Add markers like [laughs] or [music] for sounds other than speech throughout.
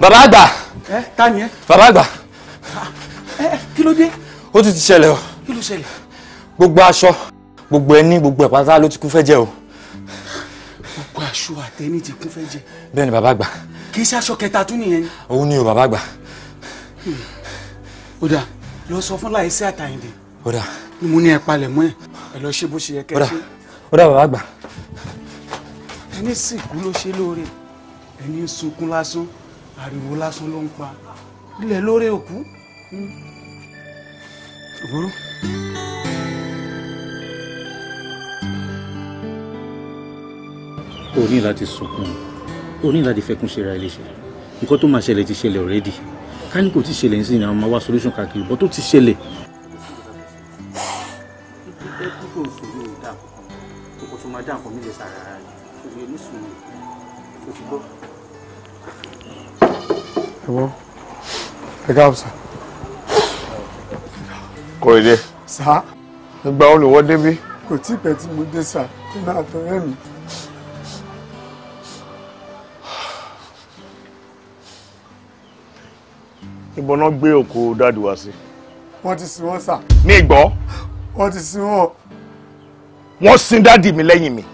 bàbá àgbà. ẹ ta ni ẹ. bàbá àgbà. ẹ kí ló dé. ó ti ti ṣẹlẹ̀ o. kí ló ṣẹlẹ̀. gbogbo aṣọ gbogbo ẹni gbogbo ẹ̀ pátá ló ti kún fẹ́ jẹ o. gbogbo aṣọ àtẹni ti kún fẹ́ jẹ. bẹ́ẹ̀ bàbá àgbà. kì í ṣe aṣọ kẹta tún nìyẹn òun ni o bàbá àgbà. Hmm. ó dà lọ sọ fún láìsí àtàyìndé. ó dà. ni mo ní ẹ palẹ̀ mọ́ ẹ ẹ lọ ṣe bó ṣe yẹ kẹ́ ṣe. ó dà bàbá àgbà. ẹni sìnkú ló ṣe lóore ẹni sunkún lásán ariwo lásán ló ń pa ilẹ̀ lórí òkú. òwúrọ̀. o ní láti sunkún o ní láti fẹkún ṣe ra ilé ṣe nǹkan tó máa ṣẹlẹ̀ ti ṣẹlẹ̀ already ká ní kò ti ṣẹlẹ̀ nísìnyí àwọn máa solution káàkiri bọ́ tó ti ṣẹlẹ̀ ẹ̀wọ́ ẹ káàbọ̀ sà. Kóredé. sá. ìgbà wo ló wọ́ débí. kò tí pẹ́ tí mo dé sà nínú àtọ̀rẹ́ mi. ìbọn náà gbé òkú dáàdì wá sí. wọ́n ti sin wọ́n sà. ní ìgbọ́. wọ́n ti sin wọ́n. wọ́n sin dáàdì mi lẹ́yìn mi.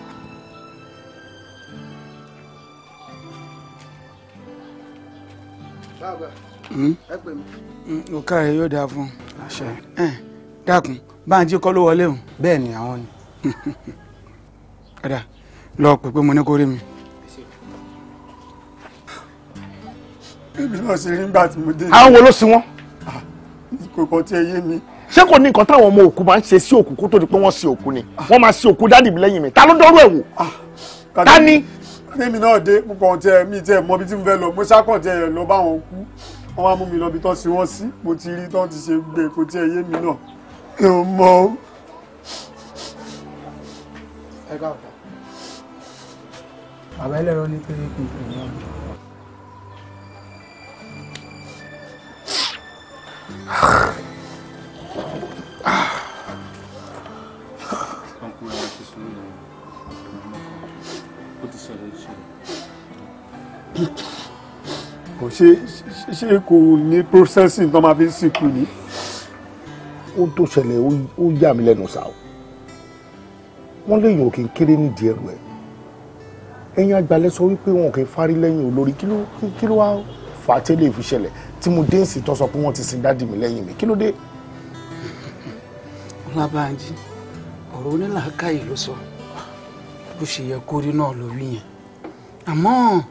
àgbà hmm? ẹ pè mí. Hmm, o káre yóò dáa fún àṣẹ ẹ dákun báńjí kọ́ ló wọlé o. bẹ́ẹ̀ ni àwọn ni. [laughs] ọ̀dà lọ pè pé mo ní kó rí mi. bíbí náà ṣe rí nígbà tí mo dé. àwọn wo ló sin wọn. Ah, kò kàn tí ẹ yé mi ṣé kò ní nǹkan táwọn ọmọ òkú máa ń ṣe sí òkú kó tó di pé wọ́n sin òkú ni ah. wọ́n máa sin òkú dádì lẹ́yìn mi ta ló dọ́rọ̀ ẹ̀ wò ah. ta ni tèmi náà dé mo kàn tẹ mi tẹ mọ ibi tí mo fẹ́ lọ mo ṣàkàn tẹ lọ bá wọn kú wọn wá mú mi lọ ibi tán sí wọn sí mo ti rí tán ti ṣe gbé kò tí ẹ yé mi náà mi ò mọ o. ẹ káàkó àbá ẹlẹ́rọ ní pé kò kò ní Ah. ó ti ṣẹlẹ̀ ṣẹlẹ̀. kò ṣe ṣe kò ní processing tó máa fi ń sìnkú ni. ó tó ṣẹlẹ̀ ó yà mí lẹ́nu sá o wọ́n léèyàn kì í kéré nídìí ẹrù ẹ̀ ẹ̀yin àgbàlẹ̀ sọ wípé wọn kì í fárí lẹ́yìn olórí kí ló wá fà á tẹ́lẹ̀ fi ṣẹlẹ̀ tí mo dé ìsìn tó sọ pé wọ́n ti sin dádì mi lẹ́yìn mi kí ló dé. ọlábànjí ọ̀rọ̀ onílàákàyè ló sọ bó ṣe yẹ kó rí náà lórí yẹn àmọ́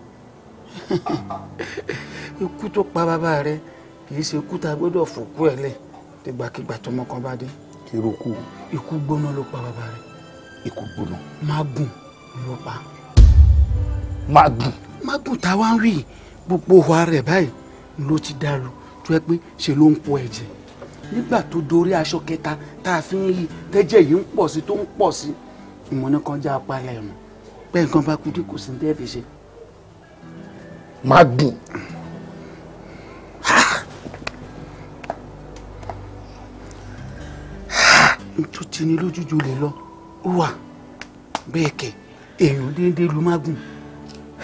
[laughs] ikú tó pa bàbá rẹ kì í ṣe ikú tá a gbọ́dọ̀ fòkú ẹ̀ lẹ̀ dìgbàkigbà tọmọ kan bá dé. kíró kú. ikú gbóná ló pa bàbá rẹ. ikú gbóná. mágùn ló pa. mágùn. mágùn táwa ń rí gbogbo wa rẹ̀ báyìí ló ti dàrú tó yẹ pé ṣe ló ń pọ ẹ̀jẹ̀ nígbà tó dorí aṣọ kẹta tá a fi ń rí tẹ́jẹ̀ yìí ń pọ̀ sí tó ń pọ̀ sí i mo ní kọjá apalẹ̀ mọ́ pé nǹkan bá kúndé kò sí ní tẹ́ẹ̀ fi ṣe. máa dùn. tó ti ní lójújú lè lọ ó wà bẹ́ẹ̀ kẹ̀ èèyàn déédéé ló má gùn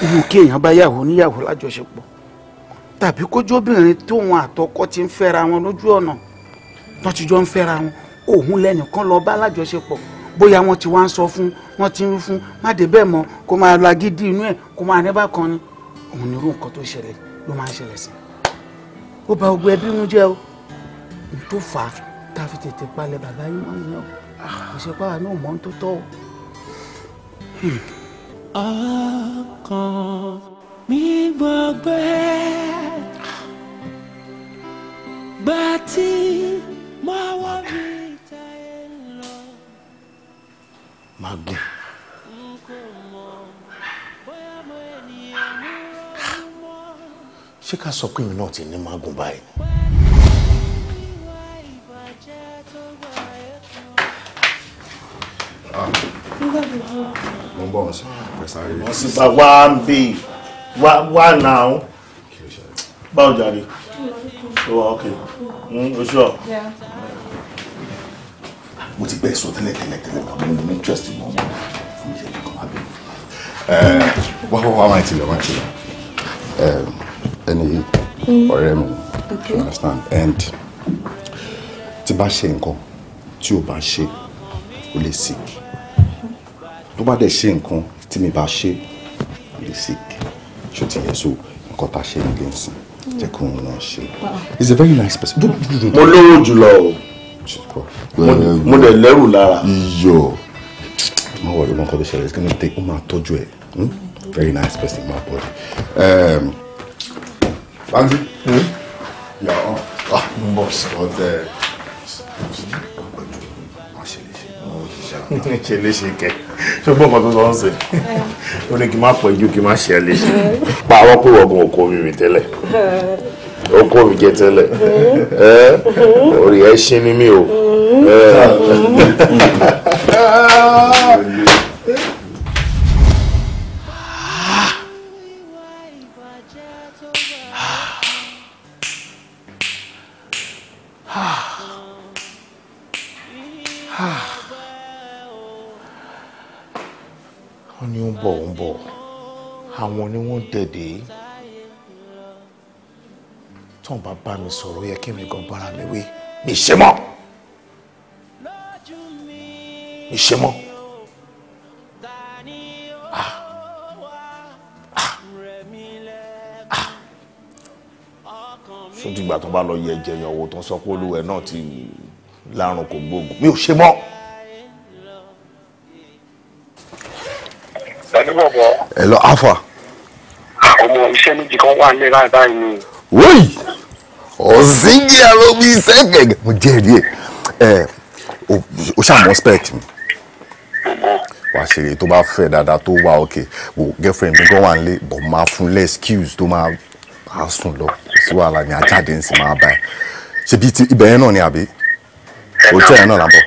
inú kí èèyàn bá yàwó níyàwó lájọṣepọ̀ tàbí kójú obìnrin tóun àtọkọ ti ń fẹ́ra wọn lójú ọ̀nà tó ti jọ ń fẹ́ra wọn òun lẹ́nìkan lọ bá lájọṣepọ̀ bóyá wọ́n ti wá ń sọ fún wọ́n ti ń fún má dé bẹ́ẹ̀ mọ́ kó máa lọ agídí inú ẹ̀ kó máa rẹ́ bákan ni òun nírú nǹkan tó ṣẹlẹ̀ ló máa ń ṣẹlẹ̀ sí i ó bà ogun ẹbí inú jẹ́ o n tó fà á tá fi tètè palẹ̀ bàbá yìí mọ́ ìyẹn o kò ṣe pàrọ̀ náà mọ́ tó tọ́ o. ọkàn mi gbọgbẹ́ gbàtí mọ́wọ́ mi. máa gùn. ṣé ká sọ pé mi náà ti ní máa gùn báyìí. Ah, mo ń bọ̀ wọ́n sí àpẹsáré. wọ́n sì bá wá ń bè wá náà báwo jàre. ó wà ok. Hmm, oṣù ọ̀ mo ti bẹ́ẹ̀ sọ tẹ́lẹ̀ tẹ́lẹ̀ tẹ́lẹ̀ mo ní ní interest mọ́ mọ́ fún ìṣẹ́ nǹkan má bẹ̀rẹ̀. wá wá wá máa ti lọ máa ti lọ ẹni mm. ọ̀rẹ́ mi you understand and tí bá ṣe nǹkan tí o bá ṣe o lè sick tó bá dẹ̀ ṣe nǹkan tí mi bá ṣe o lè sick ṣó ti yẹ so nǹkan tá a ṣe nílé nsìn jẹ́ kó òun náà ṣe he is a very nice person. mo lówó jùlọ o mo dẹ̀ lẹ́rù lára. iyọ̀ má wọlé mọ́ kọ́ tó ṣẹlẹ̀ kí ló tọ́jú ẹ̀ hmm? very nice person my boy. Banji yà ọ́ n bọ̀ sí ọ tẹ ṣe léṣe [laughs] kẹ ṣùgbọ́n kan tó sọ ń sè [laughs] ó ní kí n má pọ̀ ju kí n má ṣe léṣe pa àwọn pé wọ́n òkú omi mi tẹ́lẹ̀. [laughs] ó kó mi jẹ tẹ́lẹ̀ orí ẹ ṣí ni mí o. wọ́n ní wọ́n dẹ̀ dé. tóun bá bá mi sọ̀rọ̀ yẹ kí mi gan bára mi wí mi ṣe mọ́ mi ṣe mọ́ ah ah ah sódìgbà tó bá lọ yẹ jẹyàn owó tó ń sọ pé olúwẹ̀ náà ti lárùn kò gbóògùn mi ò ṣe mọ́. ẹ lọ afa. ọmọ iṣẹ́ méjì kan wà ní ráì ni wọ́ọ̀yì ọ̀sìnjì aromi sẹ́kẹ̀gẹ̀ mo jẹ́rìí ẹ̀ ẹ̀ o ṣàmọ́ spẹ́ẹ̀tì mi wà á ṣeré tó bá fẹ́ dáadáa tó wà òkè wò girlfriend mi gan wà ń lé bọ̀ máa fún lẹ́ excuse tó máa bá sùn lọ sí wàhálà ni ajáde ń sì máa bá ẹ ṣe bí ibẹ̀ yẹn náà ni àbí òtí ẹ̀ náà làbọ̀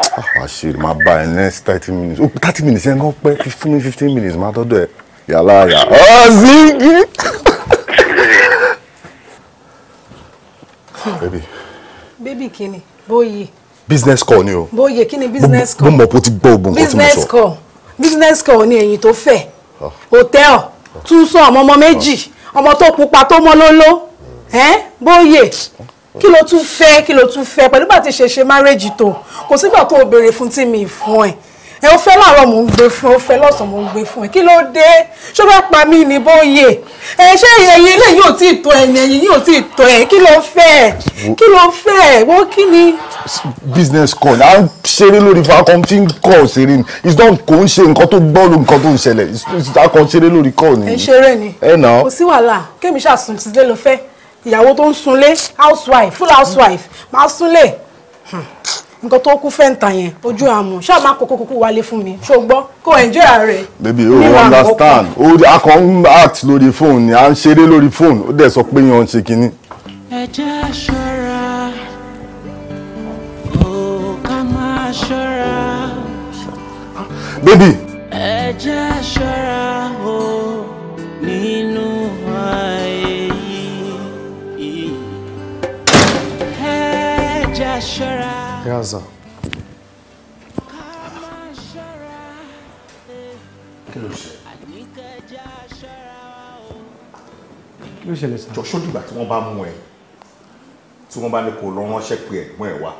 ah, wà á ṣeré máa bá ẹ next thirty minutes oh, thirty minutes yẹn gan pẹ́ fifteen fifteen minutes máa tọ́jú ẹ yàrá yà ọ́ baby. baby kini bóyè. business call ni o. bóyè kini business call. mo mọ̀ pé ti gbọ́ ogun nǹkan tí mo sọ. business call business call ni ẹ̀yìn tó fẹ̀ ah. hotel ah. tún sọ ọmọ ọmọ méjì ah. ọmọ tó pupa tó mọ́ lóló hmm. bóyè kí ló tún fẹ́ kí ló tún fẹ́ pẹ̀lú bá ti ṣe ṣe márẹ́jì tó kò sígbà tó o béèrè fún tí mi fún ẹ̀ ẹ o fẹ́ láàárọ̀ mò ń gbé fún o fẹ́ lọ́sàn mò ń gbé fún ẹ kí ló dé ṣó fẹ́ pa mí ní bóyè ẹ ṣé ẹyin ilé yóò tí ì tọ́ ẹ ní ẹyin yóò tí ì tọ́ ẹ kí ló fẹ́ kí ló fẹ́ wọ́n kí ni. business call à ń ṣeré lórí faculty call ṣeré ni it's not kò ń ṣe nǹkan tó gbọ́ ló nǹkan tó ń ṣẹlẹ̀ a kàn ṣeré lórí call ni. ẹ ṣeré ni kò sí wàhálà kémi ṣàsùn sílé ló fẹ́ ìyàwó tó ń sunlé housewife full housewife máa sunlé. Hmm nǹkan tó kú fẹ́ǹtà yẹn ojú àmọ̀ ṣáà máa kókó kókó wálé fún mi ṣó gbọ́ kó enjoy rẹ̀. baby o understand o a kàn ń act lórí fóònù ni à ń ṣeré lórí phone. ó dẹ̀ sọ pé yan ṣe kínní. ẹ jẹ́ ṣọ́ra o ká máa ṣọ́ra. baby. ẹ jẹ́ ṣọ́ra o nínú ayé yìí ẹ jẹ́ ṣọ́ra. Yaza. Kí ló ṣe? Kí ló ṣẹlẹ̀ sá? Jọ sójú ìgbà tí wọ́n bá mú ẹ, tí wọ́n bá ní kó lọ ránṣẹ́ pé ẹ̀gbọ́n ẹ̀ wá.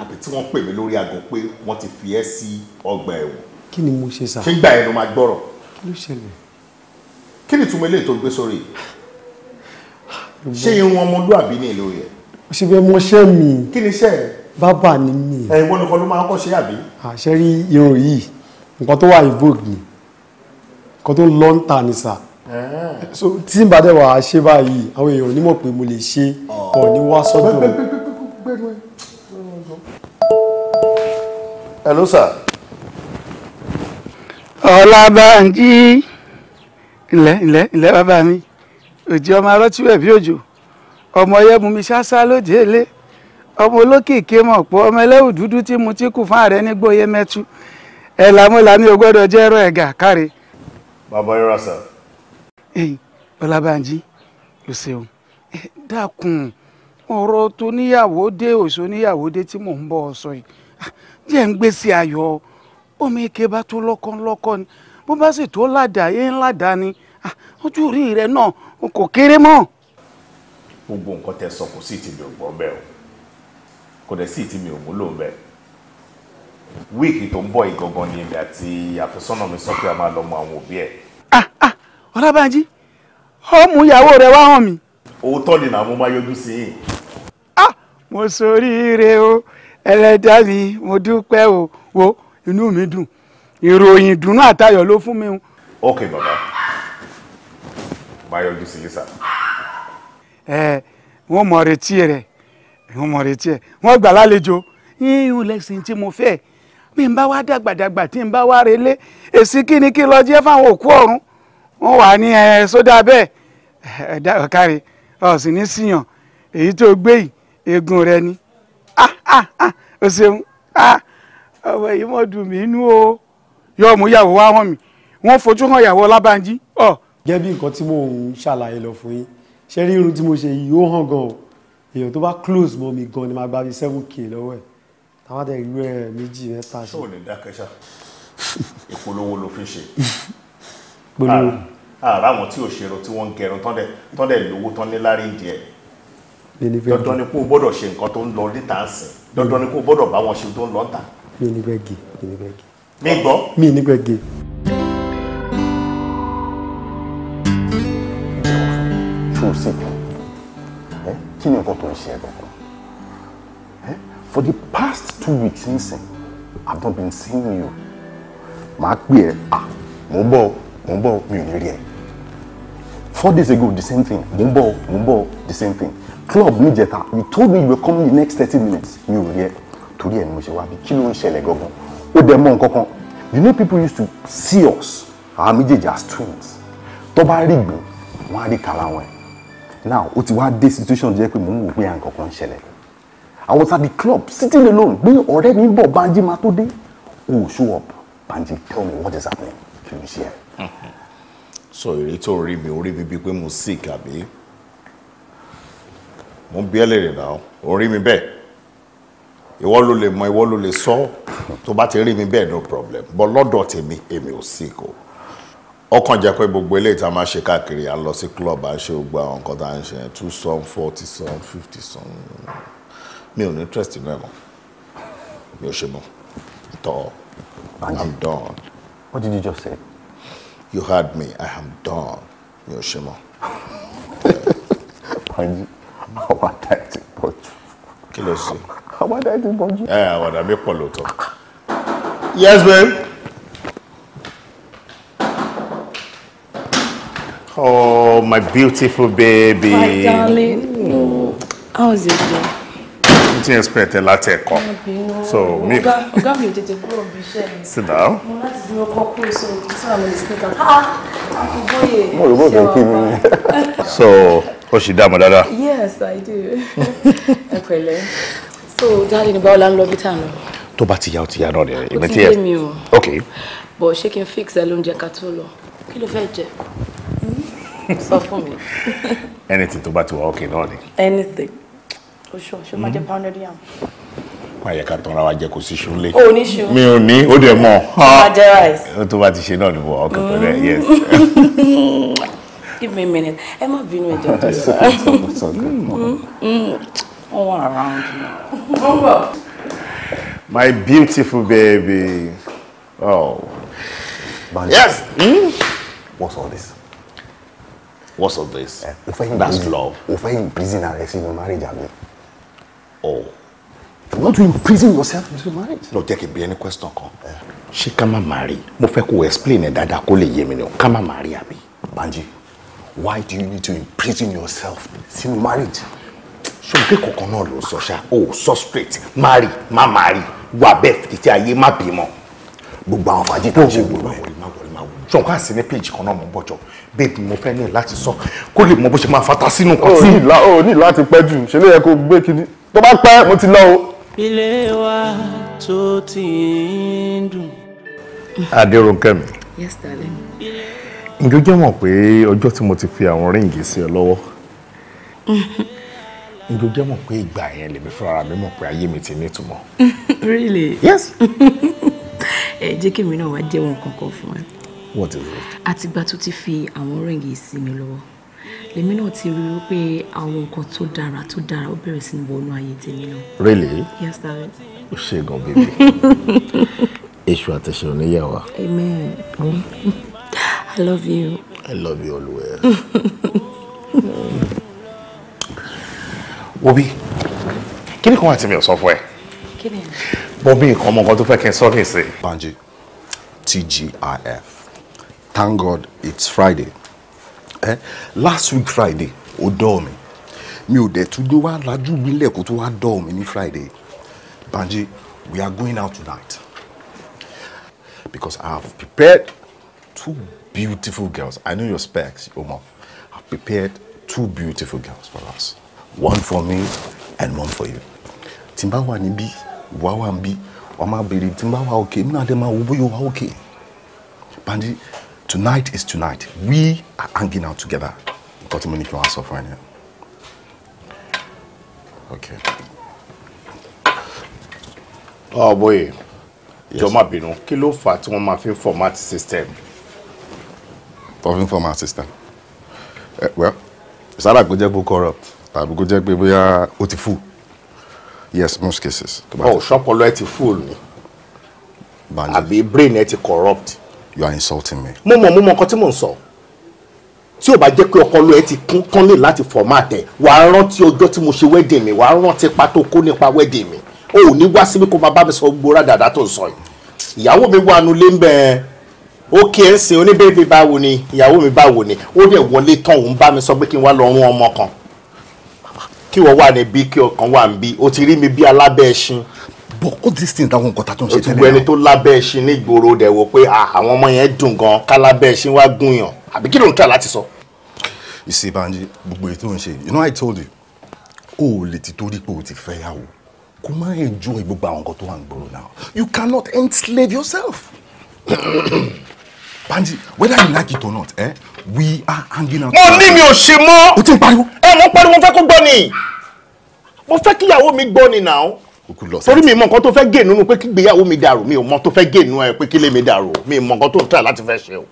Àbí tí wọ́n pè mí lórí aago pé wọ́n ti fi ẹ́ sí ọgbà ẹ̀wọ̀n. Kí ni mo ṣe sá? Ṣé ìgbà ẹ̀ ló máa gbọ́rọ̀? Kí ló ṣẹlẹ̀? Kí ni ìtumọ̀ eléyìí tó gbé sórí? Ṣé irun ọmọlúàbí ní ìlú rẹ̀? ṣe fẹ́ mọṣẹ́ mi. kí ni iṣẹ́ ẹ. bábà ni mi. ẹ ìwọ nìkan ló máa ń kọ́ ṣe àbí. àṣẹ rí irun yìí nǹkan tó wà evoke ni nǹkan tó ń lọ ń ta ni sà. so tí n bá dẹ̀ wà á ṣe báyìí àwọn èèyàn onímọ̀ pé mo lè ṣe kọ̀ ní wá sọ́dọ̀. hello sir. ọ̀làbànjí ilẹ̀ ilẹ̀ ilẹ̀ bàbá mi òjì ọmọ arọ́tí bí òjò ọmọ yẹbùnmi ṣáṣá lójèlé ọmọ olókìkí mọ̀ pọ̀ ọmọ ẹlẹ́wù dúdú tí mu tí kù fún ààrẹ ní gbóyè mẹ́tú ẹ̀ làmúlàmí ò gbọ́dọ̀ jẹ́ ẹ̀rọ ẹ̀gà káre. bàbá yọra sà. ẹyìn ọlábànjí ló ṣeun dákun ọ̀rọ̀ tó níyàwó dé òṣò níyàwó dé tí mò ń bọ̀ ọ sọ yìí ah, jẹ́ ń gbé sí ayọ̀ bọ́mọ ike bá tó lọ́kọ́ lọ́kọ́ ni bó bá sì tó ládàá yé ńlá dání ah, ojú rí rẹ náà kò kéré mọ́ gbogbo nǹkan tẹ sọ kò sí ìtìmí ògbọ́n bẹ́ẹ̀ o kò dẹ̀ sí ìtìmí òmúlò bẹ́ẹ̀ wíìkì tó ń bọ̀ ìgangan ni èmi àti àfẹ́sọ́nà mi sọ pé a máa lọ mọ àwọn òbí ẹ̀. Ah, ah, ọlábàájí ó mú ìyàwó rẹ wá hàn mí. òótọ́ ni nàá mo máa yọjú sí i. Ah, mo ṣoríire o ẹlẹ́dàá mi mo dúpẹ́ o wo inú mi dùn ìròyìn ìdùnnú àtayọ̀ ló fún mi. ok Baba, máa yọjú sí yín sáà ẹ wọ́n mọ̀ retí rẹ̀ wọ́n mọ̀ retí ẹ̀ wọ́n gbà lálejò yíyún lẹ́sìn tí mo fẹ́ mi ń bá wá dàgbàdàgbà tí ń bá wá relé èsì kíni kí lọ jẹ́ fáwọn òkú ọ̀run wọ́n wà ní ẹ sódà bẹ́ẹ̀ ẹ̀dá ọ̀kárí ọ̀sìn ní síyàn èyí tó gbé yìí eegun rẹ ni ah ah ah o ṣeun ah ọmọ yìí mọ̀ dùn mí inú o yọ ọmọ ìyàwó wa hàn mí wọ́n fojú hàn ìyàwó ọlábànjí. jẹ́ bí nǹkan tí mò ń ṣàlàyé lọ fún yín ṣe rí irun tí mo ṣe yìí ó hàn gan o èèyàn tó bá close mọ́ mi gan ni màá gba bíi seven k lọ́wọ́ ẹ̀ táwọn àti ìlú ẹ̀ méjì mẹ́ta ṣe. ṣé o lè dákẹ́ ṣá ìpolówó ló fi ṣe. polówó. àrà àwọn tí ò ṣe irun tí wọ́n ń gẹrun tán dẹ̀ lówó tán ní lárí ìdí ẹ̀ dandan ni kó o gbọ́dọ̀ ṣe nǹkan tó ń lọ níta ń sìn dandan ni kó o gbọ́dọ̀ bá wọn ṣe tó ń lọ ta. mi ò ní mi ò ní mi gbọ́. mi ò ní tó sí ẹ kí ni nǹkan tó ń ṣe ẹ gbọ̀ngàn ẹ for the past two weeks nsìn I've not been seeing you màá pè ẹ à mò ń bọ̀ mò ń bọ̀ mi ò ní rí ẹ four days ago the same thing mò ń bọ̀ mò ń bọ̀ the same thing club níjẹta you told me you were coming in the next thirty minutes mi ò rí ẹ torí ẹ ni mo ṣe wá bí kí ló ń ṣẹlẹ̀ gangan ó dẹ̀ mọ̀ nǹkan kan you know people used to see us our méjèèjì as twins tó bá rí gbìn wọn á rí kàrà wọn ẹ now ó ti wá dé situation jẹ́ pé mò ń wò pé à ń kankan I was at the club sitting alone pé ọ̀rẹ́ mi ń bọ̀ Banji máa tó dé oh show up Banji tell me what is happening kí ló ń ṣe ẹ. sọ èrè tó rí mi orí mi bíi pé mo sick àbí mo ń bí ẹlẹ́rìí náà orí mi bẹ́ẹ̀ ìwọ ló lè mọ ìwọ ló lè sọ tó bá ti rí mi bẹ́ẹ̀ no problem but lọ́dọ̀ tèmi èmi ò sick o ó kàn pé gbogbo eléyìí tá a máa ṣe káàkiri à ń lọ sí club à ń ṣe gbogbo àwọn nǹkan tá a ń ṣe yẹn two some forty some fifty some mi ò ní interest nínú ẹ̀ mọ́ mi ò ṣe mọ́ tọ́ I'm done. What did you just say? You heard me I am done mi ò ṣe mọ́. Banji àwọn àdáyé ti pọ̀ jù. Kí ló ṣe? Àwọn àdáyé ti pọ̀ jù. Ẹ àwọn àdàbí pọ̀ lóòótọ́. Yes babe. Oh, my beautiful baby. My darling. Mm. How it going? Mo ti expect ẹ láti ẹ̀kọ́. So mi. Ọ̀gá mi ò tètè kúrò bí iṣẹ́ mi. Sit down. Mo láti dúró [laughs] So o ṣì dáàmú Yes, I do. [laughs] Ẹ pẹ̀lẹ́. So darling, about la ń lọ bí tá à ti yá o ti Okay. But she can fix alone lóúnjẹ ká tó sọ fún mi. [laughs] anything tó bá ti wà okay náà ni. anything oṣù oṣù máa jẹ hmm. pounded yam. má yẹ ká tanra wa jẹ kó sí ṣúlẹ̀. o ní ṣu. mi ò ní ó dẹ̀ mọ̀. máa jẹ ah. rice. ó tó bá ti ṣe náà ni mo wà okay yes. [laughs] give me a minute ẹ má bínú ẹjọ́ tó yẹ. wọ́n wà around now. my beautiful baby. Oh. Yes. Mm? What's all this? What's all this? Eh, That's love. Ó find imprison ara sínú marriage àbí. Oh. You want to imprison yourself into marriage? No, there can be any question kan. she eh. come má marry? Mo fẹ́ kó explain ẹ̀ dáadáa kó lè yé mi ni marry abi. Banji, why do you need to imprison yourself sínú marriage? Ṣòǹkè kọ̀ọ̀kan náà ló sọ ṣá. O sọ straight, marry, ma marry, wà bẹ́ẹ̀ títí ayé ma bimo. Gbogbo àwọn fàájì tó ń ṣe jọ wá sí page kan náà mò ń babe mo fẹ́ ní láti sọ kó lè mọ bó ṣe máa fata sínú nǹkan tí. o ní láti pẹ́ jù ṣe ló yẹ kó gbé kiri tó bá pẹ́ mo ti lọ o. ilé wa tó ti ń dùn. adéròǹkẹ́ mi. yes darling. ǹjọ́ jẹ́ mọ̀ pé ọjọ́ tí mo ti fi àwọn ríǹgì sí ọ lọ́wọ́ [laughs] ǹjọ́ jẹ́ mọ̀ pé ìgbà yẹn lèmi fúnra mi mọ̀ pé ayé mi ti nítumọ̀. [laughs] really. yes. [laughs] ẹ jẹ́ kí mi náà wá jẹ́ wọn kankan fún wa. What is it? Àtìgbà tó ti fi àwọn ríǹgì sí mi lọ́wọ́ lèmi náà ti rí i pé àwọn nǹkan tó dára tó dára ó bẹ̀rẹ̀ sí ní wọnú ayé tèmi náà. Really? Yes, darling. ó ṣe gan bèbè [laughs] èṣù àtẹ̀ṣẹ̀ oníyàwó. Amen. Hmm? I love you. I love you always. [laughs] Obi, kí ni kò wá tí mi ò sọ fún ẹ? Kí ni? Bọ́bí nǹkan ọmọ nǹkan tó fẹ́ kí n sọ ní ìsìn. Banji, TGIF thank God it's Friday eh? last week Friday ó dọ́ mi mi ò dẹ̀ tún dé wá lajú mi lẹ́kọ̀ọ́ tó wá dọ́ mi ní Friday Banji we are going out tonight because I have prepared two beautiful girls I know your specs Omo I have prepared two beautiful girls for us one for me and one for you tí n bá wà níbí wà wà níbí wà máa béèrè tí wà òkè mi náà dé máa wò bóyá wà òkè Banji tonight is tonight we are hanging out together Got tí mo ní kí wọ́n á sọ fún ẹ nìyẹn. okay. ọ̀bọ̀yè oh, jọ̀ọ́ má bínú kí ló fà á tí wọ́n máa fi ń format system. wọ́n fi ń format system. Uh, well sára kò jẹ́ kó corrupt tàbí kó jẹ́ pé bóyá ó ti full yes most cases. ọ̀ ṣọ́pọ̀lọ́ ẹ ti full ni àbí brain ẹ ti corrupt you are insulting me. mo mọ̀ mo mọ̀ nǹkan tí mò ń sọ tí ò bá jẹ́ pé ọpọlọ ẹ ti kún tán lè láti format ẹ wàá rántí ọjọ́ tí mo ṣe wedding mi wàá rántí pàtó kó nípa wedding mi o ò ní wá síbi kó máa bá mi sọ gbóra dàda tó ń sọ yìí ìyàwó mi wà nulẹ̀ ń bẹ́ẹ̀ ó kí ẹ ń sin oníbèbè báwo ni ìyàwó mi báwo ni ó dẹ̀ wọlé tán òun bá mi sọ pé kí n wá lọ rún ọmọ kan kí wọ́n wà níbí kí ọkàn wà níbí ó ti rí mi bí alábẹ́ ẹṣin but all these things dáwọn nǹkan tá a ṣe tẹ́lẹ̀ náà. o ti gbọ́ ẹni tó lábẹ́ ẹṣin ní ìgboro dẹ̀ wò pé ah, àwọn ọmọ yẹn dùn gan kálábẹ́ ẹṣin wá gùn yàn àbí kí ló ń tà láti sọ. you see gbogbo èyí ń ṣe you know I told you o ò lè ti torí pé o ti fẹ́ yà kó má enjoy gbogbo àwọn nǹkan tó wà ń gbòòrò now you cannot enslave yourself. [coughs] Banji whether you like it or not eh, we are hanging out. mo ní mi ò ṣe mọ́. o ti pariwo. ẹ mo ń pariwo mo fẹ́ kó gbọ́ ni mo fẹ́ kíyàwó mi gbọ́ ni now torí mi mọ nǹkan tó fẹ́ gé nínú pé kí gbéyàwó mi dàrú mi ò mọ tó fẹ́ gé nínú ẹ pé kílé mi dàrú mi mọ nǹkan tó ń tà láti fẹ́ ṣe o.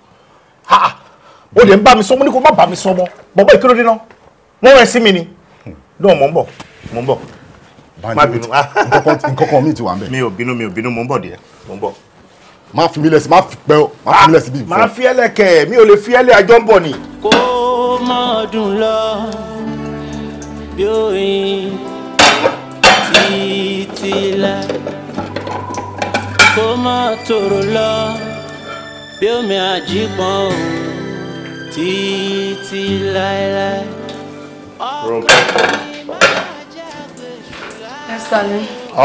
ha o dẹ̀ ń bá mi sọ mo ní kó má bá mi sọ mọ́ bọ́bọ́ ìkíròdé náà wọ́n rẹ̀ sí mi ni. dọ́ọ̀ mò ń bọ̀ mò ń bọ̀ má bínú. Ah, nǹkankan mi ti wà ń bẹ̀. mi ò bínú mi ò bínú mò ń bọ̀ díẹ̀ mò ń bọ̀. má fi mi lẹ̀ má fi pẹ́ má fi mi lẹ̀ bí. Ah, má fi sílẹ̀ kó má tòrò lọ bí omi àjípọn o títí láéláé.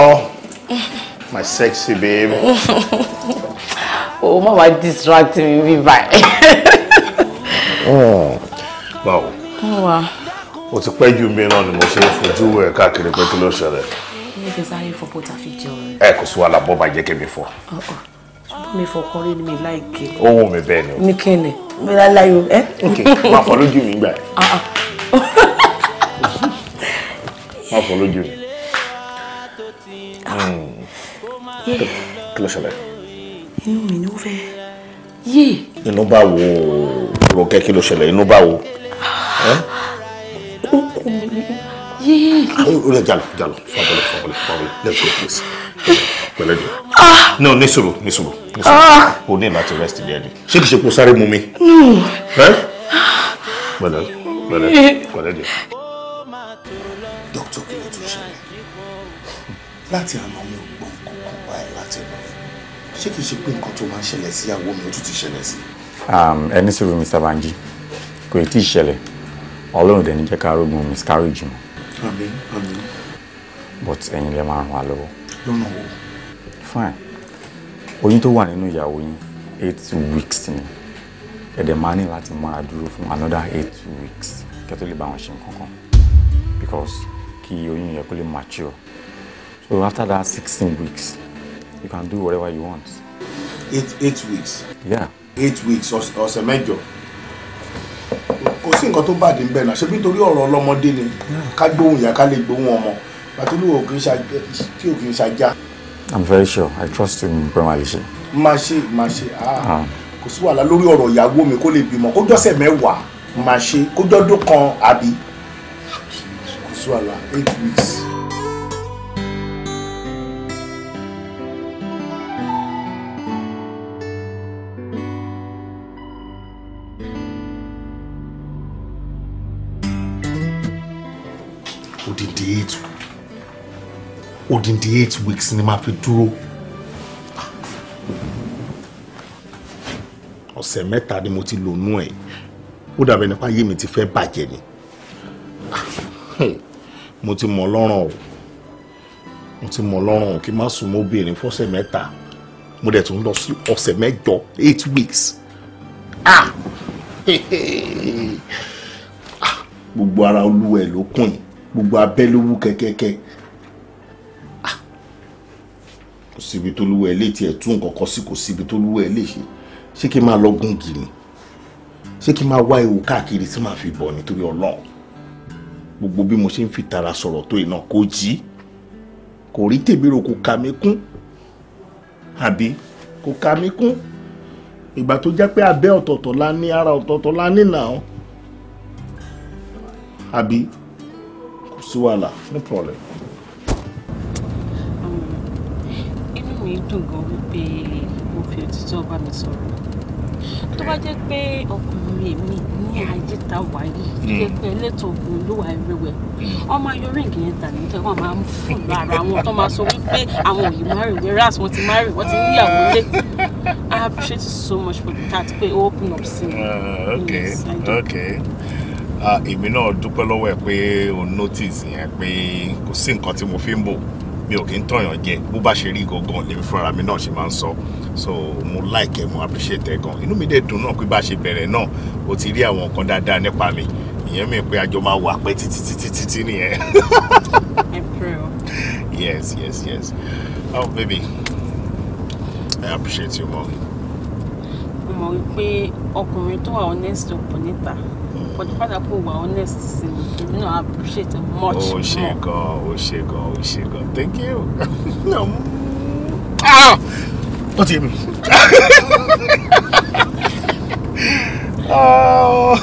Oh, [laughs] my sexy babe. [laughs] oh, mama distracting me with my. Wow. Ó ti pẹ́ jù mí náà ni mo ṣe ń fojú I can't pé kí ló ní kí n sáré fọ bọ́tà fi jẹun. ẹ kò sí wàhálà bọ́ máa jẹ́ kí mi fọ. ṣùgbọ́n mi fọ kọrí mi láìké. ó wù mí bẹ́ẹ̀ ni o. ní kẹ́lẹ̀ mi láláyò ẹ. ok máa fọ lójú mi gbà ẹ. Ah, ah. máa fọ lójú mi. Ah. Hmm. kí ló ṣẹlẹ̀. inú mi ló fẹ́ yé. inú bá wo Ronke kí ló ṣẹlẹ̀ inú ba wo. Eh. Jalo, Jalo, Jalo, fabule, fabule, fabule. Let's go, please. Pẹ̀lẹ́ di. Ah. No, ní sùúrù, ní sùúrù, ní sùúrù. rest there ni. Ṣé kì í ṣe kó sáré mú mi? Pẹ̀lẹ́, pẹ̀lẹ́, pẹ̀lẹ́ di. Dókítà kí ló tún ṣẹlẹ̀? Láti àná mi ò gbọ́ nǹkan kan báyìí láti lọ. Ṣé kì í ṣe pé nǹkan tó máa ń ṣẹlẹ̀ sí ìyàwó mi ó tún ti ṣẹlẹ̀ sí? Um, ẹni sùúrù Mr. Banji, kò tí ì ṣẹlẹ̀. Ọlọ́run dẹ̀ ní jẹ́ ká miscarriage mọ́ àmín àmín. but ẹ̀yin lè máa ràn wá lọ́wọ́. lọ́nà wo. fine oyún tó wà nínú ìyàwó yín eight weeks ni ẹ̀dẹ̀ máa ní láti máa dúró fún another eight weeks kẹ́ tó lè bá wọn ṣe nǹkan kan because kí oyún yẹ kó lè mature so after that sixteen weeks you can do whatever you want. eight eight weeks. yeah. eight weeks ọ̀sẹ̀ mẹ́jọ kò sí nǹkan tó bàdé ń bẹ̀ náà ṣebí nítorí ọ̀rọ̀ ọlọ́mọdé ni ká gbóhùn ìyá ká lè gbóhùn ọmọ pàtólù tí ò kì í ṣajá. i'm very sure i trust him pé màá lè ṣe. má ṣe má ṣe ah, ah. kò sí wàhálà lórí ọ̀rọ̀ ìyàwó mi kó lè bímọ kó jọ́sẹ̀ mẹ́wàá má ṣe kó jọ́dún kan àbí kò sí wàhálà eight weeks. odindi eight odindi eight weeks ni màá fi dúró ọ̀sẹ̀ mẹ́ta ni mo ti lò nú ẹ̀ ó dàbẹ̀ nípa ayé mi ti fẹ́ bàjẹ́ ni [laughs] mo ti mọ̀ lọ́rùn o mo ti mọ̀ lọ́rùn o kí n má sùn mọ́ obìnrin fọ́sẹ̀ mẹ́ta mo dẹ̀ tún lọ sí ọ̀sẹ̀ mẹ́jọ eight weeks ah, [laughs] ah! gbogbo ara olúwẹ̀ ló kùn yìí gbogbo abẹ́ ló wú kẹ́kẹ́kẹ́ ah! kò síbi tó lúwẹ̀ lè tiẹ̀ tún nǹkan kan sí kò síbi tó lúwẹ̀ lè ṣe ṣé kí n máa lọ gún gì ni ṣé kí n máa wá ewu káàkiri tí màá fi bọ̀ nítorí ọlọ́run gbogbo bí mo ṣe ń fi tara sọ̀rọ̀ tó iná kò jí kò rí tèmi kò kà mí kún àbí kò kà mí kún ìgbà tó jẹ́ pé abẹ́ ọ̀tọ̀ọ̀tọ̀ la ní ara ọ̀tọ̀ọ̀tọ̀ la ní nà án àbí kò no problem. inú mi dùn gan wípé mo fi òtítọ́ bá mi sọ̀rọ̀ tó bá jẹ́ pé ọkùnrin mi ní ayé ta wà yìí tó hmm. jẹ́ pé ẹlẹ́tọ̀ ọkùnrin ló wà everywhere hmm. ọmọ ayọ̀rìn yẹn tà ní tẹ́wọ́n máa ń fún lára wọn tó máa sọ wípé àwọn òyìn márì whereas wọ́n ti márì wọ́n ti ní ìyàwó lé I appreciate you so much for the cat pé o open up sí mi. Ah, okay yes, okay. Ah, èmi náà dúpẹ́ lọ́wọ́ ẹ̀ pé o notice yẹn pé kò sí nǹkan tí mo fi ń bò mi ò kí ń tọ̀yàn jẹ bó bá ṣe rí gangan lèmi fúnra mi náà ṣe máa ń sọ so mo like ẹ mo appreciate ẹ gan inú mi dẹ̀ dùn náà pé bá ṣe bẹ̀rẹ̀ náà o ti rí àwọn nǹkan dáadáa nípa mi ìyẹn mi pé àjọ máa wà pẹ́ títí títí títí nìyẹn. [laughs] yes yes yes oh baby i appreciate you mom. mo mọ̀ wípé ọkùnrin tó wà honest ò pọ̀ níta but the fact that were honest sí mi you know I appreciate it much oh, more. o ṣe gan o oh, ṣe gan o oh, thank you. [laughs] no. ah what's ti Oh.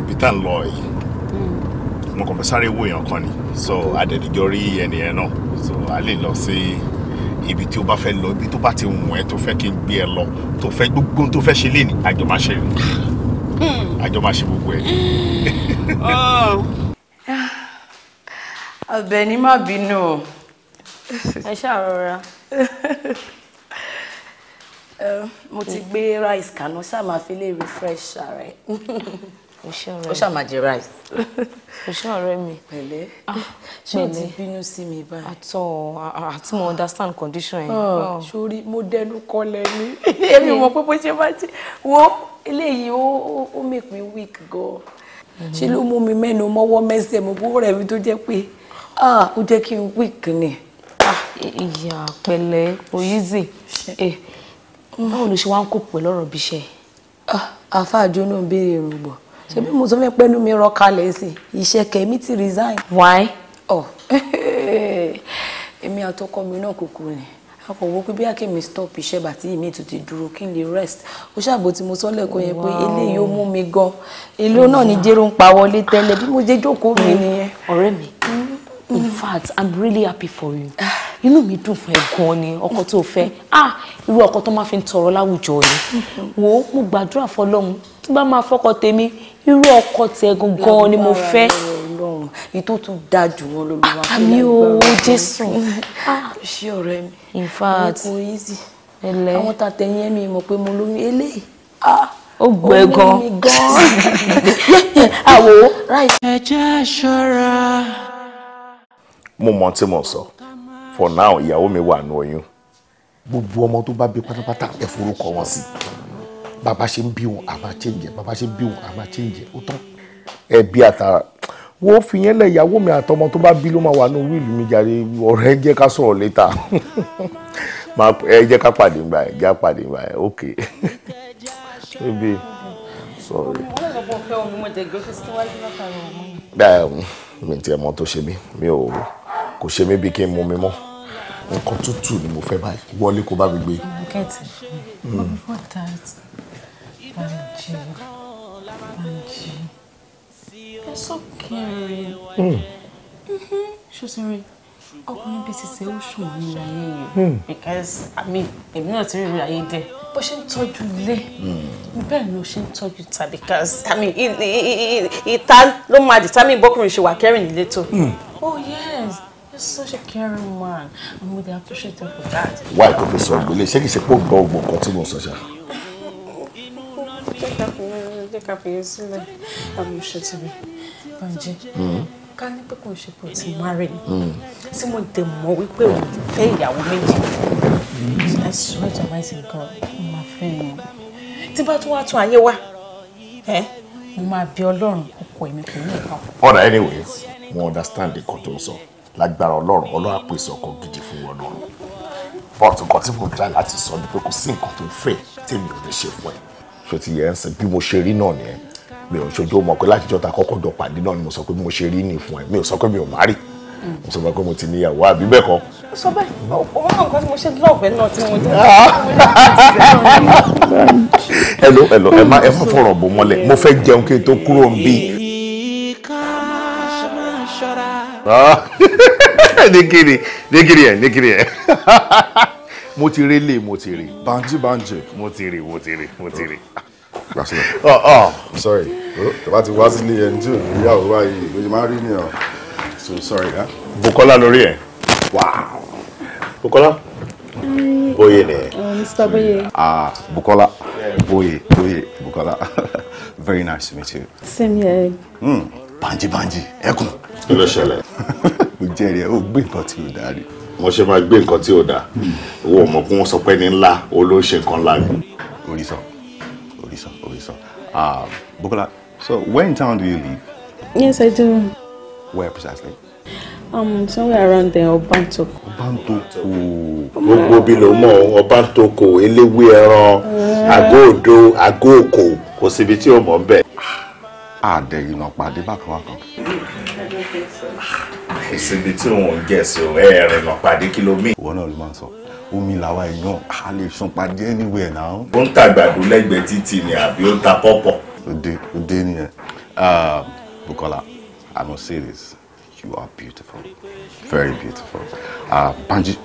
[laughs] ibi tá à ń lọ yìí hmm. mo kàn fẹ́ sáré wo èèyàn kan ni so adẹ̀dìjọ́ rí ẹnìyẹn náà so a lè lọ sí ibi tí o bá fẹ́ lọ ibi tó bá ti wùn ẹ́ tó fẹ́ kí n gbé ẹ lọ tó fẹ́ gbogbo tó fẹ́ ṣe lé ní àjọmáṣe rẹ hmm. àjọmáṣe gbogbo ẹ. Àbẹ̀ní hmm. oh. [sighs] má bínú o. ẹ ṣàrọra [laughs] eh, mo ti gbé rice kaná sáà máa fi lè refresh ara ẹ. [laughs] ó ṣàmàjẹ rice. kò [laughs] ṣe ọ̀rẹ́ mi. pẹ̀lẹ́ ah, ṣé o ti bínú sí mi báyìí. àtọ àti mo understand condition yẹn. Ah, oh. sórí mo dẹnu kọlẹ̀ ni [laughs] èmi mọ̀ pé bó ṣe bá ti wo eléyìí ó make me weak gan. Mm-hmm. ṣé ló mú mi mẹ́nu mọ́wọ́ mẹ́sẹ̀ mo gbọ́ rẹ̀ mi tó jẹ́ pé ah, ó jẹ́ kí n weak ni. ìyá pẹ̀lẹ́ oyinze eh, báwo ló ṣe wá ń kó pẹ̀lú ọ̀rọ̀ bíṣẹ́. àfáàjọ náà ń béèrè rògbò ṣebí mo tún fẹ́ pẹ́nu mi rọ kalẹ̀ sí iṣẹ́ kẹ̀mí ti resign. why. ọ oh. [laughs] èmi àtọkọ mi náà kúkú ni a kò wo pé bí akémi stop iṣẹ́ bàtí mi tún ti dúró kí n lè rest ó ṣàbò tí mo sọ lẹ́kọ̀ọ́ yẹn pé eléyìí ó mú mi gan èlò náà ni jẹ́rọ ń pa wọlé tẹ́lẹ̀ bí mo jẹ́ jókòó mi mm. nìyẹn. ọ̀rẹ́ mi mm. in fact i'm really happy for you. Ah inú mi dùn fún ẹ gan ni ọkọ tó fẹ́ ah irú ọkọ tó máa fi ń tọrọ láwùjọ ni wò ó mo gbàdúrà fọ́lọ́run tó bá máa fọkọ tèmi irú ọkọ tẹ gangan ni mo fẹ́. èyí tó tún dáa jù wọn lolúwa. àmì o jésù. Ah, ṣé ọ̀rẹ́ mi. in fact mo kò easy. ẹlẹ àwọn tàtẹ yẹn mi mọ̀ pé mo lóyún eléyìí. Ah, ó gbọ́ ẹ gan. [laughs] àwò. ẹ jẹ́ ṣọ́ra. mo mọ tí mo sọ. So for now ìyàwó mi wà nù oyún. gbogbo ọmọ tó bá bí pátápátá ẹ forúkọ wọn sí bàbá ṣe ń bí wọn àmà change bàbá ṣe ń bí wọn àmà change ó tán ẹbí àtàrà wo fi yẹn lẹ ìyàwó mi àtọmọ tó bá bí ló máa wà ní wíìlì mi jàre ọ̀rẹ́ jẹ́ ká sọ̀rọ̀ létà [laughs] ẹ jẹ́ ká pàdé ńgbà ẹ jẹ́ ká pàdé ńgbà ẹ ok [laughs] baby sorry. mi ti ẹ̀ mọ́ tó ṣe mí mi ò kò ṣe mí bí kí n mú mi mọ́ nǹkan tútù ni mo fẹ́ báyìí wọlé kó bá mi gbé. bukẹ́tì important banji banji ẹ sọ kẹrin ṣọṣẹrẹ ọkùnrin bíi ṣiṣẹ́ ó sùn ní yìí hmm. because i mean èmi náà ti rí ìrírí ayé dẹ bó ṣe ń tọ́jú ilé hmm. bẹ́ẹ̀ ni ó ṣe ń tọ́jú ìta because i mean ìta ló máa determine bọ́kùnrin ṣe wà kẹrin nílé tó. Hmm. oh yes such a caring man I'm really appreciative appreciate for that. why tó fi sọ ìgbélé ṣé kì í ṣe pé ó gbọ́ ògbọ̀n kan tí mo sọ ṣá. jẹ́ ká fi yẹn sílẹ̀ àmì ìṣètò mi Banji Can hmm. you pé kò ń ṣe pé o ti márì hmm. ni hmm. tí mo dẹ̀ mọ̀ wípé I swear to my God my friend. It's about what, bá tún wá Eh. My wá mo máa to Ọlọ́run kókó ẹ̀mí all right anyways we understand the control sọ. So lágbára ọlọ́run ọlọ́run á pèsè ọkọ̀ gidi fún wọn náà but nǹkan tí mo dá láti sọ ni pé kò sí nǹkan tó fẹ́ tèmi ò lè ṣe fún ẹ ṣó ti yẹ ẹ ń sìn bí mo ṣe rí náà nìyẹn mi ò ṣojú mọ̀ pé láti jọta kọ́kọ́ jọ pàdé náà ni mo sọ pé mo ṣe rí ní fún ẹ mi ò sọ pé mi ò má rí mo sọ pé mo ti níyàwó àbí bẹ́ẹ̀ kọ́. mo sọ bẹ́ẹ̀ owó nǹkan tí mo ṣe lọ́ọ̀bẹ náà tí mo dé. [laughs] hello hello ẹ má ẹ má fọ̀rọ̀ bò mọ́lẹ̀ mo fẹ́ jẹun kí n tó kúrò ń bí Ah. [laughs] ní kiri ní kiri ẹ̀ ní kiri ẹ̀ [laughs] mo ti rí lè mo ti rí. banji banji. mo ti rí mo ti rí mo ti rí. gbàsílẹ̀. Oh, oh. sorry oh, tó bá ti wá sílé ẹni tí ò ní ìyàwó wáyé ló ti máa ni ọ so sorry. Bukola lórí ẹ. wow. Bukola. Mm. Boye ni. Mr. Boye. Ah, Bukola. Boye, Boye, Bukola. [laughs] Very nice to meet you. Same here. Mm. Banji Banji, Ẹkùn ló ṣẹlẹ̀. [laughs] mo jẹ́rìí ẹ ó gbé nǹkan tí ò dáa rí. mo ṣe máa gbé nǹkan tí ò dáa hmm. wo mọ̀ kí sọ pé ní ńlá o ló ń ṣe nǹkan ńlá ni. orí sọ orí sọ orí sọ Bukola so where in town do you live. yes i do. where precisely. Um, somewhere around there, Obantoko. Obantoko. Gbogbo bí ló mọ̀ Obantoko, eléwé ẹran, àgọ́ odò, kò síbi tí ò mọ̀ ń àdẹ̀yìnà pàdé bákan wákan. ìsinmi tí òun ń gẹ̀ẹ́sì ò ẹ̀ẹ̀rìn náà pàdé kí ló mí. ìwọ náà ló máa ń sọ omi làwa èèyàn a lè sun pàdé anywhere náà. ó ń tàgbàdo lẹ́gbẹ̀ẹ́ títì ni àbí ó ń ta pọ́pọ̀. òde òde nìyẹn ah, Bukola I must say this you are beautiful very beautiful uh, Banji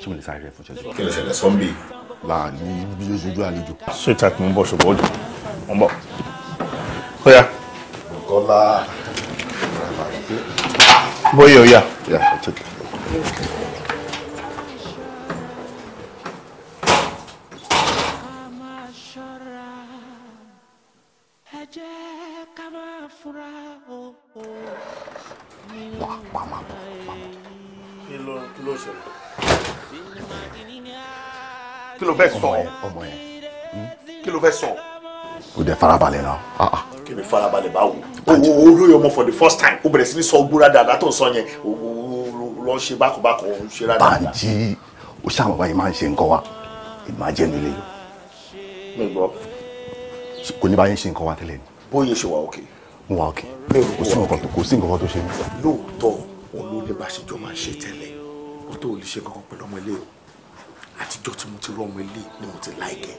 ṣé mo lè sáré fún ṣẹ́jú. kí ló ṣẹlẹ̀ sọ́ńbì. láàrin bí oṣooju àlejò. sweet heart mo ń bọ̀ ṣùgbọ́n ó mo ń bọ̀. Oya. Kọ́lá. Bóyá oya. Yeah, I'll take it. Kí ló fẹ́ sọ? Ọmọ ẹ̀. Kí ló fẹ́ sọ? kò dẹ̀ farabalẹ̀ Ah ah. ni farabalẹ̀ bá wò ó lóye ọmọ for the first time ó bẹ̀rẹ̀ sí ní sọ gbúra dáadáa tó ń sọ yẹn lọ ṣe bákọ̀bákọ̀ ń ṣe rárá. bàǹjì ó ṣàmùbá yìí máa ń ṣe nǹkan wa ìmọ̀ ajẹ́ nílé yìí. mi gbọ́. kò ní bá yẹn ṣe nǹkan wa tẹ́lẹ̀ ni. bóyá ṣe wà òkè. mo wà òkè kò sí nǹkan tó kò sí nǹkan tó ṣe mí. lóòótọ́ òun ló ní máa ń ṣe tẹ́lẹ̀ ó tó lè ṣe kankan pẹ̀lú ọmọ ilé o àtijọ́ tí mo ti rọ ọmọ ilé ni mo ti láìkẹ́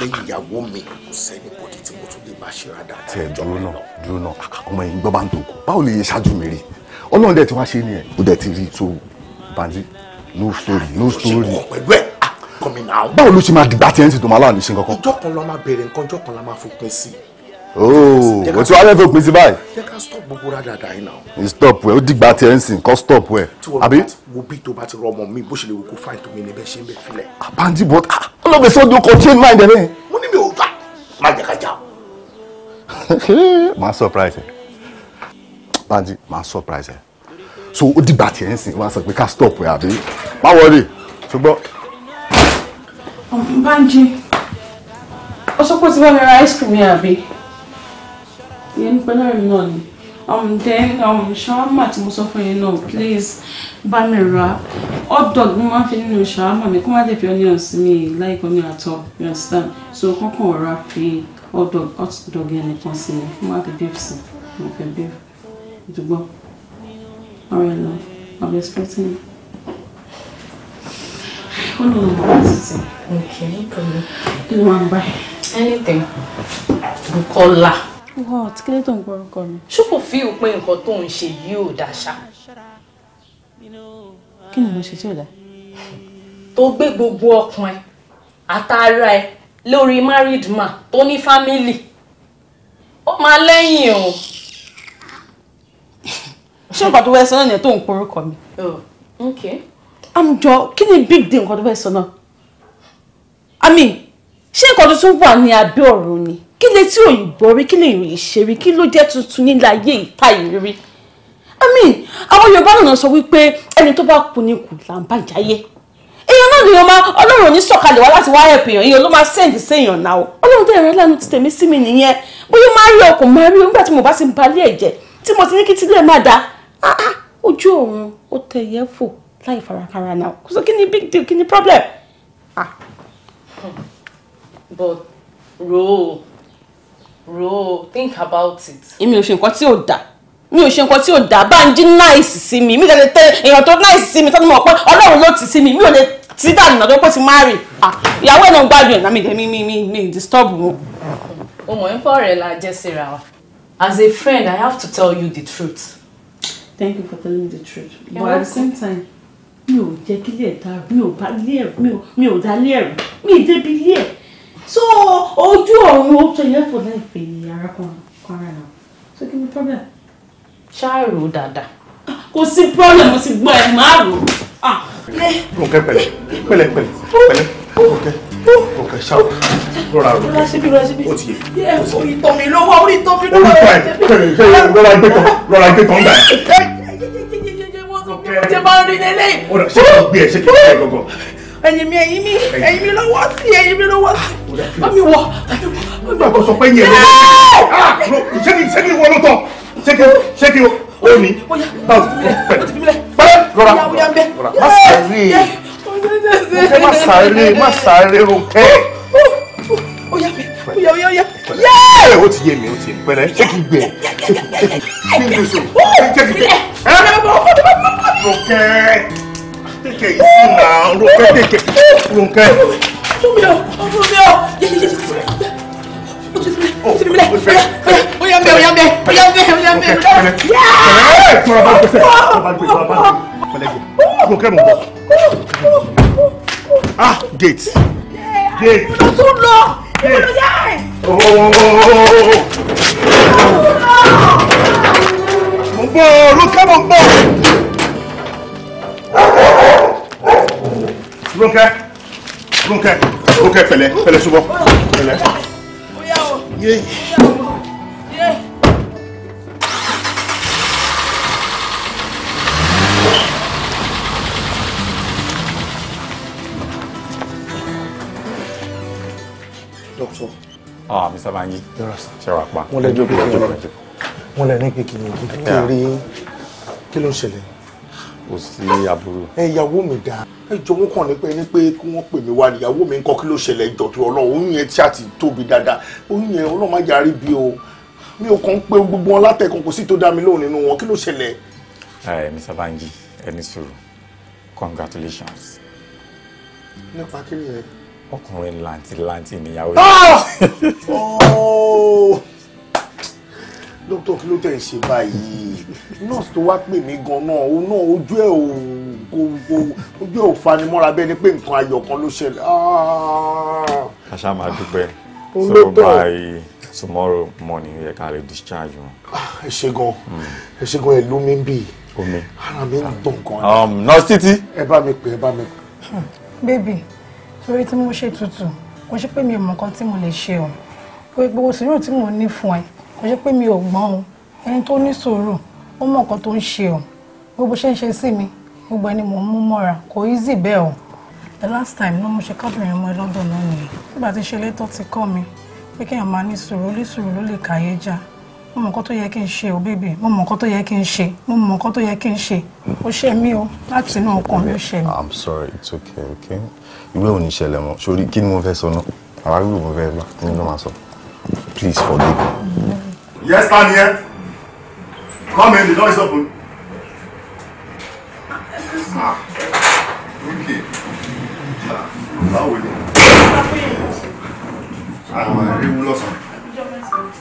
lẹ́yìn ìyàwó mi kò sẹ́ni bọ́dí tí mo tún lè máa ṣe rádà. tẹ dúró náà dúró náà ọmọ yìí gbọ́ bá ń tó kù báwo lè yẹ ṣáájú mi rí ọlọ́run dẹ̀ tí wọ́n ṣe é nìyẹn ó dẹ̀ ti rí tó bandi no story no ah, story. pẹ̀lú ẹ̀ kọ́mi ah, náà. báwo ló ṣe máa dìgbà tí ẹ̀ ń ṣètò màálà ní ṣe kankan. ìjọ kan la máa bẹ̀rẹ̀ nǹkan ìjọ kan la máa fòpin sí i. Oh, o ti wá lẹ́fẹ̀ẹ́ òpin sí báyìí. jẹ́ ká stop gbogbo rádàdà yìí náà. stop ẹ ó dìgbà tí ẹ ń sìn kọ́ stop ẹ. àbí. wo bí tó bá ti rọmọ mi bó ṣe lè wò kó fáìn tó mi níbẹ̀ ṣe ń bẹ̀ filẹ̀. àbáǹdì bọ́ ọlọ́bẹ̀ ah, sọ́dún kan change mind ẹ bẹ́ẹ̀. mo ní mi ò gbà má jẹ́ ká jà o. [laughs] surprise ẹ báńdì máa surprise ẹ so ó dìgbà tí ẹ ń sìn wọ́n sọ pé ká stop ẹ àbí má wọlé ṣùgbọ́n. báńjì ó sọ pé ó ti wá lọ ra ice cream yẹn àbí ìyẹn ní pẹ́lẹ́rì náà ni um then um shawarma tí mo sọ fún yín náà please bá mi ra hot dog mo máa ń fi nínú shawarma mi kó má dẹ̀ fi onions mi like onion at all you understand so kọ́kàn ọ̀rá fi hot dog hot dog yẹn nìkan sí mi kó má fi beef sí mo fẹ́ beef dùgbọ́ all right love i'm expecting you. ó okay come problem. kí ló máa ń bá anything Cola. What? Kí ló tó ń gbọ́rúkọ mi? Ṣé kò fi òpin nǹkan tó ń ṣe yìí ò dáṣà? Kí ni mo ṣe tí ò dá? Tó gbé gbogbo ọkàn ẹ àtàrà ẹ lórí married man tó ní fámìlì. Ó máa lẹ́yìn o. Ṣé nǹkan tó fẹ́ sọ náà ni ẹ tó ń porúkọ mi? Àmùjọ kí ni big deal nǹkan tó fẹ́ sọ náà? I mean, ṣé nǹkan tó tún wà ní abẹ́ ọ̀run ni? kí lè tí òyìnbó rí kí lè ìròyìn ṣe rí kí ló jẹ́ tuntun nílé ayé ìta ìrírí i mean àwọn yorùbá náà sọ wípé ẹni tó bá kú ni kù là ń bá ìjáyé èèyàn náà lèèyàn máa ọlọ́run ò ní sọ̀kalẹ̀ wá láti wá help èèyàn èèyàn ló máa send séèyàn náà o ọlọ́run tẹ̀ rẹ́ lánàá ti tèmi sí mi nìyẹn bóyá máa rí ọkọ̀ máa rí nígbà tí mo bá ti ń balẹ̀ ẹ̀jẹ̀ tí mo ti ní kí tílẹ̀ má da ah, ah, ojú ọ̀run ó tẹ̀ yẹ fò láì farakara náà kò sọ kí ni big deal kí ni problem. Ah. but ro ro think about it. èmi ò ṣe nǹkan tí ò dà mi ò ṣe nǹkan tí ò dà Bánjí náìsì sí mi mi lè tẹ èèyàn tó náìsì sí mi tó ní mọ̀ pé ọlọ́run ló ti sí mi mi ò lè tí dànù náà tó pé ti máa rì ìyàwó ẹ̀ náà gbádùn ẹ̀ náà mi mi mi mi disturb wọn. o mọ̀ nípa ọ̀rẹ́ la jẹ́ síra wa as a friend I have to tell you the truth. thank you for telling me the truth but at the same time mi ò jẹ́ kílẹ̀ ẹ̀ta mi ò bá lé ẹ̀rù mi ò dá lé ẹ̀rù mi ì débi lé ẹ̀rù so ojú ọ̀run ó tó yẹ fún láìpẹ́ arákùnrin kan rẹ̀ náà so kí ni problem. ṣáàrò dáadáa. kò sí problem mo ti gbọ́ ẹ̀ máa rò. Rónkẹ́ pẹ̀lẹ́ pẹ̀lẹ́ pẹ̀lẹ́ pẹ̀lẹ́ Rónkẹ́ Rónkẹ́ ṣáà rọra Rónkẹ́ ó ti yẹ. orí tọ́ mi lọ́wọ́ orí tọ́ mi lọ́wọ́. rọra gbé tán rọra gbé tán gbà yẹn. Rónkẹ́ ṣé kí n gbé ẹ ṣé kí n gbé ẹ gbọ̀ngàn ẹ̀yìn mi ẹ̀yìn mi ẹ̀yìn mi lọ́wọ́ sí ẹ̀yìn mi lọ́wọ́ sí mami wọ. nígbà tó sọ pé yẹn ló ṣé kí ṣé wọ́n ló tọ̀ ṣé kí ṣé kí o ní. báwo pẹ̀lẹ́ rọra rọra má sáré má sáré má sáré Ronke. oya oya oya oya yẹ́ẹ̀. ó ti yé mi ó ti yé mi pẹ̀lẹ́ ṣé kí n gbẹ ṣé kí n gbẹ ṣé kí n gbẹ ṣé kí n gbẹ. Ronke. Take it easy now. Ronke, take it. Ronke. Omi o, omi o. O ti mílẹ̀, o yà mẹ́, o yà mẹ́, o yà mẹ́, o yà mẹ́. Pẹ̀lẹ́ tí wọ́n bá gbèsè, wọ́n bá gbèsè, wọ́n bá gbèsè. Pẹ̀lẹ́ jù, Ronke mọ̀ bọ̀. Ah, gate. Gate. Mo tún lọ. Mo tún yá. Mo tún lọ. Mo ń bọ̀, Ronke mo ń bọ̀. Rónkẹ́ Rónkẹ́ Rónkẹ́ pẹ̀lẹ́ pẹ̀lẹ́ ṣubọ́ pẹ̀lẹ́. Doctor. Ah, Mr. Banji. Ṣé wàá pa? Wọ́n lẹ ní pé kí ni kí ló ń ṣẹlẹ̀? kò sí aburú. ẹ ìyàwó mi dá ẹ jọ wọn kàn ní pé ní pé kí wọn pè mí wá ìyàwó mi nǹkan kí ló ṣẹlẹ̀ ìjọ tó Ọlọ́run oyún yẹn tí a ti tóbi dáadáa oyún yẹn Ọlọ́run má yarí bí o mi ò kàn ń pe gbogbo wọn látẹkùn kò sí tó dá mi lóhùn nínú wọn kí ló ṣẹlẹ̀. ẹ Mr. Banji ẹni sùúrù congratulations. nípa kí ni ẹ. ọkùnrin làǹtìlanti nìyàwó ah! yìí. Oh! dókítà kí ló tẹ̀ ń ṣe báyìí nọ́ọ̀sì tó wá pè mí gan-an òun náà ojú ẹ̀ ò kò kò ojú ẹ̀ ò fanimọ́ra bẹ́ẹ̀ ni pé nǹkan ayọ̀ kan ló ṣẹlẹ̀. a ah. ṣáà máa dúpẹ́ ah, so by tomorrow morning yẹ ká lè discharge wọn. Ah, ẹ ṣe gan hmm. ẹ ṣe gan ẹ ló mi ń bì omi ara mi ń dùn gan. Um, nọ́ọ̀sì títí. ẹ bá mi pè ẹ bá mi pè. bébì torí tí mo ṣe tutù kò ṣe pé mi ò mọ nǹkan tí mo lè ṣe o gbogbo sùúrù tí mo ní fún ẹ kò ṣe pé mi ò gbọ́n o ẹni tó ní sùúrù ó mọ nǹkan tó ń ṣe o gbogbo ṣe ń ṣe sí mi gbogbo ẹni mò ń mú mọ́ra kò easy bẹ́ẹ̀ o the last time náà mo ṣe kábìnrin ọmọ ẹlọ́dọ̀ náà nìyẹn nígbà tí ṣe ti kọ́ mi pé kéèyàn máa ní sùúrù ó lè sùúrù ló lè kàyé já mo mọ nǹkan tó yẹ kí n ṣe o bébè mo mọ nǹkan tó yẹ kí n ṣe mo mọ nǹkan tó yẹ kí n ṣe ó ṣe mí o láti inú ọkàn mi ó ṣe mí. i'm sorry it's okay okay ìwé ò ní ṣẹlẹ̀ mọ́ sórí kí ni mo fẹ́ sọ náà àwárí mo fẹ́ gbà kí ni mo máa sọ please forgive me. Yes, stand here. Come in, the door is open. Ah, okay. How will you? Àwọn ẹ̀rí wú lọ́sàn.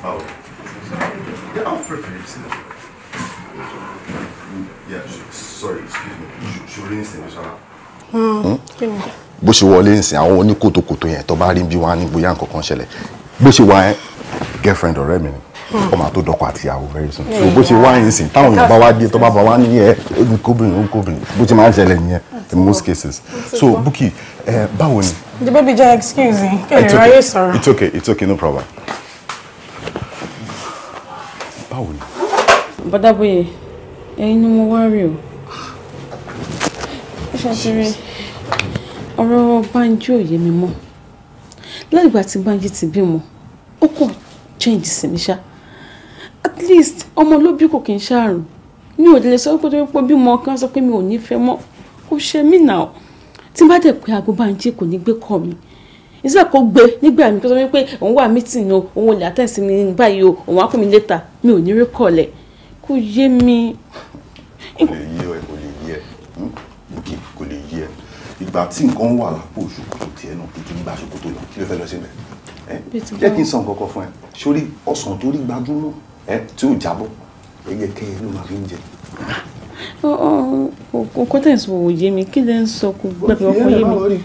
Báwo? Yeah, I'm free for you. Yeah, sorry, excuse me. Ṣorí ń sìn Bísọ́lá. Bó ṣe wọlé ń sìn àwọn oníkòtòkòtò yẹn tó bá rí bí wọ́n á ní bóyá nǹkan kan ṣẹlẹ̀. Bó ṣe wá ẹ́, girlfriend ọ̀rẹ́ mi ni ọmọ àti dọkọ àtìyàwó very soon so bó ṣe wá yín sìn táwọn èèyàn bá wá dé tó bá bá wá ní ẹ ebi kóbìnrin ó kóbìnrin bó ṣe máa ń ṣẹlẹ̀ nìyẹn in most cases so Bukky ẹ eh, báwo ni. jẹ́bẹ́ bí jẹ́ excuse me kí ẹ̀rọ ayé sọ̀rọ̀. it's okay it's okay no problem. báwo ni. bọ́dábòye ẹ̀yin ni mo wá rí o ṣàtìrẹ ọ̀rọ̀ Bánjí ò yé mi mọ́ láìgbà tí Bánjí ti bímọ ó kàn change sí mi ṣáá at least ọmọ ló bí kò kí n ṣàrùn mi ò lè sọ pé tó pé bímọ kan sọ pé mi ò ní fẹ́ mọ́ kò ṣe mí nà ọ́ tí bá dẹ̀ pé aago bá ń jí kò ní gbé kọ́ mi ìṣe kò gbé nígbà mi kó sọ pé òun wà mítìn o òun ò lè àtẹ̀sí mi báyìí o òun á pè mí létà mi ò ní rí kọ̀lẹ̀ kò yé mi. kò lè yé ẹ kò lè yé ẹ òkè hmm? kò lè yé ẹ ìgbà tí nǹkan wà lápò ṣòkòtò tiẹ̀ náà kí kí n gba ṣòkòtò lọ kí ló fẹ́ lọ síbẹ̀ jẹ́ kí n san nǹkan kan fún ẹ sórí ọ̀sán torí gbajúmọ̀ ẹ tí ò jábọ́ ẹyẹ kẹyẹ ló máa fi ń jẹ. Ah, ah, kókó tẹ̀ ń sọ òwò yé mi kí lẹ ń sọ kó gbẹ̀bẹ̀ ọkọ yé mi.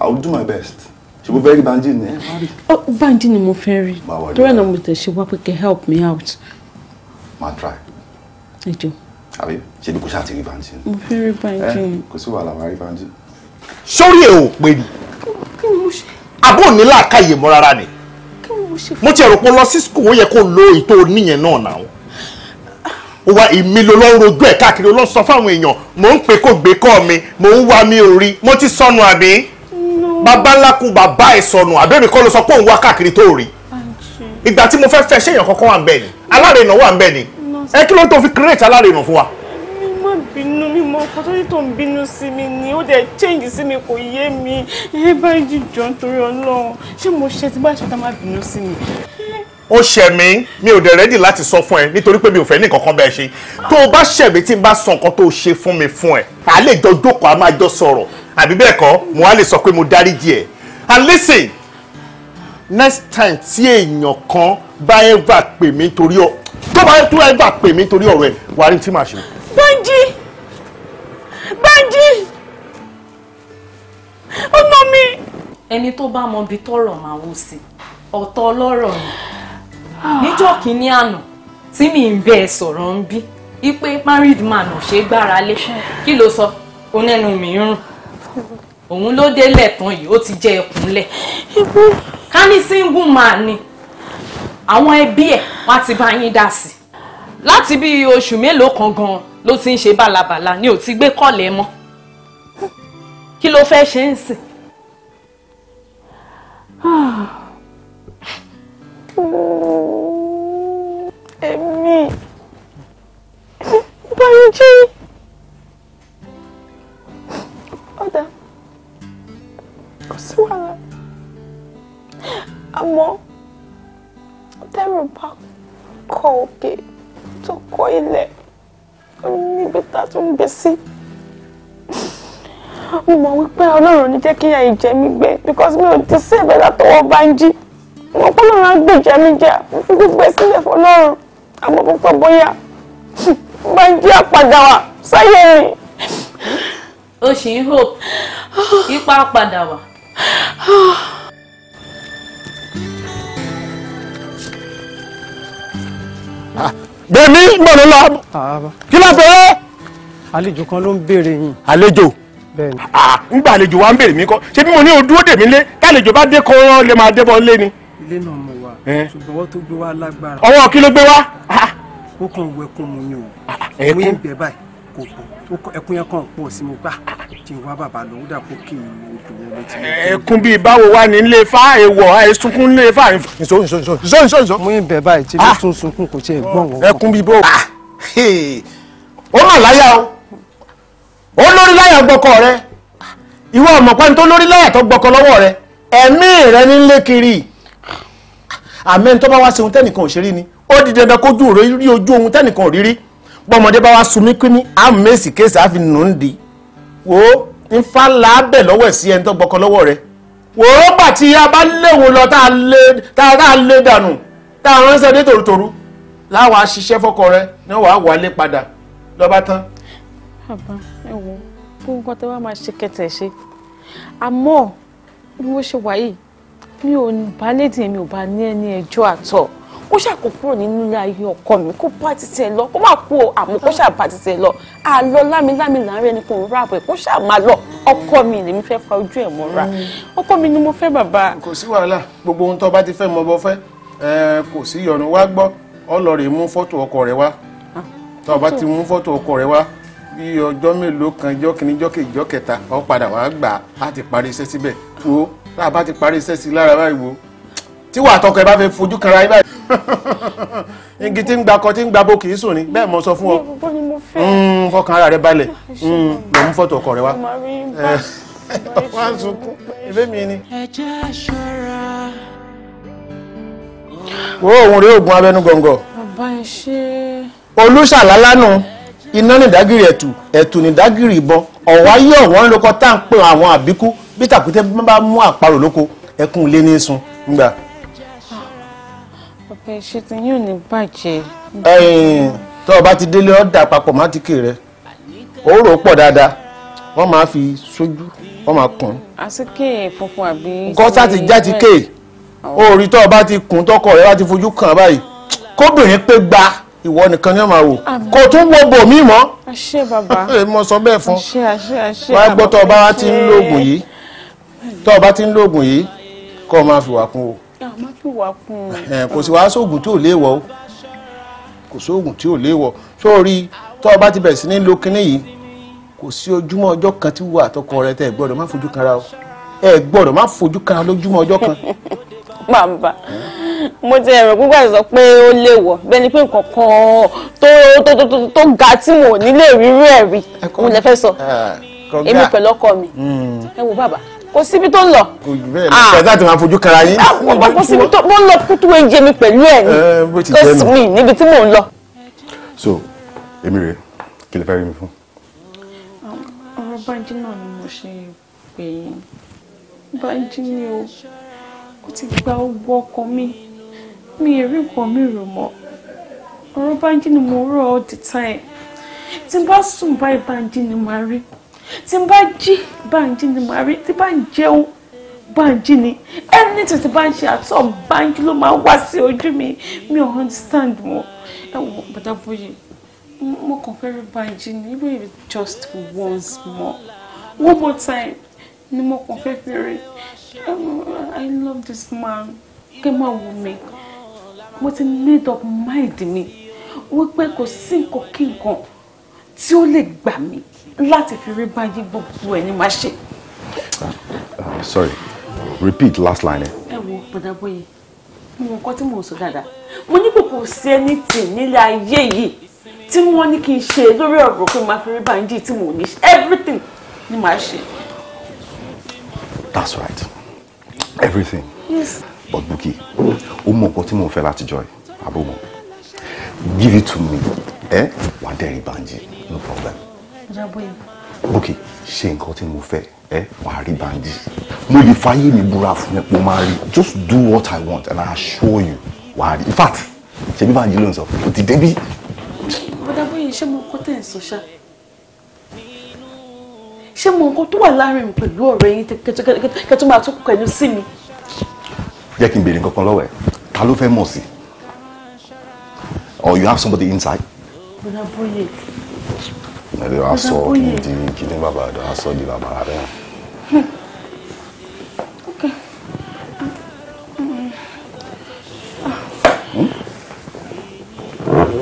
I will do my best ṣe mo fẹ́ rí banji ni. Oh, banji ni mo fẹ́ rí torí ẹ̀nà mo tẹ̀ ṣe wá pé kẹ́ help me out. ma try. ẹ jọ. àbí ṣe bí kò ṣáà ti rí banji. mo fẹ́ rí banji eh, ni. kò sí wàhálà máa rí banji. sórí ẹ̀ ò pé ni àbó ní làákàyè mọ́ rárá ni mo ti ẹ̀rọ pé lọ sí school ó yẹ kó lo ètò oníyẹn náà náà ó wá èmi ló lọ rojú ẹ̀ káàkiri ló ń sọ fáwọn èèyàn mò ń pè kó gbé kọ́ mi mò ń wá mi ò rí mo ti sọnù àbí bàbá ńlá kú bàbá ẹ̀ sọnù àbẹ́rẹ́ kọ́ ló sọ pé òun wá káàkiri tó rí ìgbà tí mo fẹ́ fẹ́ ṣéèyàn kankan wà ń bẹ̀ ni alárinà wà ń bẹ̀ ni ẹ kí ló tó fi create alárinà fún wa bínú mi mọ ọkọ tó ní tó ń bínú sí mi ni ó dẹ̀ change sí mi kò yé mi ẹ bá jíjọ nítorí Ọlọ́run ṣé mo ṣe tí bá ṣe tá má bínú sí mi. ó ṣẹ̀ mí mi ò dẹ̀ rẹ́dì láti sọ fún ẹ nítorí pé mi ò fẹ́ ní nǹkan bẹ́ẹ̀ ṣe tó o bá ṣẹ̀ mí tí n bá sọ nǹkan tó o ṣe fún mi fún ẹ à lè jọ jókòó a máa jọ sọ̀rọ̀ àbí bẹ́ẹ̀ kọ́ mo á lè sọ pé mo dáríjì ẹ and listen next time tí èèyàn kan bá ẹ bá pè mí torí ọ tó bá ẹ tó ẹ bá pè mí torí ọ̀rọ̀ ẹ wàá rí tí màá ṣe. Bánjí Bánjí ọmọ mi. ẹni tó bá mọ ibi tọ́rọ̀ máa wó sí ọ̀tọ̀ ọlọ́rọ̀ ni níjọ́ kìíní àná tí mi ń bẹ ẹ sọ̀rọ̀ ń bí ipe married man ò ṣe gbára lé kí ló sọ onẹnu mi ń rùn òun ló délẹ̀ tán yìí ó ti jẹ ẹkùnlẹ̀ ká ní single man ni àwọn ẹbí ẹ̀ wá ti bá yín dá sí láti bí oṣù mélòó kan gan ló ti ń ṣe bálabàla ni ò ti gbé kọ̀lẹ́ mọ́ kí ló fẹ́ ṣe ń sìn. [sighs] èmi báyọ̀jí ọ̀dà kò sí wàhálà àmọ́ tẹ́rù bá kọ̀ òkè. Okay tó kọ́ ilẹ̀ níbi tá a tún gbé sí mo mọ̀ wípé ọlọ́run ní jẹ́ kí ìyà ìjẹ mi gbé because mi ò ti sí ẹ̀bẹ̀ látọwọ́ bá ń jí mo pọ́ lọ́run agbèjẹ mi jẹ gbogbo ẹ̀ sílẹ̀ fọlọ́run àmọ́ púpọ̀ bóyá bá ń jí àpàdà wà sáyé mi. o ṣì ń hope ipa padà wà. [sighs] bẹ̀mí gbọ̀nù lọ kí ló fẹ́. àlejò kan ló ń béèrè yín. àlejò ngbà àlejò wa ń mi kọ ṣé bí mo ní o dúró dèmí lé kálejò bá dé kọ́ lè máa débọ̀ lé ni. ilé náà mo wà ṣùgbọ́n ọwọ́ tó gbé wá lágbára. ọwọ́ kí ló gbé wá. ó o mo báyìí kò ẹkún yẹn kàn pọ̀ sí mi pa tí n wá bàbá lọ ó dàpọ̀ kí odò wọn lè ti. ẹkún bíi báwo wá ní ilé fa èèwọ̀ àìsùnkún ní ilé fa nso nso nso nso nso nso. mú ibẹ̀ báyìí tí mo ah! tún sunkún kò tiẹ̀ gbọ́n wọn. ẹkún bíi bó. Ah! ó hàn láyà o ó lórí láyà gbọ́kọ rẹ ìwọ ọmọ pẹ́ni tó lórí láyà tó gbọ́kọ lọ́wọ́ rẹ ẹ̀mí rẹ ní lé kiri àmẹ́ni bá wá sí ohun tẹ́nìkan ò ṣe rí ni ó di dandan kójú rí ojú ohun tẹ́nìkan ò rí rí bọ́mọdé bá wá sunmí kínní àmẹ́sì kéèsì àfi nù ń di wo nfa làábẹ̀ lọ́wọ́ ẹ̀ sí ẹni tó gbọ́kọ lọ́wọ́ rẹ̀ wò ó bà tí a bá léwo lọ tá a lé dànù tá a ránṣẹ́ dé tòrútòrú láwa ṣiṣẹ́ fọ́kọ rẹ̀ náà wàá wálé padà lọ́ba tán. bàbá ẹ wo fún nǹkan tẹ wá máa ṣe kẹtẹ ṣe àmọ́ bí wọ́n ṣe wà mi ò bá lédìí mi ò bá ní ẹni ẹjọ́ àtọ̀ kó ṣàkó kúrò nínú ilé ayé ọkọ mi kó bá títí ẹ lọ kó má kú o àmọ́ kó ṣàbá títí ẹ lọ àlọ lámìlámì láàárẹ ni kò ń rà bẹ kó ṣàmà lọ ọkọ mi lèmi fẹ́ fa ojú ẹ mọ́ra ọkọ mi ni mo fẹ́ bàbá. kò sí wàhálà gbogbo ohun tó bá ti fẹ́ mọ bọ fẹ́ kò sí yọnu wá gbọ́ ọlọ́ọ̀rẹ́ mú fọ́tò ọkọ rẹ wá ah, tó o bá ti mú fọ́tò ọkọ rẹ wá bí ọjọ́ mélòó kan jọ́ kìíní kẹta ó padà wá gbà á parí iṣẹ́ síbẹ̀ wo tá bá ti parí iṣẹ́ sí lára báyìí wo tí wàá tọkọ ẹ bá fẹ́ fojú kanra ẹ báyìí [laughs] igi tí ń gba akọ tí ń gba bó kì í sùn ni bẹ́ẹ̀ mo sọ fún ọ mm, fọkàn ara rẹ balẹ̀ lọ mm, mú fọ́tò ọkọ rẹ wá eh, [laughs] wá ń sunkún mi ni. wo òun rí oògùn abẹnú gọ̀ǹgọ̀ olùṣàlálánú iná nìdágìrì ẹ̀tù ẹ̀tù nìdágìrì ìbọn ọ̀wá yọ̀ wọ́n ń lókọ tá à ń pè àwọn àbíkú bí tàkútẹ́ bá mú àparò lóko ẹkún ilé ní sun ńgbà ẹ ṣe ti yín ò ní bàjẹ́. tó o bá ti délé ọ dà papọ̀ mátìkì rẹ ó rò ó pọ̀ dáadáa wọ́n máa fi sójú wọ́n máa kùn. àsìkè funfun àbí. nǹkan sáti já ti ké orí tó o bá ti kùn tọkọ rẹ bá ti fojú kàn báyìí kóbìnrin pé gba ìwọ nìkan ni wọn máa wò kò tún wo bò mí mọ́. àṣẹ bàbá [laughs] mo sọ bẹ́ẹ̀ fún wàá gbọ́ tó o bá ti ń lóògùn yìí tó o bá ti ń lóògùn yìí kó o máa fi wà kún o dáa má fi wà kún un. kò sí wàá sóògùn tí ò léèwọ̀ o kò sóògùn tí ò léèwọ̀ sórí tó o bá ti bẹ̀rẹ̀ sí ní lo kinní yìí kò sí ojúmọ́ ọjọ́ kan tí wà àtọkọ rẹ tẹ́ ẹ gbọ́dọ̀ má fojú kanra o ẹ gbọ́dọ̀ má fojú kanra lójúmọ́ ọjọ́ kan. bàbá [laughs] mo ti ẹ̀rọ gbígbà sọ pé ó léèwọ̀ bẹ́ẹ̀ ni pé nǹkan kan tó tó ga tí mo ò ní lè rí rí ẹ̀rí mo lè fẹ́ sọ ah, èmi pẹ̀lú ọkọ mi hmm. ẹ wo bàbá kò síbi tó ń lọ. bẹ́ẹ̀ni láti ah. máa fojú kara yín. kò ah, síbi tó ń lọ kútu oúnjẹ mi pẹ̀lú ẹ̀ ni eh, kò mi níbi tí mò ń lọ. so èmi rèé kí lè fẹ́ rí mi fún. ọ̀rọ̀ báńjí náà ni mo ṣe pè é báńjí ni o kò ti gba owó ọkọ mi mi èrí nǹkan mi rò mọ́ ọ̀rọ̀ báńjí ni mo rọ̀ all the time tí n bá sùn báyìí báńjí ni màá rí tí n bá jí báńjí ni màá rí tí bá ń jẹun báńjí ni ẹni tí ti bá ń ṣe àtọ̀ báńjí ló máa wá sí ojú mi mi ò understand wọn ẹ wọ bàtà bóyá mo kàn fẹ́ rí báńjí ni even if just once more one more time ni mo kàn fẹ́ fi i love this man kẹ́ máa wù mí mo ti made up mind mi wípé kò sí nǹkan kí nǹkan tí ó lè gbà mí láti fi rí báyìí gbogbo ẹ̀ ni ṣe. Ah, sorry repeat last line. ẹ wo bọ̀dàbọ̀yè mo nǹkan tí mò sọ dáadáa mo ní kò sí ẹni tì nílé ayé yìí tí wọ́n ní kí n ṣe lórí ọ̀rọ̀ pé màá fi rí báyìí tí mò ní everything ni màá ṣe. that's right everything. yes. but Buki o mọ nǹkan tí mò ń fẹ́ látijọ́ yìí àbúrò give it to me ẹ eh? wà á dẹ̀rí Banji no problem. Ìjàbọ̀yà. ok ṣe nǹkan tí mo fẹ́ ẹ eh? wà á rí Banji mo lè fàyè mi búra fún ẹ pé o máa rí just do what I want and I assure you wà á rí in fact ṣe bí Banji ló ń sọ kò ti débi. bọ́dà bóyá ṣé mo kọ́ tẹ̀ ń sọ ṣá ṣé mo nǹkan tó wà láàrin mi pẹ̀lú ọ̀rẹ́ yín kẹtù máa tún kọ ẹnu sí mi. jẹ́ kí n béèrè nǹkan kan lọ́wọ́ ẹ̀ ta ló fẹ́ mọ̀ sí or you have somebody inside bọ́dà bóyè. ẹ̀rọ aṣọ kì í di kìíní bàbá ẹ̀rọ aṣọ di bàbá rẹ̀.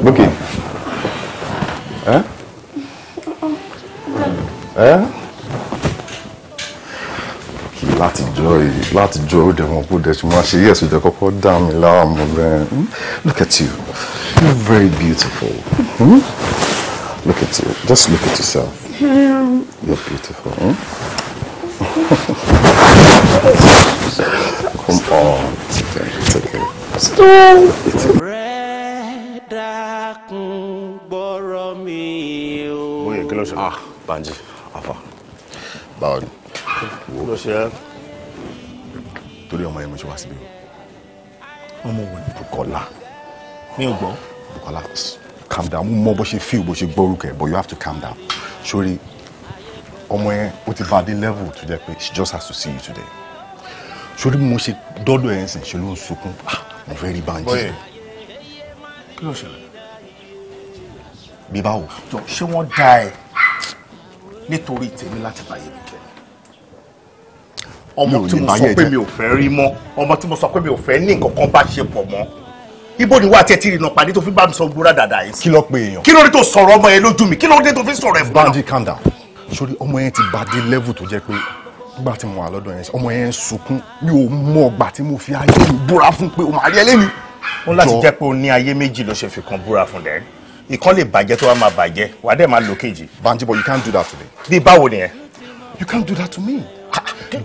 Booking. Hmm. Eh? Hmm. Eh? látijọ́ yìí látijọ́ ó dẹ̀ mọ̀ kó dẹ̀ ṣe máa ṣe yẹ̀ sójà kọ́kọ́ dá mi láàmú bẹ́ẹ̀ hmm? look at you you're very beautiful hmm? look at you just look at yourself hmm. you're beautiful. Hmm? [laughs] Come on it's okay it's okay. Stop. It's okay. dákun gbọ́rọ̀ mi o. Ah Banji, Afa. Báwo ló ṣe é. torí ọmọ yẹn mo ṣe wá síbí o. ọmọ wo ni. Bukola. mi ò gbọ́. Bukola calm down mo mọ bó ṣe feel bó ṣe gbọ́ orúkọ ẹ̀ but you have to calm down. sori ọmọ yẹn ó ti bá a level tó jẹ́ pé she just has to see you today. sori mo ṣe dọ́dọ̀ ẹ̀ ń sìn ṣe ló ń sunkún ah, mo fẹ́ rí báńkì. bọ́yẹ̀ kí ló ṣẹlẹ̀. bí báwo. jọ ṣé wọ́n dá ẹ nítorí tèmi láti bàyẹ̀ mi ọmọ tí mo sọ pé mi ò fẹ́ rí mọ́ ọmọ tí mo sọ pé mi ò fẹ́ ní nǹkan kan bá ṣe pọ̀ mọ́ ibo ni wà á tiẹ̀ ti rìnnà pàdé tó fi bá mi sọ gbúra dàda yìí. kí ló pe èèyàn. kí ló dé tó sọ̀rọ̀ ọmọ yẹn lójú mi kí ló dé tó fi sọ̀rọ̀ ẹ̀ fún mi. Banji calm down sórí ọmọ yẹn ti bá dé level tó jẹ́ pé nígbà tí mo wà lọ́dọ̀ yẹn ọmọ yẹn ń sunkún mi ò mọ ọgbà tí mo fi ayé mi búra fún pé o máa rí ẹlẹ́ni. ó láti jẹ́ pé o ní ayé méjì ló ṣe fi kan búra fún dẹ́rẹ́ ìkan lè bàjẹ́ tó wá máa bàjẹ́ wà á dẹ̀ máa lò kejì. Banji but you can't do that to me. bí báwo nìyẹn. you can't do that to me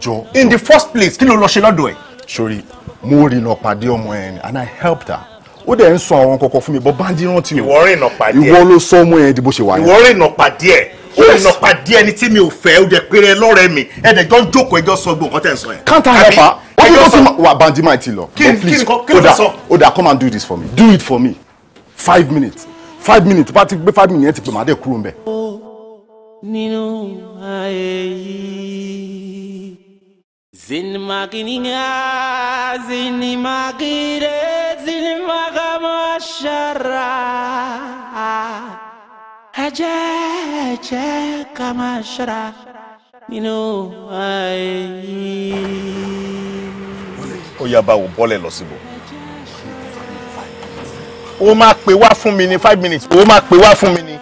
jọ in the first place kí ló lọ ṣe lọ́dọ̀ ẹ̀. sori mo rìnà pàdé ọmọ ẹ ni and i helped her ó dẹ̀ ń sọ àwọn kọ̀ọ̀kan fún mi bọ́ bandi rántí o ìwọ rìnà pàdé ẹ ìwọ ló sọ ọmọ ẹ di bó ṣe wà yẹn. ìwọ rìnà pàdé ẹ ó rìnà pàdé ẹni tí mi ò fẹ́ ó jẹ péré lọ́rẹ́ mi ẹ dẹ̀ jọ ń jókòó ẹjọ́ sọ gbogbo tẹ̀ ń sọ yẹn. can't i help her ó ní kó ti wà bandi máa ti lọ. But please, kí ni oda come and do this for me do it for me five minutes five minutes bá five minutes yẹn ti pè má Zin zinmakininga zinmakire zinmakamasharra ajeje kamashara nínú ayé. ó yá báwo bọ́lẹ̀ lọ síbò. ó máa pè wá fún mi ní five minutes ó máa pè wa fún mi ní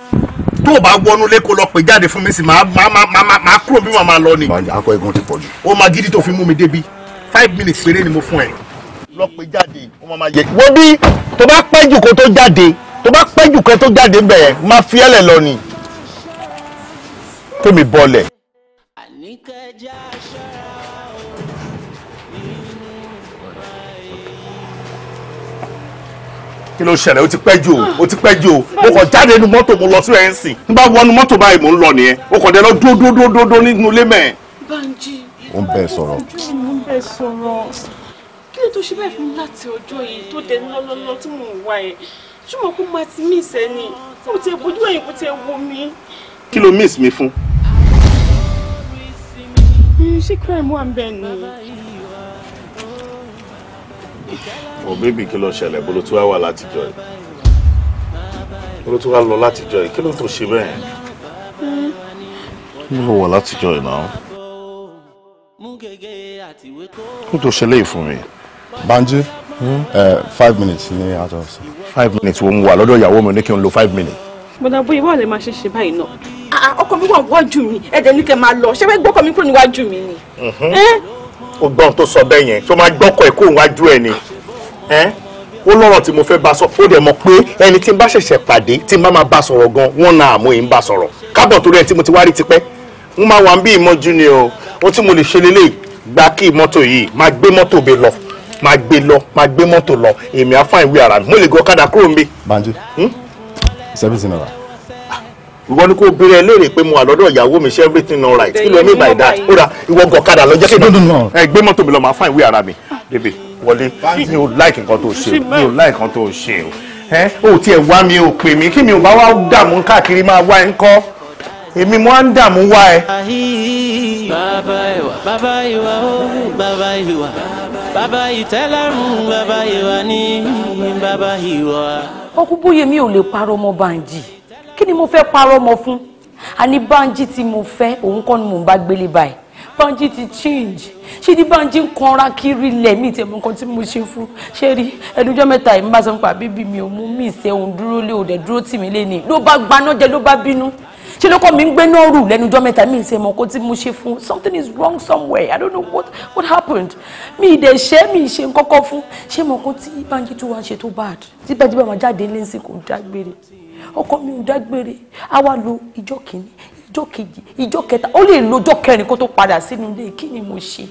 tó o bá wọnú lé kó lọ pè jáde fún mi sí máa máa máa máa kúrò bí màá máa lọ ni. akọ egun ti pọ̀ jù. ó máa gidi tó fi mú mi débi five minutes péré ni mo fún ẹ. lọ pè jáde ó máa máa yẹ. wo bí tó bá pẹ́ jù kó tó jáde tó bá pẹ́ jù kó tó jáde bẹ̀ máa fi ẹlẹ̀ lọ ni. kémi bọ́lẹ̀. àníkẹ́ jáde. kí ló ṣẹlẹ̀ o ti pẹ́ jù o o ti pẹ́ jù o mo kàn jáde nu mọ́tò mo lọ sí ẹ̀ ń sìn n bá wọnú mọ́tò báyìí mo ń lọ nìyẹn o kàn dé lọ dúdúdúdúdú nínú ilé mẹ́ẹ̀. Banji ó ń bẹ sọ̀rọ̀. ó ń bẹ sọ̀rọ̀ kí ló tó ṣe bẹ́ẹ̀ fún láti ọjọ́ yìí tó dé lọ́lọ́lọ́ tí mò ń wá ẹ̀ ṣùgbọ́n kó máa ti mí ìsẹ́ni kó tiẹ̀ bójú ẹ̀yìn kó tiẹ̀ wo mi. kí ló miss mi fún. ṣé crime wà ń bẹ ni bọ̀ bébì kí ló ṣẹlẹ̀ bolo tí wàá wà látijọ́ yìí bolo tí wàá lọ látijọ́ yìí kí ló tó ṣe bẹ́ẹ̀ hmm. kí ló wà látijọ́ yìí náà kí ló tó ṣẹlẹ̀ yìí fún mi. Banji hmm? eh, five minutes ní àjọ sí. five minutes wo mu wà lọ́dọ̀ ìyàwó mi ní kí n lo five minutes. bọ́dà bóyá báwo lè máa ṣe ṣe báyìí náà ah, ah, ọkọ mi wà wájú mi ẹ̀dẹ̀ ní kẹ́ máa lọ ṣé fẹ́ gbọ́kọ̀ mi kúrò níwájú mi ni. o mhm. gbọ́n tó sọ bẹ́ẹ̀ yẹn tó máa gbọ́kọ̀ ẹ̀ kó wájú ẹ̀ ni ó lọ́rọ̀ tí mo fẹ́ bá sọ ó dẹ̀ mọ̀ pé ẹni tí n bá ṣẹ̀ṣẹ̀ pàdé tí n bá máa bá sọ̀rọ̀ gan wọ́n na àmú yìí ń bá sọ̀rọ̀ kábọ̀ torí ẹni tí mo ti wá rí tipẹ́ n máa wà ń bí ìmọ̀jú ni o ohun tí mo lè ṣe lélẹ̀ gba kí mọ́tò yìí máa gbé mọ́tò bẹ́ẹ̀ lọ máa gbé lọ máa gbé mọ́tò lọ èmi á fáìn wí ara mi mo lè gọ ọ̀kadà kúrò nbí. Banji hmm? seventeen naira. Ah, ìwọ ni kò béèrè léèrè pé mo wà lọ́dọ̀ ìyàwó mi ṣe everything all right kí ló mean by ó ra ìwọ gọ ọ̀kadà lọ jẹ́ kí n gbé mọ́tò mi lọ máa fáìn wí ara mi wọlé mi ò like nǹkan tó ṣe mi ò like nǹkan tó ṣe o ẹ ò tiẹ̀ wá mi ò pè mí kí mi ò bá wá dààmú káàkiri máa wá ẹ ń kọ́ èmi mo á ń dààmú wá ẹ. bàbá ìwà bàbá ìwà ó bàbá ìwà bàbá ìtẹ́lọ́rùn bàbá ìwà ní bàbá ìwà. ọkùnbóyè mi ò lè parọ́ mọ́ Bánjí kí ni mo fẹ́ parọ́ mọ́ fún àní Bánjí tí mo fẹ́ òun kọ́ ni mò ń bá gbélé báyìí Banji ti change ṣé ní Banji ń kanra kiri ilẹ̀ mi tẹ̀ tí mo ṣe fún ṣé rí ẹnujọ́ mẹ́ta yìí má sọ pé àbíbí mi ò mú mi ìṣẹ́hun dúró lé òdẹ̀ dúró tì mí lẹ́ni ló bá gbaná jẹ ló bá bínú ṣé ló mi ń gbé náà rù lẹ́nujọ́ mẹ́ta mi ìṣe mọ́ tí mo ṣe fún something is wrong somewhere I don't know what what happened mi ìdẹ̀ ṣẹ́ mi ìṣe kọ́kọ́ fún ṣé mọ́ nǹkan tí Banji tó wá ṣe tó bad tí bẹ́ẹ̀ tí bẹ́ẹ̀ jáde lẹ́sìn kò dágbére ọkọ mi ò dágbére a wá lo ìjọ kìíní ìjọ kejì ìjọ kẹta ó lè lọ́jọ́ kẹrin kó tó padà sínú ilé kí ni mo ṣe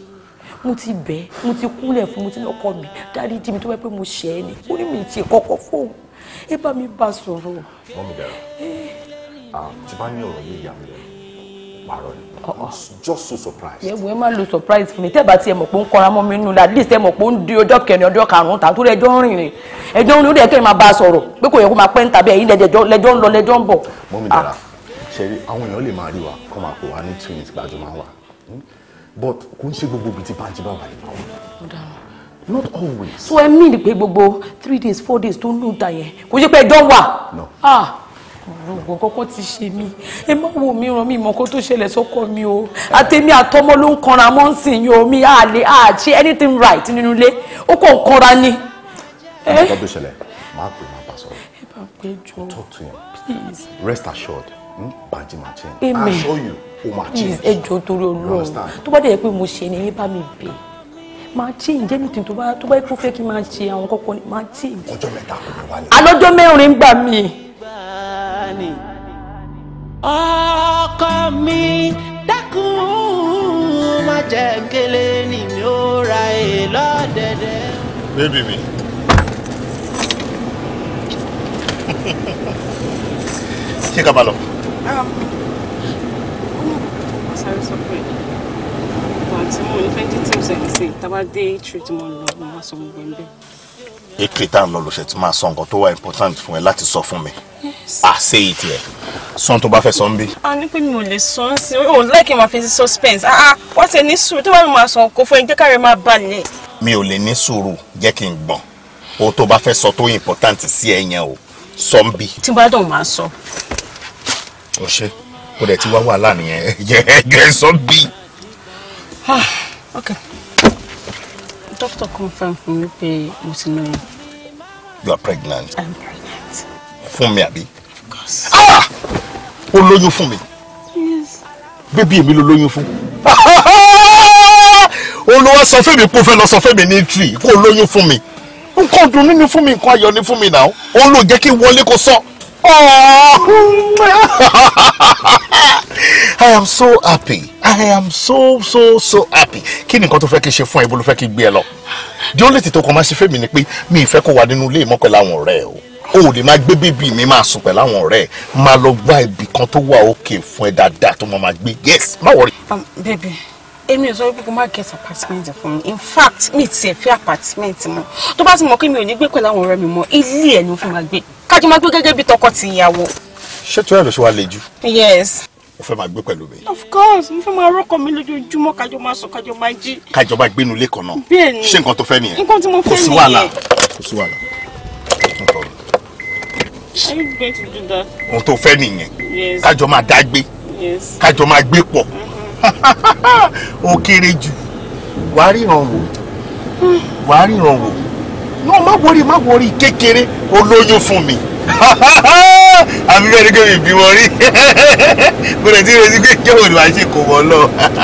mo ti bẹ̀ mo ti kúnlẹ̀ fún mo ti lọ́kọ mi dárí jí mi tó bá pẹ́ mo ṣẹ̀ ẹ́ ni ó ní mi ṣe kọ́kọ́ fóun ẹ bá mi bá sọ̀rọ̀. wọ́n mi dára tí bá ní ọ̀rọ̀ yìí yà mí lẹ́nu parọ́ ni just so surprised. yẹ wo ẹ má lo surprise fún mi tẹ́ bá tiẹ̀ mọ̀ pé ó ń kọ́ra mọ́ mi nínú la at least ẹ mọ̀ pé ó ń di ọjọ́ kẹrin ọjọ́ karùn-ún tàbí tó ẹjọ́ ń rìn rìn ẹjọ́ ń rìn ó dẹ̀ kẹ́ ẹ máa bá a sọ̀rọ̀ pé kò yẹ kó máa pẹ́ ń tàbí ẹ̀yìn lẹ́jọ́ ń lọ lẹ́jọ́ ń bọ̀. mọ́mí dára ṣẹ̀rí àwọn èèyàn lè máa rí wa kọ́ máa pè wá ní twins gbàjọ máa wà hmm? but kò ń ṣe gbogbo ibi tí pàǹtí bá wà ní báwọn. ó dára not always. so ẹ mí ni pé gbogbo three days four days tó ń lò dà yẹn kò jẹ́ pé ẹjọ́ wà. no ah ògùn kọ́kọ́ ti ṣe mí ẹ má wo mi ràn mí mọ́ kó tó ṣẹlẹ̀ sọ́kọ mi o àtẹ̀mí àtọmọ ló ń kanra mọ́ ń sìn yín o mi á lè á ṣe anything right nínú ilé ó kò ń kanra ni. ẹ ẹ eh? tó ṣẹlẹ̀ máa pè máa bá sọ̀rọ̀ talk to him please rest assured ń pàjẹ́ máa amen I assure you o máa change ẹ jọ torí Ọlọ́run tó bá dẹ̀ yẹ pé mo ṣe ni ẹ bá mi anything tó bá tó bá yẹ kó fẹ́ kí n máa ṣe àwọn kọ́kọ́ ni máa change. ọjọ́ mẹ́ta kò ní wálé. alọ́jọ́ mẹ́rin gbà mí. ọkọ mi dákun má jẹ́ gẹ́lé ni mi ò ra ẹ̀ e lọ́dẹ̀dẹ̀. bébì mi. [laughs] ṣé ká bá lọ sáré sọ pé ọ̀pọ̀ àti mo ní fẹ́ẹ́ dítì ọ̀sẹ̀ kìí ṣe tábà dé ètò tí mo lọ mo máa sọ gbogbo ẹ̀ bẹ́ẹ̀. ètò sọ nǹkan tó wà important fún ẹ láti sọ fún mi àṣẹ yìí tiẹ̀ sọ́n tó bá fẹ́ sọ ń bí. a ní pé mi ò lè sọ ń sin o láìkí máa fi suspense ah ah wọ́n ti ní sùúrù tó bá mi máa sọ kó fún ẹ jẹ́ ká rẹ máa balẹ̀. mi ò lè ní sùúrù jẹ́ kí n gbọ̀n o tó bá fẹ́ sọ tó important sí ẹ yẹn o sọ ń bí. tí bá dùn máa sọ ọṣẹ ó dẹ̀ ti wá wàhálà nìyẹn ẹjọ [laughs] ẹ sọ bí. ok doctor confirm fún mi pé mo ti lóyún. you are pregnant. i'm pregnant. fún mi àbí. of course. ah o lóyún fún mi. yes. bébí èmi ló lóyún fún [laughs] olùwà sọ fún mi kó fẹ́ lọ sọ fún mi ní tírì kó lóyún fún mi nǹkan dùn nínú fún mi nǹkan ayọ̀ ní fún mi náà òun ló jẹ́ kí wọlé kó sọ. So [laughs] I am so happy. I am so so so happy. Kí ni nǹkan tó fẹ́ kí n ṣe fún ẹ ibo ló fẹ́ kí n gbé ẹ lọ? Di ó lè tètò máa ṣe fẹ́mi ni pé mi ì fẹ́ kó wà nínú ilé ìmọ̀ pẹ̀lú àwọn ọ̀rẹ́ o. O ò lè máa gbé bébì mi máa sùn pẹ̀lú àwọn ọ̀rẹ́ ẹ̀. Máa lọ gba ibì kan tó wà òkè fún ẹ dáadáa tó máa máa gbé. Yes, má wọrí. Um, baby èmi ò sọ wípé kó má get apartment fún mi in fact mi tiẹ̀ fẹ́ apartment mọ́ tó bá ti mọ̀ pé mi ò ní gbé pẹ̀lú àwọn ọ̀rẹ́ mi mọ́ ilé ẹ̀ ni mo fi máa gbé kájọ máa gbé gẹ́gẹ́ bí tọkọ-tìyàwó. ṣé tí wàá lọ sí wa lejú. yes. o fẹ́ máa gbé pẹ̀lú mi. of course mo fẹ́ máa rọ́kọ̀ mi lójoojúmọ́ kájọ máa sọ kájọ máa jí. kájọ máa gbénu ilé kan náà. bẹ́ẹ̀ ni ṣé nǹkan tó fẹ́ nìyẹn. nǹkan tí mo fẹ́ nìyẹn. kò sí wàhálà kò sí Are you going to do that? ohun tó fẹ́ nìyẹn. yes. kájọ máa dá gbé. yes. kájọ máa gbé pọ̀. Mm-hmm. [laughs] ó kéré jù wàá ríran wò wàá ríran wò náà má wọrí má wọrí kékeré olóyún fún mi [laughs] àbí bẹ́ẹ̀ ni kò fi bímọ rí [laughs] mo lè ti retí pé kí òun ni wàá ṣe kò wọ́n lọ. kí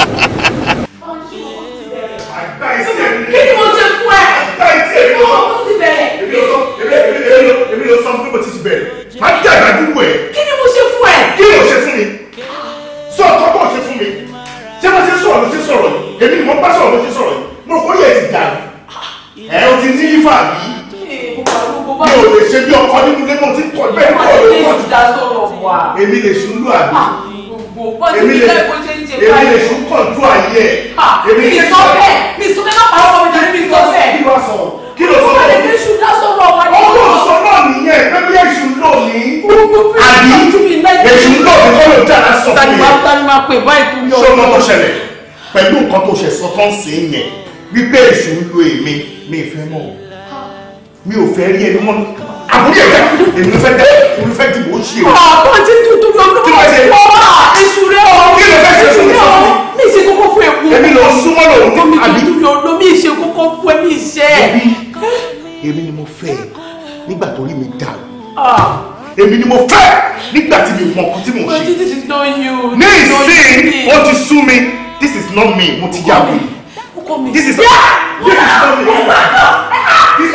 ni mo ṣe fún ẹ? kí ni mo kún sí bẹ̀rẹ̀? èmi ló sọ fún mo ti ti bẹ̀rẹ̀ máa jẹ́ àgbàdúgbò ẹ̀. kí ni mo ṣe fún ẹ? kí ni mo ṣe fún mi? sọ ọ̀tọ̀ bọ́ ṣé mo ti sọ̀rọ̀ ló ti sọ̀rọ̀ yìí èmi ni mo bá sọ̀rọ̀ ló ti sọ̀rọ̀ yìí mo kò yẹ ti dàrú ẹ o ti ní ifá bí mi ò lè ṣe bí ọkọ nínú ilé mo ti kọ bẹ́ẹ̀ kọ́ ló pọ̀ jù èmi lè sùn lù àbí èmi lè èmi lè sùn kọ̀ ju ayé ẹ̀ èmi lè sùn bẹ́ẹ̀ mi sùn bẹ́ẹ̀ náà pàrọ̀ kọ́ mi jẹ́ mi sọ bẹ́ẹ̀ kí ló sọ wọn. èṣù náà sọ wọn wọn. ọwọ́ sọ náà nìyẹn pé bí èṣù lò ní. àbí èṣù lò ní kọ́ ló dára sọ fún yẹn. tani máa pè báyìí tó yọ. ṣé o mọ tó ṣẹlẹ̀ pẹ̀lú nǹkan tó ṣe sọ tán sí yẹn wípé èṣù ń lo èmi mi ì fẹ́ mọ̀ mi ò fẹ́ rí ẹni mọ́ àbúrò ẹ̀ka èmi fẹ́ dẹ́ èmi fẹ́ dìbò ṣe o. àbọ̀ ti tutù lọ́dún wọ́n wá èṣù rẹ̀ ọ̀ kí ló fẹ́ ṣe fún mi sọ́ọ́ mi ìṣe kókó fún ẹ̀kú. èmi lọ súnmọ́ lòun àbí. mi ìṣe kókó fún ẹ mi ìṣe èmi ni mo fẹ́ ẹ nígbà tó rí mi dàrú èmi ni mo fẹ́ nígbà tí mi mọ̀ nǹkan tí mo ṣe ní ìsìn ó ti sú mi this is not me mo ti yá mi this is this is not me this is.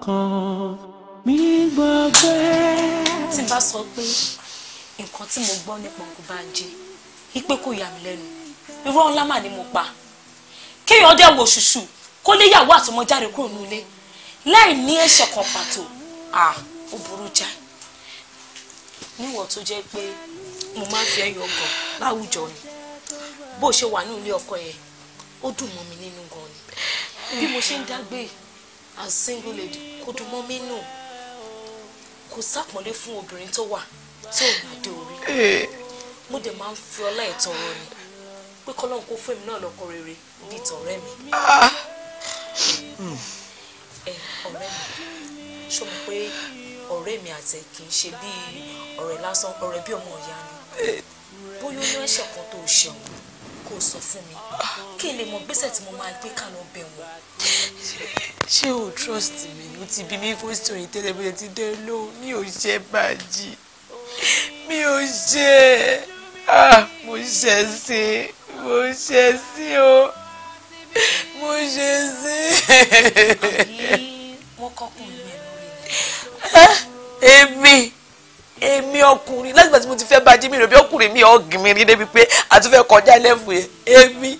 ọkàn mi gbàgbé. tí bá sọ pé nǹkan tí mo gbọ́ nípa Ògúnbánjí ipe kò yà mí lẹ́nu irọ́ ńlá mà ni mo pa kéèyàn dẹ̀ wò ṣùṣù kó léyàwó àtọmọ jáde kúrò nílé láì ní ẹ̀ṣẹ̀ kan pàtó à ó burú jáì níwọ̀n tó jẹ́ pé mo máa ń fi ẹyọ gan láwùjọ ni bó ṣe wà ní ilé ọkọ yẹn ó dùn mọ́ mi nínú gan ni bí mo ṣe ń dágbé as single lady kò dùn mọ́ mi nù kò sápọ́nlé fún obìnrin tó wà tí ò máa dé orí mo dẹ̀ máa ń fi ọlá ẹ̀ tọrọ ni pé kọ́lọ́n kó fún èmi náà lọ́kọ rere bíi tọ̀rẹ́ mi. Ah ọ̀rẹ́ mi ṣó mọ̀ pé ọ̀rẹ́ mi àti kì í ṣe bíi ọ̀rẹ́ lásán ọ̀rẹ́ bí ọmọ ìyá ni bóyá ó ní ẹ̀ṣẹ̀ kan tó ṣẹun kó sọ fún mi kí n lè mọ gbèsè tí mo máa gbé ká lọ bẹ̀ wọ́n. ṣé o trust mi o ti bí mi question yìí tẹ́lẹ̀ bóyá ti dẹ́ lóhùn mi ò ṣe bàjì mi ò ṣe ah, mo ṣẹ̀ sí mo ṣẹ̀ sí o. [laughs] mo ṣe sí. àbí wọ́n kọ́kùnrin ẹ̀ lórí. èmi èmi ọkùnrin láti gbà tí mo ti fẹ́ bá jí mi rò bí ọkùnrin mi ọ̀gìn mi rí débi pé àtúfẹ́ kọjá lẹ́fù yẹn èmi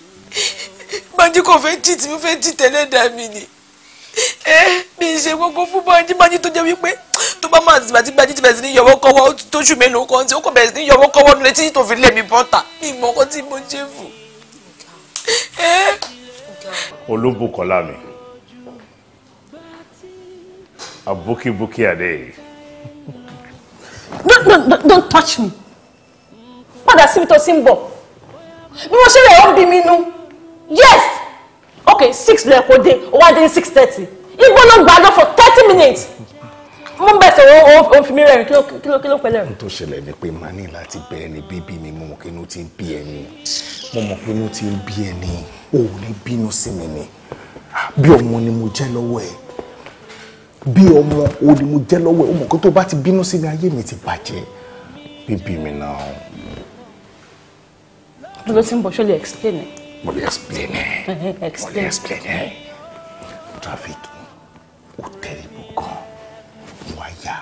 Banji kò fẹ́ tì tí mo fẹ́ tì tẹ́lẹ̀ dà mí ni mi ṣe gbogbo fún Banji Banji tó jẹ́ wípé tó bá máa tìgbà tí Banji ti bẹ̀rẹ̀ sí ní yọwọ́ kọ́wọ́ tóṣù mélòó kan tí ó kò bẹ̀rẹ̀ sí ní yọwọ́ kọ́wọ́ nílé tí tó fi lé mi bọ́ta mi mọ̀ kọ́ tí mo ṣe fún. Olúbùkọ́lá mi abukibuki adé. no no no don't touch me padà síbi tó sì ń bọ̀ bí mo ṣe rẹ̀ ó ń mi nú yes okay six lẹ́ẹ̀kọ́ dé ó wá dé six thirty igbó ló gbàdọ̀ for thirty minutes mo ń bẹ̀sẹ̀ o fi mi rẹ̀ rìn kí ló pẹ̀lẹ́ rẹ̀. n tó ṣẹlẹ̀ ni pé màá ní láti bẹ ẹni bíbí mi mo mọ̀ pé inú ti ń bí ẹni mo mọ̀ pé inú ti ń bí ẹni o ò ní bínú sí mi ni bí ọmọ ni mo jẹ́ lọ́wọ́ ẹ̀ bí ọmọ o ni mo jẹ́ lọ́wọ́ ẹ̀ o mọ̀ pé tó bá ti bínú sí mi ayé mi ti bàjẹ́ bíbí mi náà. mo ló ti ń bọ̀ ṣó lè explain ẹ̀. mo lè explain ẹ̀ [laughs] mo lè explain ẹ̀ traffic ò tẹ̀lé bù gan-an mo wá yá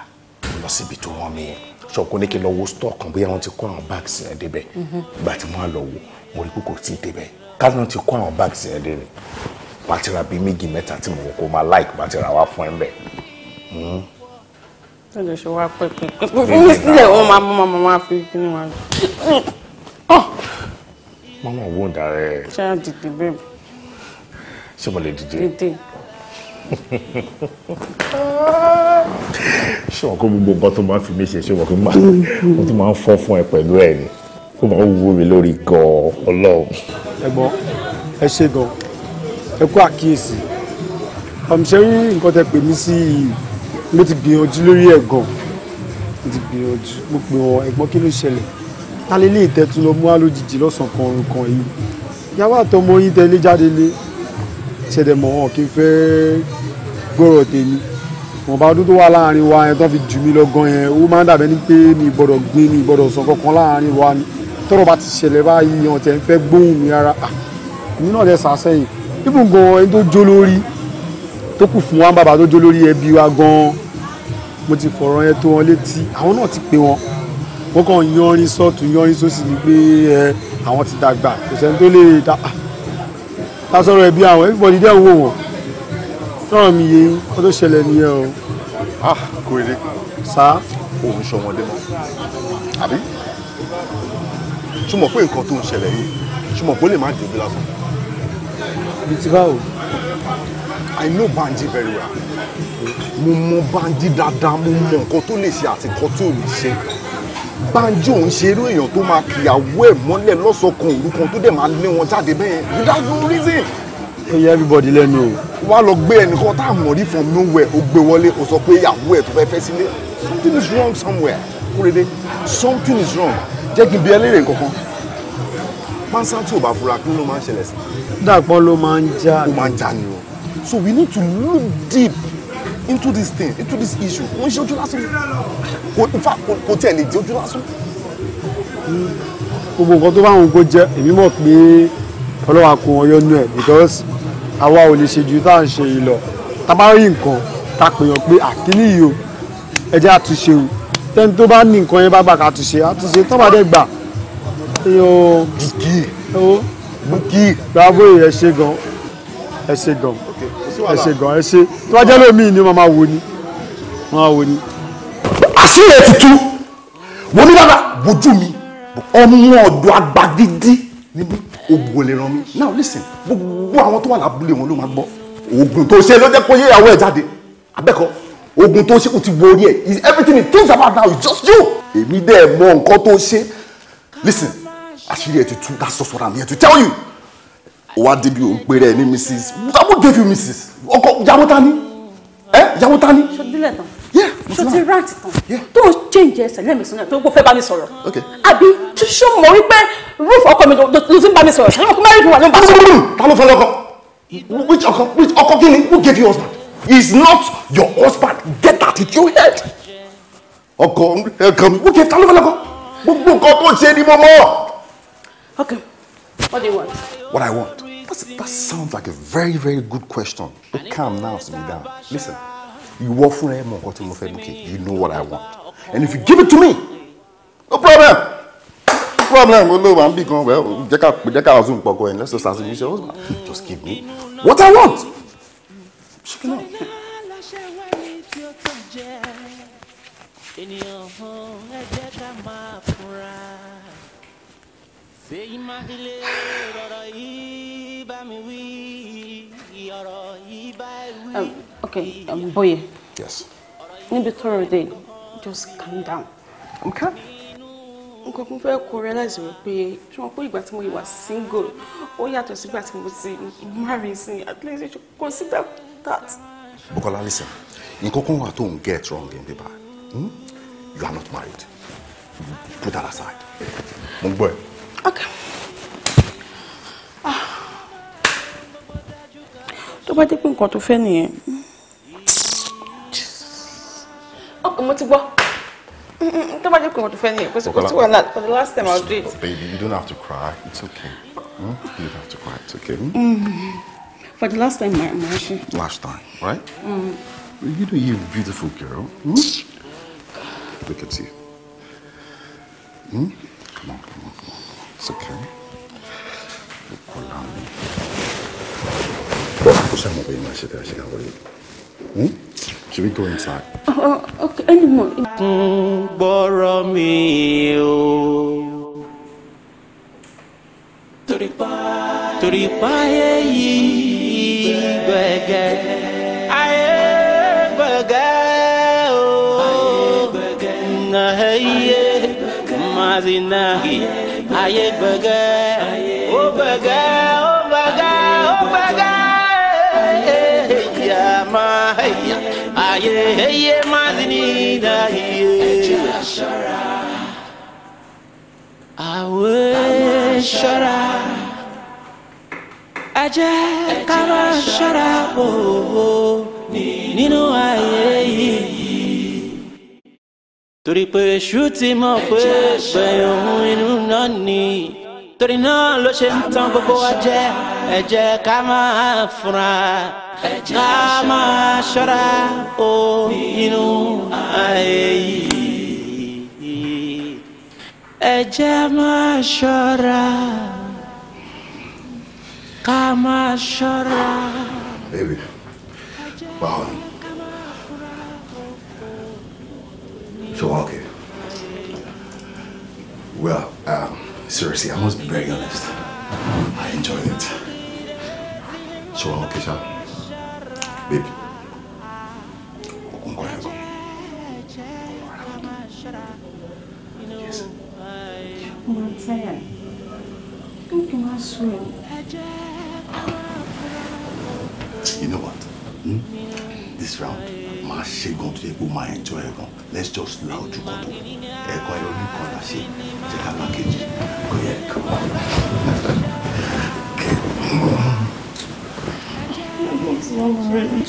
mo lọ síbi tó rán mi ṣọ̀kún ní kí n lọ wo stock kan bóyá wọ́n ti kó àwọn bags yẹn débẹ̀ ìgbà tí mo á lọ wò mo rí kókò tí débẹ̀ káàdì ti kó àwọn bags yẹn débẹ̀ bàtìrà bíi méjì mẹ́ta tí mo wò kó máa like bàtìrà wá fún ẹ ń bẹ̀. Hmm. ṣe wá pẹ́ pẹ́ pẹ́ pẹ́ sílẹ̀ wọ́n máa mú màmá máa fi kíni wá. màmá oh! wo ń darẹ̀. ṣé a dìde bẹ́ẹ̀. ṣé mo lè dìde. dìde ṣé wọn kó gbogbo nǹkan tó máa ń fi mí ṣe ṣé wọn kó máa wọn tó máa ń fọ́ fún ẹ pẹ̀lú ẹ ni ó máa ń wúwo mi lórí gan-an ọlọ́run. ẹ̀gbọ́n ẹ ṣe gan ẹ kú àkíyèsí ọmọọṣẹ́ rí nǹkan tẹ pè mí sí i mo ti gbìyànjú lórí ẹ̀ gan mo ti gbìyànjú mo pè wọn ẹ̀gbọ́n kí ló ṣẹlẹ̀ ta lè lè tẹ́tù lọ mú wa lójijì lọ́sàn kan ọ̀rùn yìí yàrá àtọmọ yín tẹ lé jáde lé ṣẹ̀dẹ̀ mọ̀ wọn kí n fẹ́ gbọ́rọ̀ tèmi wọn bá ọdún tó wà láàrin wa yẹn tó fi jù mí lọ gan yẹn ó máa ń dàbẹ́ ni pé mi gbọ́dọ̀ gbin mi gbọ́dọ̀ sọ kankan láàrin wa ni tọ́rọ̀ bá ti ṣẹlẹ̀ báyìí wọn tẹ̀ ń fẹ́ gbóhùn mi rárá ah, èmi náà lẹ sàsẹ́yìn ibùn gan ẹni tó jó lórí tó kù fún wa ń bàbá tó jó lórí ẹbí wa gan mo ti fọ̀rọ̀ yẹn tó wọn létí àwọn náà ti pè wọn wọ́n kàn yanrin sọ́ọ̀tún yanrin sósì ni pé àwọn ti dàgbà kò sẹ́ni tó lè dá ah, lásọ̀rọ̀ ẹ̀bí àwọn everybody dẹ̀ wò wọ́n tọ́rọ̀ mi yé kó tó ṣẹlẹ̀ nìyẹn o. ah kò rí sá òun ṣọmọdé mọ́ àbí túmọ̀ pé nǹkan tó ń ṣẹlẹ̀ yìí túmọ̀ pé ó lè má dé bí lásán. bí ti báwo. I know Banji very well mo mọ Banji dáadáa mo mọ nǹkan tó lè ṣe àti nǹkan tó lè ṣe. Banji òun ṣe irú èèyàn tó máa kìyàwó ẹ̀ mọ́lẹ̀ lọ́sọ̀kan òru kan tó dẹ̀ máa lé wọn jáde bẹ́ẹ̀ without no reason. ó yẹ everybody lẹ́nu o. wá lọ gbé ẹnìkan tá a mọ̀ rí from nowhere ó gbé wọlé ó sọ pé ìyàwó ẹ̀ tó fẹ́ fẹ́ sílé something is wrong somewhere kúrèdè something is wrong jẹ́ kí n bi ẹlẹ́rìí nǹkan kan pánsá tí ò bá fura kí ló máa ń ṣẹlẹ̀ sí. dàpọ̀ ló máa ń já. ó máa ń já ni o so we need to look deep into this thing into this issue kò ń ṣe ojú lásán kò in fact kò tiẹ̀ lè di ojú lásán. gbogbo nǹkan tó bá wọn kó jẹ èmi mọ̀ pé ọlọ́wà kò wọ́n yọnu ẹ̀ because àwa ò lè ṣe ju tá à ń ṣe yìí lọ tá a bá rí nǹkan tá a pèyàn pé àkíní yìí o ẹ jẹ́ àtúnṣe o tẹ́ni tó bá ní nǹkan yẹn bá gbà ká àtúnṣe àtúnṣe tó bá dẹ̀ gbà èèyàn. bùkì bùkì. ẹ ṣe gan ẹ ṣe gan ẹ ṣe gan ẹ ṣe tí wọ́n jẹ́ lómi ni wọ́n máa wò ni wọ́n máa wò ni. àṣírí ti tú mo ní bàbá bójú mi ọmọ ọ̀dọ́ àgbà gidi níbi ògbò lè ràn mí now listen gbogbo àwọn tó wà lábúlé wọn ló máa gbọ́ oògùn tó ṣe ló jẹ́ kó yéyàwó ẹ̀ jáde abẹ́kọ̀ọ́ oògùn tó ṣe kò ti wo orí is everything it thinks about now is just you èmi dẹ̀ mọ nǹkan tó ṣe listen àṣírí ẹ̀ ti tú that's just what I'm here to tell you ó wá débi òun péré ẹ̀ ní mrs who gave you mrs ọkọ yàwó ta ni ẹ yàwó ta ni. sọdílẹ̀ tán sọtí rant tán tó ń change ẹsẹ̀ lẹ́mìsàn náà tó gbọ́ fẹ́ bá mi sọ̀rọ̀ àbí ṣíṣó mọ̀ wípé rúfù ọkọ mi ló ti ń bá mi sọ̀rọ̀ ṣáà ọkọ mẹ́rin fún wa ló ń bá sọ̀rọ̀. ta ló fẹ́ lọ́kọ which ọkọ which ọkọ kí ni who gave you husband he is not your husband get that in your head ọkọ ẹkọ mi who gave ta ló fẹ́ lọ́kọ gbogbo nǹkan tó ṣe ni mo mọ̀. okay what do you want. what I want. That's, that sounds like a very very good question. But calm now, Smidan. Listen, ìwọ fúnra ẹ mọ nǹkan tí mo fẹ́ lókè. You know what I want. And if you give it to me, no problem. No problem. no, I'm big on well. Let's just assume you say, oh, just give me what I want. Check it out. [sighs] ènìyàn hàn ẹ jẹ́ Um, okay, um, Boye. Yes. Níbi tọ́rọ̀ dé, just calm down. I'm calm. Nǹkan kan fẹ́ kó realize wípé ṣé wọn pé ìgbà tí mo yìí wà single ó yàtọ̀ sígbà tí mo ti marry sí at least you should consider that. Bukola listen, nǹkan kan wà tó ń get wrong in bíbá. Hmm? You are not married. Put that aside. Mo gbọ́ ẹ. Okay. bá dé pé nǹkan tó fẹ́ nìyẹn. ok mo ti gbọ́ tó bá dé pé nǹkan tó fẹ́ nìyẹn kò sí kò sí wàhálà for the last time I will do baby you don't have to cry it's okay hmm? you don't have to cry it's okay. Mm. for the last time my emotion. last time right. Mm. you know you beautiful girl. Hmm? Look at you. Hmm? Come on, come on, come on. It's okay. Look Well, Should we go inside? Oh, okay. Any more? Borrow me. Toripa, Toripa, ye, beggar. Aye, beggar. Oh, beggar. Aye, Mazina, aye, beggar. láyé eye má sì ní ìdáyé. ẹjẹ́ àṣọra àwẹ̀ ṣọ́ra ẹjẹ́ ká máa ṣọ́ra bòbò nínú ayé yìí. torí pé ṣú ti mọ̀ pé gbẹ̀yìn òun inú náà ni torí náà ló ṣe ń tàn gbogbo wa jẹ ẹ ká máa fura ká máa ṣọ́ra o inú ayé yìí ẹ máa ṣọ́ra ká máa ṣọ́ra. baby wow so okay well. Um, Seriously, I must be very honest. I enjoyed it. So, okay, sir. Babe. I'm going to go. Yes. I'm tired. I think I'm swim. You know what? Hmm? this round máa ṣe gan tó yẹ kó máa enjoy ẹ gan let's just la ojú kan tó ẹ̀kan ẹ̀rọ ní kan láṣẹ jẹ́ ká má kejì kò yẹ kó.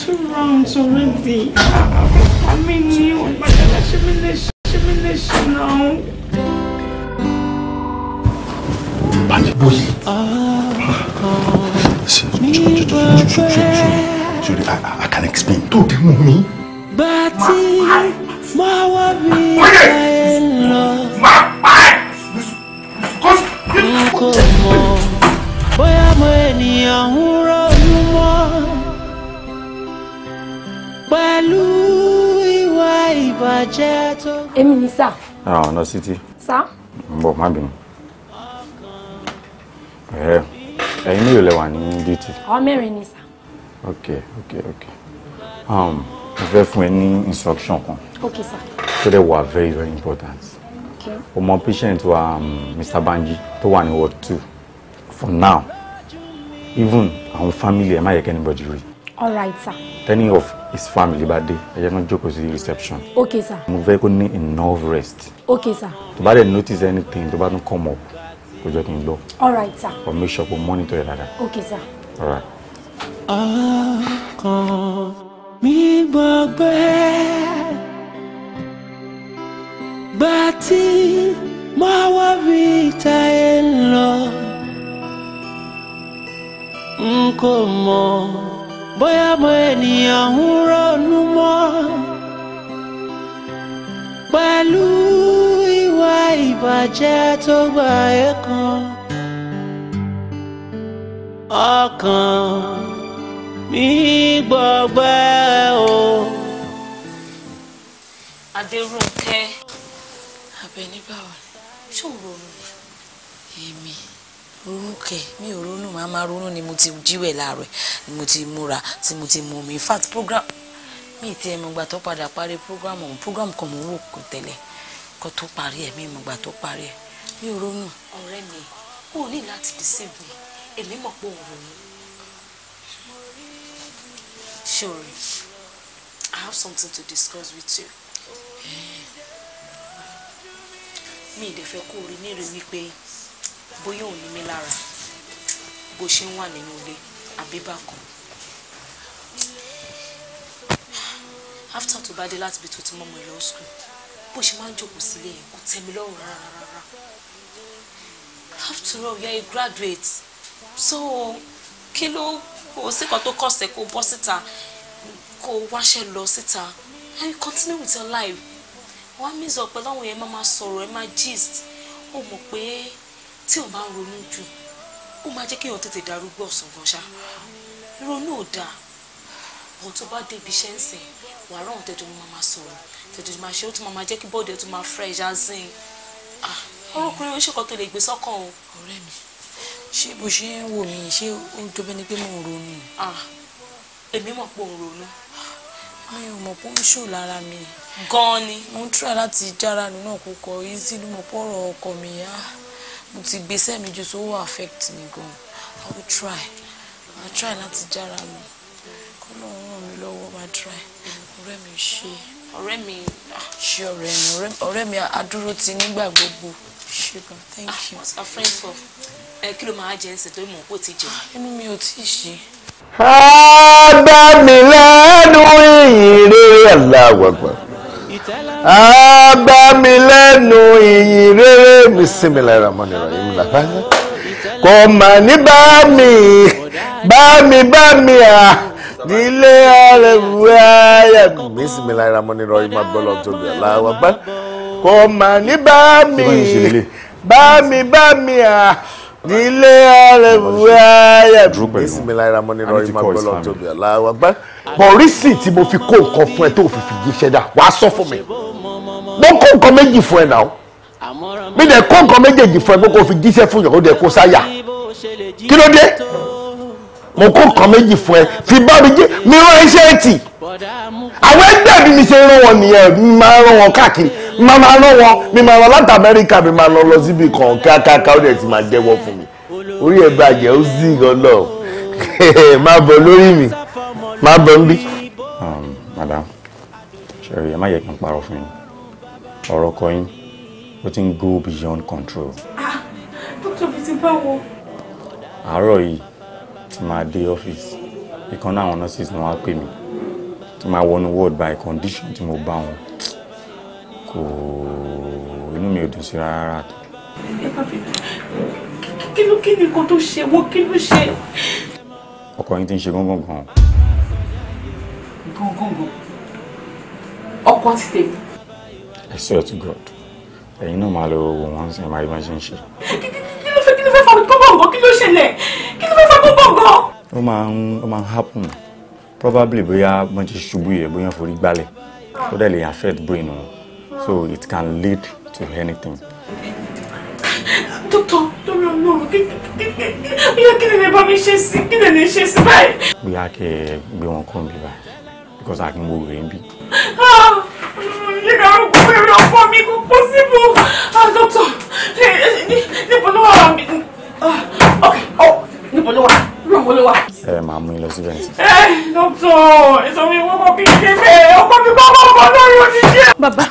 Two rounds already. I mean, you, but I should be this, should be this now. Bàjẹ́ bóyè. Ṣé ṣé ṣé ṣé ṣé ṣé ṣé ṣé ṣé ṣé ṣé ṣé ṣé ṣé ṣé ṣé can explain. tó dé mú mi. bàtí mo wá bí ayé lọ. n kò mọ̀ bóyá mo ènìyàn ń ronú mọ́ pẹ̀lú ìwà ìbàjẹ́ tó. èmi ni sá. àwọn ọ̀nà sí ti. sá. ń bọ̀ má bínú. ẹ̀yin mélòó lẹ duty. àwọn mẹ́rin ni sá. ok ok ok. Um, mo fẹ́ fún ẹ ní instruction kan okay sir tó dẹ̀ wà very very important o mọ patient wa um, Mr. Banji tó wà ní ward two for now even our family ẹ I yẹ anybody rí. all right sir. any of his family but they, ẹ jẹ́ joke with the reception. okay sir. We fẹ́ kó ní enough rest. okay sir. tó bá notice anything tó bá tún come up kó jẹ́ kí n lọ. all right sir. but make sure kó monitor ẹ dáadáa. okay sir. all right. ọkàn mi gbàgbé bàtí máa wá bí táyé lọ n kò mọ̀ bóyá mo ènìyàn ń ronú mọ́ pẹ̀lú ìwà mi gbọgbẹ́ o. adérúnkẹ́ abẹnigbàwọ ṣó ń ronú èmi ronú kẹ mi ò ronú màá máa ronú ni mo ti jíwẹ̀ láàárọ̀ ni mo ti múra tí mo ti mú mi in program mi ti tiẹ̀ mọ̀ gbà tó padà parí program ọ̀hún program kan mo wò kó tẹ́lẹ̀ kó tó parí ẹ̀ mi mọ̀ gbà tó parí ẹ̀ mi ò ronú. ọ̀rẹ́ mi ò ní láti deceive mi èmi mọ̀ pé òun ronú Shuri, I have something to discuss with you. Mi ìdẹ̀ fẹ́ kó orí nírè wípé bóyá òun ní mi lára bó ṣe ń wà nínú ilé àbíbákan. After tó bá dé láti ibi ti mọ́ ọmọ ìlọ school, bó ṣe máa ń jókòó sílé yẹn kò tẹ́ mi lọ́rùn After all, you are a graduate, so kí kò sí kan tó kọ̀sẹ̀ kó bọ́ síta kó wáṣẹ́ lọ síta and you continue with your life wọ́n á mìíràn pé láwọn yẹn máa máa sọ̀rọ̀ ẹ máa gist ó mọ̀ pé tí o bá ń ronú jù ó máa jẹ́ kéèyàn tètè darúgbó ọ̀sán gan ṣá ronú ò dáa ọ̀ tó bá débi iṣẹ́ ń sìn wàá rán òun tẹ̀jọ́ máa máa sọ̀rọ̀ tẹ̀jọ́ máa ṣe ó tún máa jẹ́ kí bọ́ọ̀dù ẹ̀ tún máa fresh as in ọ̀rọ̀ ọkùnrin oníṣèkọ́ tó lè gbé sọ́kàn o. ọ̀rẹ́ mi ṣé bó ṣe ń wò mí ṣé ó ń tóbi ni pé mò ń ronú. èmi mọ̀ pé òun ronú. mi ò mọ̀ pé ó ń ṣò lára mi. gan-an ni. mo ń tura láti jára nínú ọ̀kúkọ yìí sínú mọ̀ pé ọ̀rọ̀ ọkọ mi yá mo ti gbèsè mi ju so ó affect mi gan-an i will try i will try láti jára mi kọ́ lóun ràn mí lọ́wọ́ máa try ọ̀rẹ́ mi ṣe ọ̀rẹ́ mi ṣe ọ̀rẹ́ mi ọ̀rẹ́ mi adúró ti nígbà gbogbo ṣe gan thank you. Ah, our friends of ẹ kí ló máa jẹ ẹsẹ tó mọ̀ kó ti jẹ. Ah, inú mi ò tí ì ṣe. abamilẹ́nu ìyìn rere aláwàgbà abamilẹ́nu ìyìn rere bisimilá ramani rahim lafayá kò mà ní bá mi bá mi bá mi à nílé ọ̀rẹ́ wíwáyà bisimilá ramani rahim agbọ́lọ́ tóbi aláwàgbà kò mà ní bá mi bá mi bá mi à. Ilé aleluya yẹ bísímìlá ìramọ ní lọrí máa gbọ́ lọ́n tóbi aláwọ̀ gbẹ́. Bọ̀rísì tí mo fi kó nǹkan fún ẹ tó fi fi jíṣẹ́ dà wàá sọ fún mi. Mo kó nǹkan méjì fún ẹ náà. Mi dẹ̀ kó nǹkan méjèèjì fún ẹ pé kó fi jíṣẹ́ fún yàn ó dẹ̀ kó sáyà. Kí ló dé? Mo kó nǹkan méjì fún ẹ fi bá mi jẹ́ mi rán iṣẹ́ ẹ̀tì. Àwọn ẹgbẹ́ mi ni ṣe rán wọn nìyẹn máa rán wọn káàkiri máa máa rán wọn mi máa rán láti amẹ́ríkà mi máa rán lọ síbi kan káàkáà ó dẹ̀ ti máa jẹ́wọ́ fún mi orí ẹ̀ bàjẹ́ ó sì ọlọ [laughs] máa bọ̀ lórí mi máa bọ̀ nbí. Um, madam sherry ẹ má yẹ kí n parọ́ fún yín ọ̀rọ̀ ọkọ yín ó ti ń go beyond control. Ah, dókítà fi ti bá wo. àárọ̀ yìí ti máa dé ọ́fíìsì ìkan náà àwọn nurses ni wọ́n á pè mí tí máa wọnú ward by condition tí mo bá wọn kò inú mi ò dùn sí rárá. kí ló kí ni nǹkan tó ṣe wo kí ló ṣe. ọkọ yín ti ń ṣe gángan gan. gángan gan ọkọ ti tèmi. I swear to God ẹ̀yin náà máa lọ wò wọ́n sẹ́yìn máa rí bá ṣe ń ṣe. kí ló fẹ́ kí ló fẹ́ fa gbọ́ngàn kí ló ṣẹlẹ̀ kí ló fẹ́ fa gbọ́ngàn. ó máa ń ó máa ń happen probably bóyá wọ́n ti ṣubú yẹ bóyá forí gbálẹ̀ ó dẹ̀ lè affect brain wọn so it can lead to anything. Doctor, lórí ọlọ́run bóyá kí ni lè bá mi ṣe sí kí ni lè ṣe sí báyìí. Bóyá kẹ ẹ gbé wọn kọ́ mi báyìí because I can move in. Yíyá arúgbó eré ọkọ mi kò pọ̀ síbò. Doctor, níbo ló wà? Ah, ok, oh, níbo ló wà? Níbo ló wà? Ẹ máa mú ilé síbẹ̀ nísìnyí. Ẹ Doctor, ìsọ̀rọ̀ ìwọ́n kọ́ kí n ṣe bẹ́ẹ̀ ọkọ mi kọ́ ọmọ lórí òjijì. Bàbá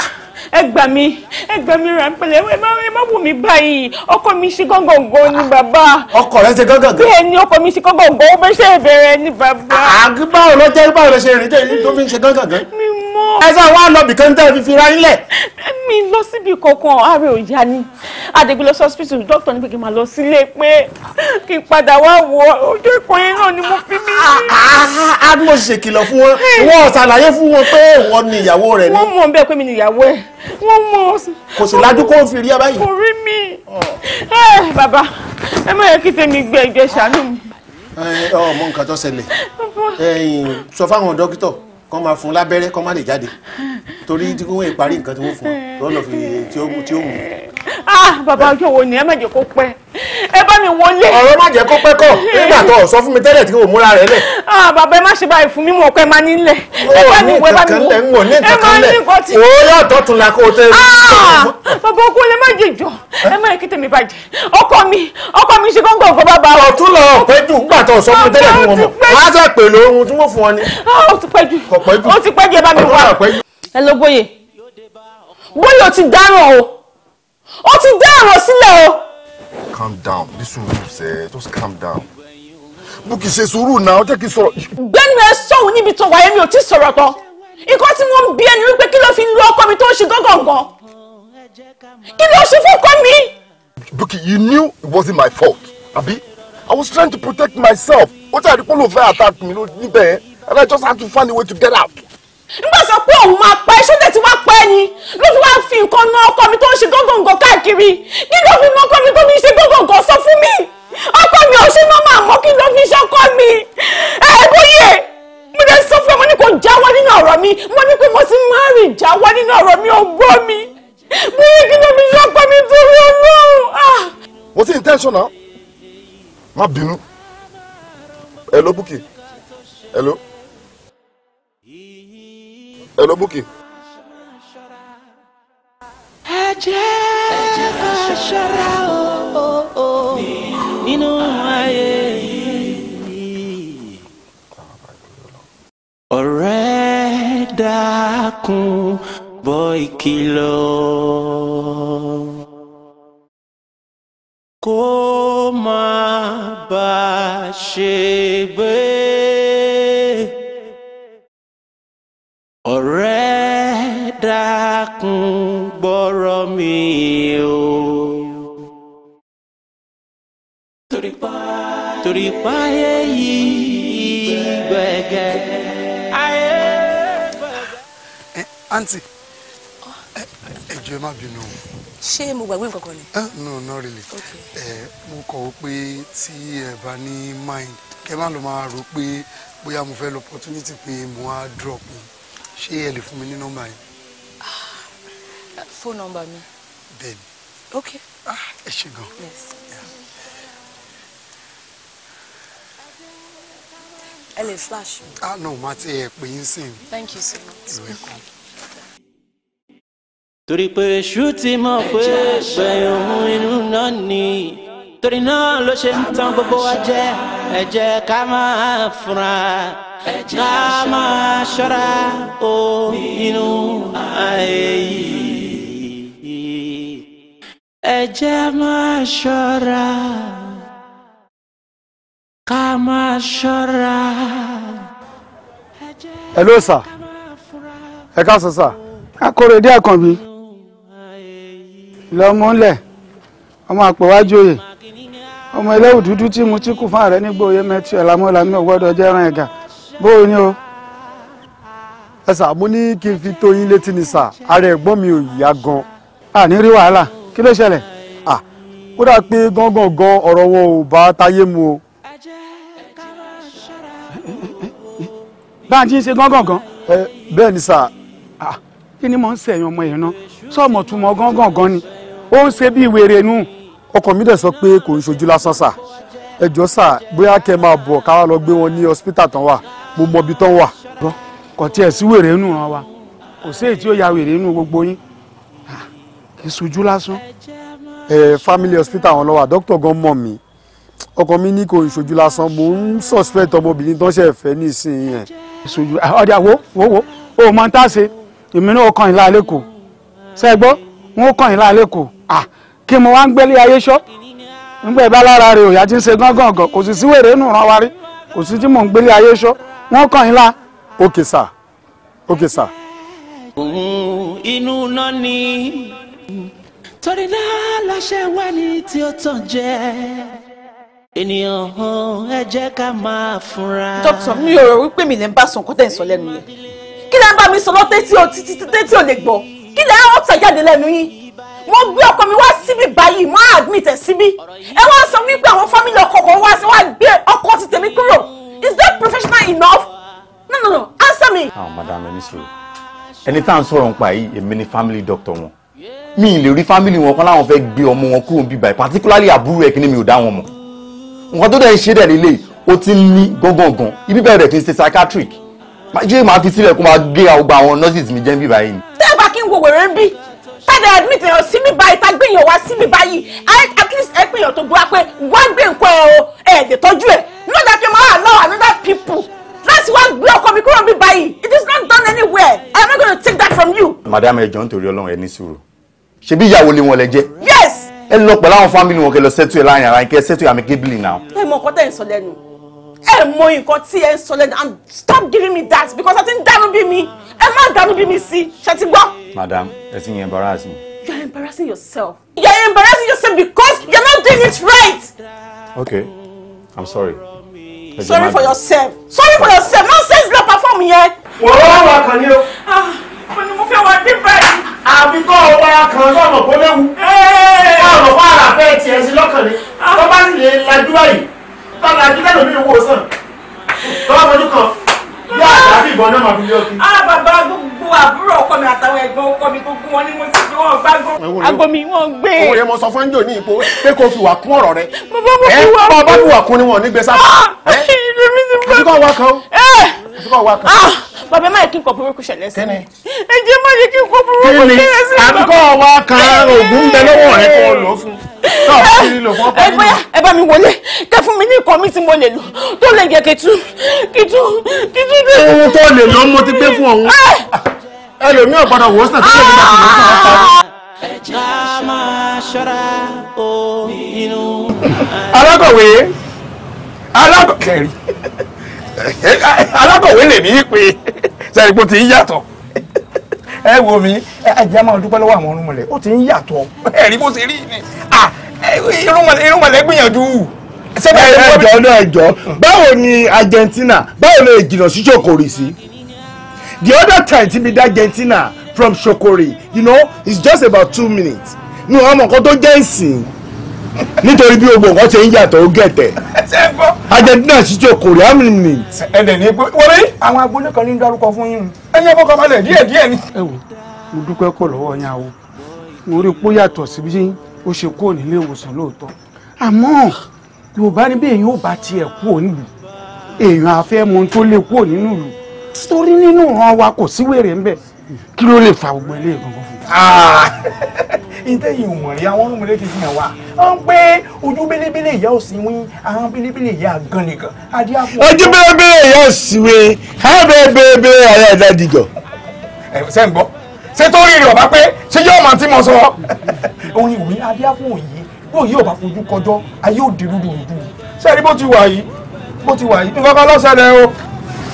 ẹ gbà mí ẹ gbà mí ránpẹlẹ ẹ má ẹ má wù mí báyìí ọkọ mi ṣe gángangan ni bàbá. ọkọ rẹ ṣe gángangan. bẹ́ẹ̀ ni ọkọ mi ṣe gángangan ó fẹ́ ṣe ìbẹ̀rẹ̀ ni bàbá. àgbáwò ló jẹ́ báwo ló ṣe rìn tẹ́lẹ̀ tó fi ń ṣe gángangan. mi ẹ sá wá lọ bìkan tẹ́ ẹ fi fi ra nílẹ̀. mi lọ síbi kankan ààrẹ ò yá ni àdègbè lọ sí hospital dókítà ní pé kí n máa lọ sílé pé kí n padà wá wo ojú ìkan ìran ni mo fi mí. a ah, ní ah, ah, mo ṣe kìlọ̀ fún wọn wọn ṣàlàyé fún wọn pé wọn ni ìyàwó rẹ ni. wọ́n mọ̀ bẹ́ẹ̀ pé mi ni ìyàwó ẹ̀ wọ́n mọ̀. kò sì lájú kó fi rí ẹ báyìí. kò rí mi oh. eh, bàbá ẹ má yẹ kí tèmi gbẹ ìgbẹ ṣàánú mi. ọmọ eh, oh, nǹkan tó ṣẹlẹ̀ eh, sọ fáwọn dókítà kọ́ máa fún lábẹ́rẹ́ kọ́ má lè jáde torí tí wọ́n parí nǹkan tí wọ́n fún ọ lọ́nà tí ó mú ah bàbá ọjọ́ wo ni ẹ má jẹ́ kó pẹ́ ẹ bá mi wọlé. ọ̀rọ̀ má jẹ́ kó pẹ́ kọ̀ nígbà tó sọ fún mi tẹ́lẹ̀ tí o múra rẹ̀ lẹ̀. Ah, bàbá ẹ má ṣe báyìí fún mi mọ̀ pé má nílẹ̀ ẹ bá mi wọ ẹ bá mi wọ ẹ má ní nǹkan tí. o yóò tọ́tun la kó o tẹ. Ah, bàbá ọkọ lè má jẹ jọ ẹ má kí tèmi bàjẹ́ ọkọ mi ọkọ mi ṣe kọ́ńgọ̀ ọ̀gọ́ o. ọ̀tún lọ pẹ́ jù nígbà tó sọ fún mi tẹ́lẹ̀ tí o mọ̀ wọ́n á sọ pẹ̀lú ohun tí wọ́n fún ọ Ah, ó ti pẹ́ jù o. ti pẹ́ jù ẹ bá mi wá. ẹ lọ bóyè bóyè o ti dáràn o ó ti dá ọ̀rọ̀ sílẹ̀ o. calm down bí sùúrù sẹ just calm down Bukky ṣe sùúrù náà ó jẹ́ kí n sọ̀rọ̀. gbẹ́nu ẹ sọ̀hún níbi tó wáyé mi ò tí ì sọ̀rọ̀ tán nǹkan tí wọ́n ń bí ẹni wípé kí ló fi lu ọkọ mi tó ń ṣe gángangan kí ló ṣe fún ọkọ mi. Bukky you knew it wasn't my fault abi I was trying to protect myself ó jẹ́ àdìpọ́ ló fẹ́ attack mi níbẹ̀ and I just had to find a way to get out nígbà sọ pé òun máa pa ẹ́ ṣọ́dẹ̀ tí wàá pa ẹ́ ni ló fi wáá fi nǹkan na ọkọ mi tó ń ṣe gógóńgó káàkiri kí ló fi mọ ọkọ mi tó ń ṣe gógóńgó sọ fún mi ọkọ mi ò ṣe má máa mọ kí ló fi ṣọkọ mi ẹ bóyè mo lè sọ fún ẹ mo ní kó jáwọ́ nínú ọ̀rọ̀ mi mo ní pé mo ti máa rìn jáwọ́ nínú ọ̀rọ̀ mi ò gbọ́ mi bóyè kí ló fi ṣọkọ mi torí Ọlọ́run. Ah! mo ti intention náà má bínú ẹ ló búkì ẹ ló ẹ lọ búkì. ẹ jẹ́ o nínú ayé yìí. ọ̀rẹ́ dákun bọ́ ìkìlọ̀ kó má bàa ṣe. gbẹ̀gẹ̀ ayé gbẹ̀gẹ̀. ẹ àǹtí ẹ jọ̀ọ́ ẹ má bínú. ṣé mo gbàgbé nǹkan kan ni. Eh, no not really ẹ eh, mo kọ̀ ọ́ pé tí ẹ bá ní mind kẹ má lọ máa rò pé bóyá mo fẹ́ lọ opportunity pé mo á drop mi ṣé ẹ lè fún mi ní nọ́mbà yẹn. fóònù nọ́mbà mi. bẹ́ẹ̀ni. ok. Ah, ẹ ṣe gan. yes. ẹ lè flash. ah no má ti ẹ pè yín sìn. thank you so much. you're welcome. torí pé ṣú ti mọ̀ pé gbẹ̀yìn ohun inú náà ni torí náà ló ṣe ń tàn gbogbo wa jẹ ẹ ká máa fura ká máa ṣọ́ra o inú ayé yìí ẹ máa ṣọ́ra. hello sir ẹ káàsán sir. akọ̀ròdé àkànbí lọ́mọ ńlẹ̀ ọmọ àpòwájú òye ọmọ ẹlẹ́wù dúdú tí mo ti fún ààrẹ nígbà òye mẹ́tì ọ̀làmọ́lámí ọ̀gbọ́dọ̀ jẹ́ ẹran ni o. ẹ sà mo ní kí n fi létí ni sà ẹ̀gbọ́n mi ò yá gan. gan mu o bá a ti ń ṣe gángangan. ẹ bẹ́ẹ̀ ni sà. kí ni mò ń sẹ̀yìn ọmọ yẹn náà sọ́ọ̀mọ̀ tún mọ gángangan ni ó ń ṣe bíi wèrè nù. ọkàn mi dẹ̀ sọ pé kò ń ṣojú lásán sà ẹ jọ sà bóyá kẹ́ máa bọ̀ ká wá lọ gbé wọn ní hospital tán wà mo mọ ibi tán wà. kò tiẹ̀ sí wèrè nù ràn wa kò sí èyí tí ó ya wèrè nù gbogbo yín kì í ṣojú lásán. ẹ family hospital wọn lọ wà dókítà gan mọ̀ mi ọkọ mi ní kò ń ṣojú lásán mò ń suspect ọmọbìnrin tó ṣe fẹ́ nísìnyí yẹn. ṣojú ah, ọ̀dà wo wo wo o mọ tá a ṣe èmi náà ó kàn yín láàlẹ́ kò ṣe gbọ́ wọn ó kàn yín láàlẹ́ kò à ah, kí mo wá ń gbélé ayé ṣọ́ nígbà ìbá lára rẹ̀ òyà ti ń ṣe gángan gan kò sì sí wèrè nù ràn wá rí kò sí tí mò ń gbélé ayé ṣọ́ wọn kàn yín lá. okay sir okay sir. òun inú náà ni torí náà láṣẹ wá ní tí ó tàn jẹ́ ènìyàn hàn ẹ jẹ́ ká máa fúnra. dókítà mi ò rò wípé mi lè ń bá sùn kó tẹ̀ ń sọ lẹ́nu yẹn kí lẹ́ ń bá mi sọ lọ́tẹ́ tí o títí títí tí o lè gbọ́ kí lẹ́ ọ̀ tà lẹ́nu yín mo gbé ọkọ mi wá síbí báyìí mo admit ẹ̀ síbí ẹ wá sọ wípé àwọn fámìlì ọkọ kan wá sí wá gbé ọkọ ti tèmi kúrò is that professional enough no no no answer me. àwọn ah, madam ẹni sọ̀rọ̀ ẹni tá à ń sọ̀rọ̀ nípa yìí èmi ni family doctor wọn mi ì lè rí family wọn kan láwọn fẹ́ gbé ọmọ wọn kúrò bíbá ẹ̀ particularly àbúrò ẹ̀ kí ni mi ò dá wọn mọ̀ nǹkan tó dẹ̀ ń ṣe dẹ̀ lélẹ̀ ó ti ń ní gángan ibi bẹ́ẹ̀ rẹ̀ kì í ṣe psychiatric ṣé màá fi sílẹ̀ kó máa gé àwògbà àwọn nurses mi jẹ́ ń bí báyìí tẹ́ ẹ bá kí n wo wèrè ń bí tẹ́lẹ̀ admit èèyàn sí mi báyìí tá gbìyàn wá sí mi báyìí at least ẹ pé èèyàn tó gbọ́ pé wá gbé nǹkan ẹ o ẹ̀ lè tọ́jú ẹ̀ no that you ma allow another people láti wá gbé ọkọ mi kúrò mi báyìí it is not done anywhere I am not going to take that from you. madam ẹ jọ̀ọ́ nítorí Ọlọ́run ẹ ní sùúrù ṣebí ìyàwó lé wọn ẹ lọ pẹ̀lú àwọn fámìlì wọn kẹ lọ sẹ́tù ẹ̀ láàrin ara yín kẹ sẹ́tù àmì kébìlì náà. ẹ mọ nǹkan tẹ́ ẹ ń sọ lẹ́nu ẹ mọ nǹkan tí ẹ ń sọ lẹ́nu and stop giving me that because ẹ ti ń dánú bí mi ẹ má dánú bí mi sí ṣe ti gbọ́. madam ẹ ti yẹn embarrass me. you are embarrassing yourself. you are embarrassing yourself because you are not doing it right. okay i'm sorry. Because sorry for yourself sorry for yourself nonsense ló perform yẹn. wọ́n wá wà kàn ní o. Ah, mo ní mo fẹ́ wá dé báyìí. àbíkọ́ wa kàn sọ́ọ̀ agbo mi wọ́n gbé. òun yẹn mo sọ fún ẹnjọ ní ipò pé kò fi wà kún ọ̀rọ̀ rẹ. bàbá mo fi wà kún. bàbá mi wà kún ni wọn ò ní gbé sáfù. Ah! ilé mi ti fẹ́. àfikún wa kan o. àfikún eh! wa kan. Ah! bàbá má yẹ kí n kọ burúkú ṣẹlẹ̀ sí mi. ẹ jẹ́ má yẹ kí n kọ burúkú ṣẹlẹ̀ sí mi. àfikún wa kan oògùn bẹ lọ́wọ́ rẹ kó lọ fún. Eh! Eh, ẹ bá mi wọlé kẹ fún mi ní nǹkan mi tí mo lè lò tó lè jẹ kìtú kìtú kìtú. ohun tó lè lọ mo ti gbé fún ọ̀hún ah! ẹlòmíì ọ̀gbọ́dọ̀ wò ó sàn tí kò ní bá ti lè fún ọ ká máa ṣọ́ra o inú. alákọ̀wé alákọ̀kẹ̀rì [laughs] alákọ̀wé lèmi í pe sẹ́yìn kò tí ń yàtọ̀ [laughs] ẹ wo mi ẹjẹ máa dúpẹ́ lọ́wọ́ àwọn irúnmọlẹ̀ ó ti ń yàtọ̀ [laughs] ẹ rí bó ti rí ni irúnmọlẹ̀ gbìyànjú. ẹjọ náà ẹjọ hmm. báwo ni Argentina báwo lè jìnnà sí ṣòkòrì sí the other time ti mi dá Argentina from Shokori you know it's just about two minutes mi ò mọ̀ nǹkan tó jẹ́ ìsìn nítorí bí gbogbo nǹkan ṣe ń yàtọ̀ ó gẹ̀tẹ̀ Argentina sì ti how many minutes. ẹ̀dẹ̀ ní pé wọlé àwọn agboolé kan ní dárúkọ fún yín ẹ̀yin ẹ̀fọ́ kan balẹ̀ díẹ̀ díẹ̀ ni. ẹ wò mo dúpẹ́ pọ̀ lọ́wọ́ yín àwọ̀ mo rí i pé ó yàtọ̀ sí bí ó ṣe kúrò nílé ìwòsàn lóòótọ́ àmọ́ yorùbá ní bí èyàn ò bá tiẹ̀ kúrò nílùú èèyàn àfẹ́ mọ tó lè kúrò nínú ìlú torí nínú ọ̀ràn wa kò sí ńbẹ̀ kí ló lè fa gbogbo ilé ìgbọ̀ngàn fún mi. ìtẹ̀yìn ìwọ̀nrí àwọn olùmọ̀lẹ́ ti fi hàn wá wọ́n pé ojú bélébélé ìyá òsì wín àwọn bélébélé ìyá gan nìkan adé àpò. ojú bélébélé ìyá òsì wín àwọn bélébélé ayé ẹ̀dá dìgọ̀. ẹ ṣe ń gbọ́ ṣé tó rí rí ọba pé ṣé yóò mọ̀ tí mo sọ. [laughs] oyin òní adé àpò òyìn bóyá yóò bá fojú kọjọ́ ayé òde rúdurùdu sẹ́ni bó ti wà yìí bó ti wà yìí nǹkan kan ló ṣẹlẹ̀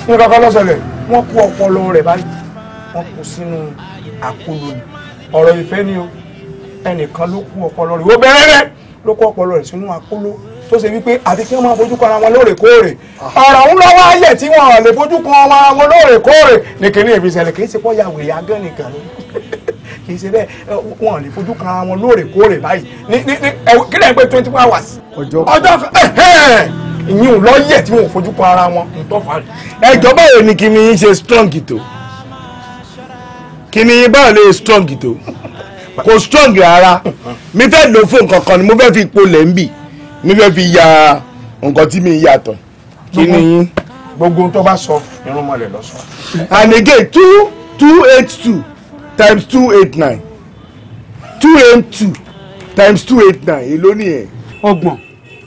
o nǹkan kan ló ṣẹlẹ̀ wọ́n kú ọpọlọ rẹ̀ báyìí wọ́n kó sínú àkóló ni ọ̀rọ̀ ìfẹ́ ni o ẹnìkan ló kú ọpọlọ rẹ̀ ó bẹ̀rẹ̀ rẹ̀ ló kó ọpọlọ rẹ̀ sínú àkóló tó ṣe wípé àti kí wọ́n máa fojú kan ara wọn lóòrèkóòrè ọ̀rọ̀ ń lọ́wọ́ ayẹ̀ tí wọ́n lè fojú kan ara wọn lóòrèkóòrè nìkíní ìbísẹ̀lẹ̀ kì í ṣe pọ́ ya wèrè agán nìkan ni [laughs] kì í ṣe bẹ́ẹ̀ wọ́n lè fojú kan ara wọn lóòrèkóòrè báyìí ní ní ní kí lẹ́yìn pé twenty four hours ọjọ́ kan ìyún lọ́yẹ̀ tí wọ́n fojú kan ara wọn ń tọ́fà ẹjọ́ báyìí ni kí ni yín ṣe strong tó kíni báwo lè strong tó kò strong rárá mi fẹ́ lò fún nǹkan kan ni mo fẹ́ fi polẹ̀ ń bì mi fẹ́ fi ya nǹkan tí mi yàtọ̀ kíni. gbogbo tó bá sọ irun mọ́lẹ̀ lọ sọ. and again two two eight two times two eight nine two eight two times two eight nine èló nìyẹn. ọgbọ̀n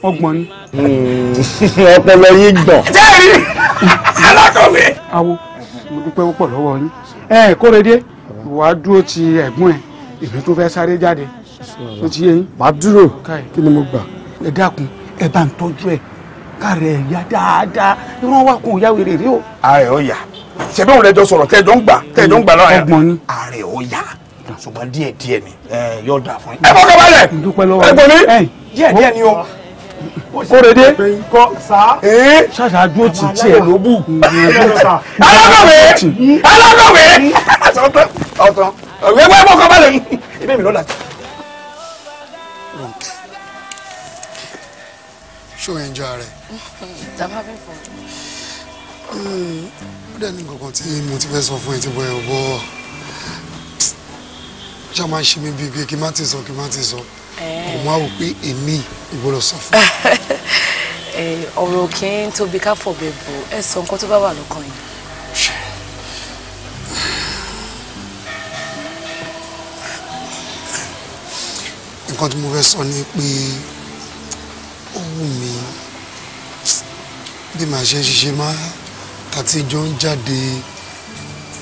ọgbọ̀n ni. Hmm. [laughs] ọpọlọ yín gbọ̀n. jẹ́rìí [laughs] alákọ̀wé. awo mo dúpẹ́ púpọ̀ lọ́wọ́ yín ẹ̀ẹ́dẹ́gbẹ̀rún wàá dúró ti ẹ̀gbọ́n ẹ̀ èmi tó fẹ́ sáré jáde tó ti yé yín. màá dúró kí ni mo gbà. ẹ dákun ẹ bá ń tọ́jú ẹ kárẹ̀ ẹ̀ yá dáadáa irun wa kò yá wèrè rí o. ààrẹ ọ̀yà ṣẹbí òun lẹjọ sọ̀rọ̀ tẹjọ ń gbà tẹjọ ń gbà lọ́wọ́ yẹn ààrẹ ọ̀yà ah. ṣùgbọ́n díẹ̀ ni yóò dà fún yín. ẹ bọ́ kọ́ balẹ̀ ẹ gbọ́n mi díẹ̀ ni o. Ah kórede ṣàṣà dúró ti tiẹ̀ ló bù. alákọ̀wé alákọ̀wé ọ̀tàn ọ̀tàn ọ̀gbẹ́ gbẹ́ mọ́kàn balẹ̀ ibi mi ló lajú. ṣó ẹnjọ rẹ. ìjàmbá fẹ́ fọ. Hmm. ó dẹ̀ ní kankan tí mo ti fẹ́ sọ fún ẹ ti bọ̀ ẹ̀ bọ̀ ṣá máa ń ṣe mí bíi pé kí n má ti sọ kí n má ti sọ. So. Eh. mo wá wò pé èmi ìwọ ló sọ fún mi. [laughs] Eh, ọ̀rọ̀ kì í tóbi ká fọ̀bẹ bò ẹ sọ nǹkan tó bá wà lọ́kàn yìí. nǹkan tí mo fẹ́ sọ ni pé ó wù mí bí màá ṣe ṣiṣẹ́ máa tàti jọ ń jáde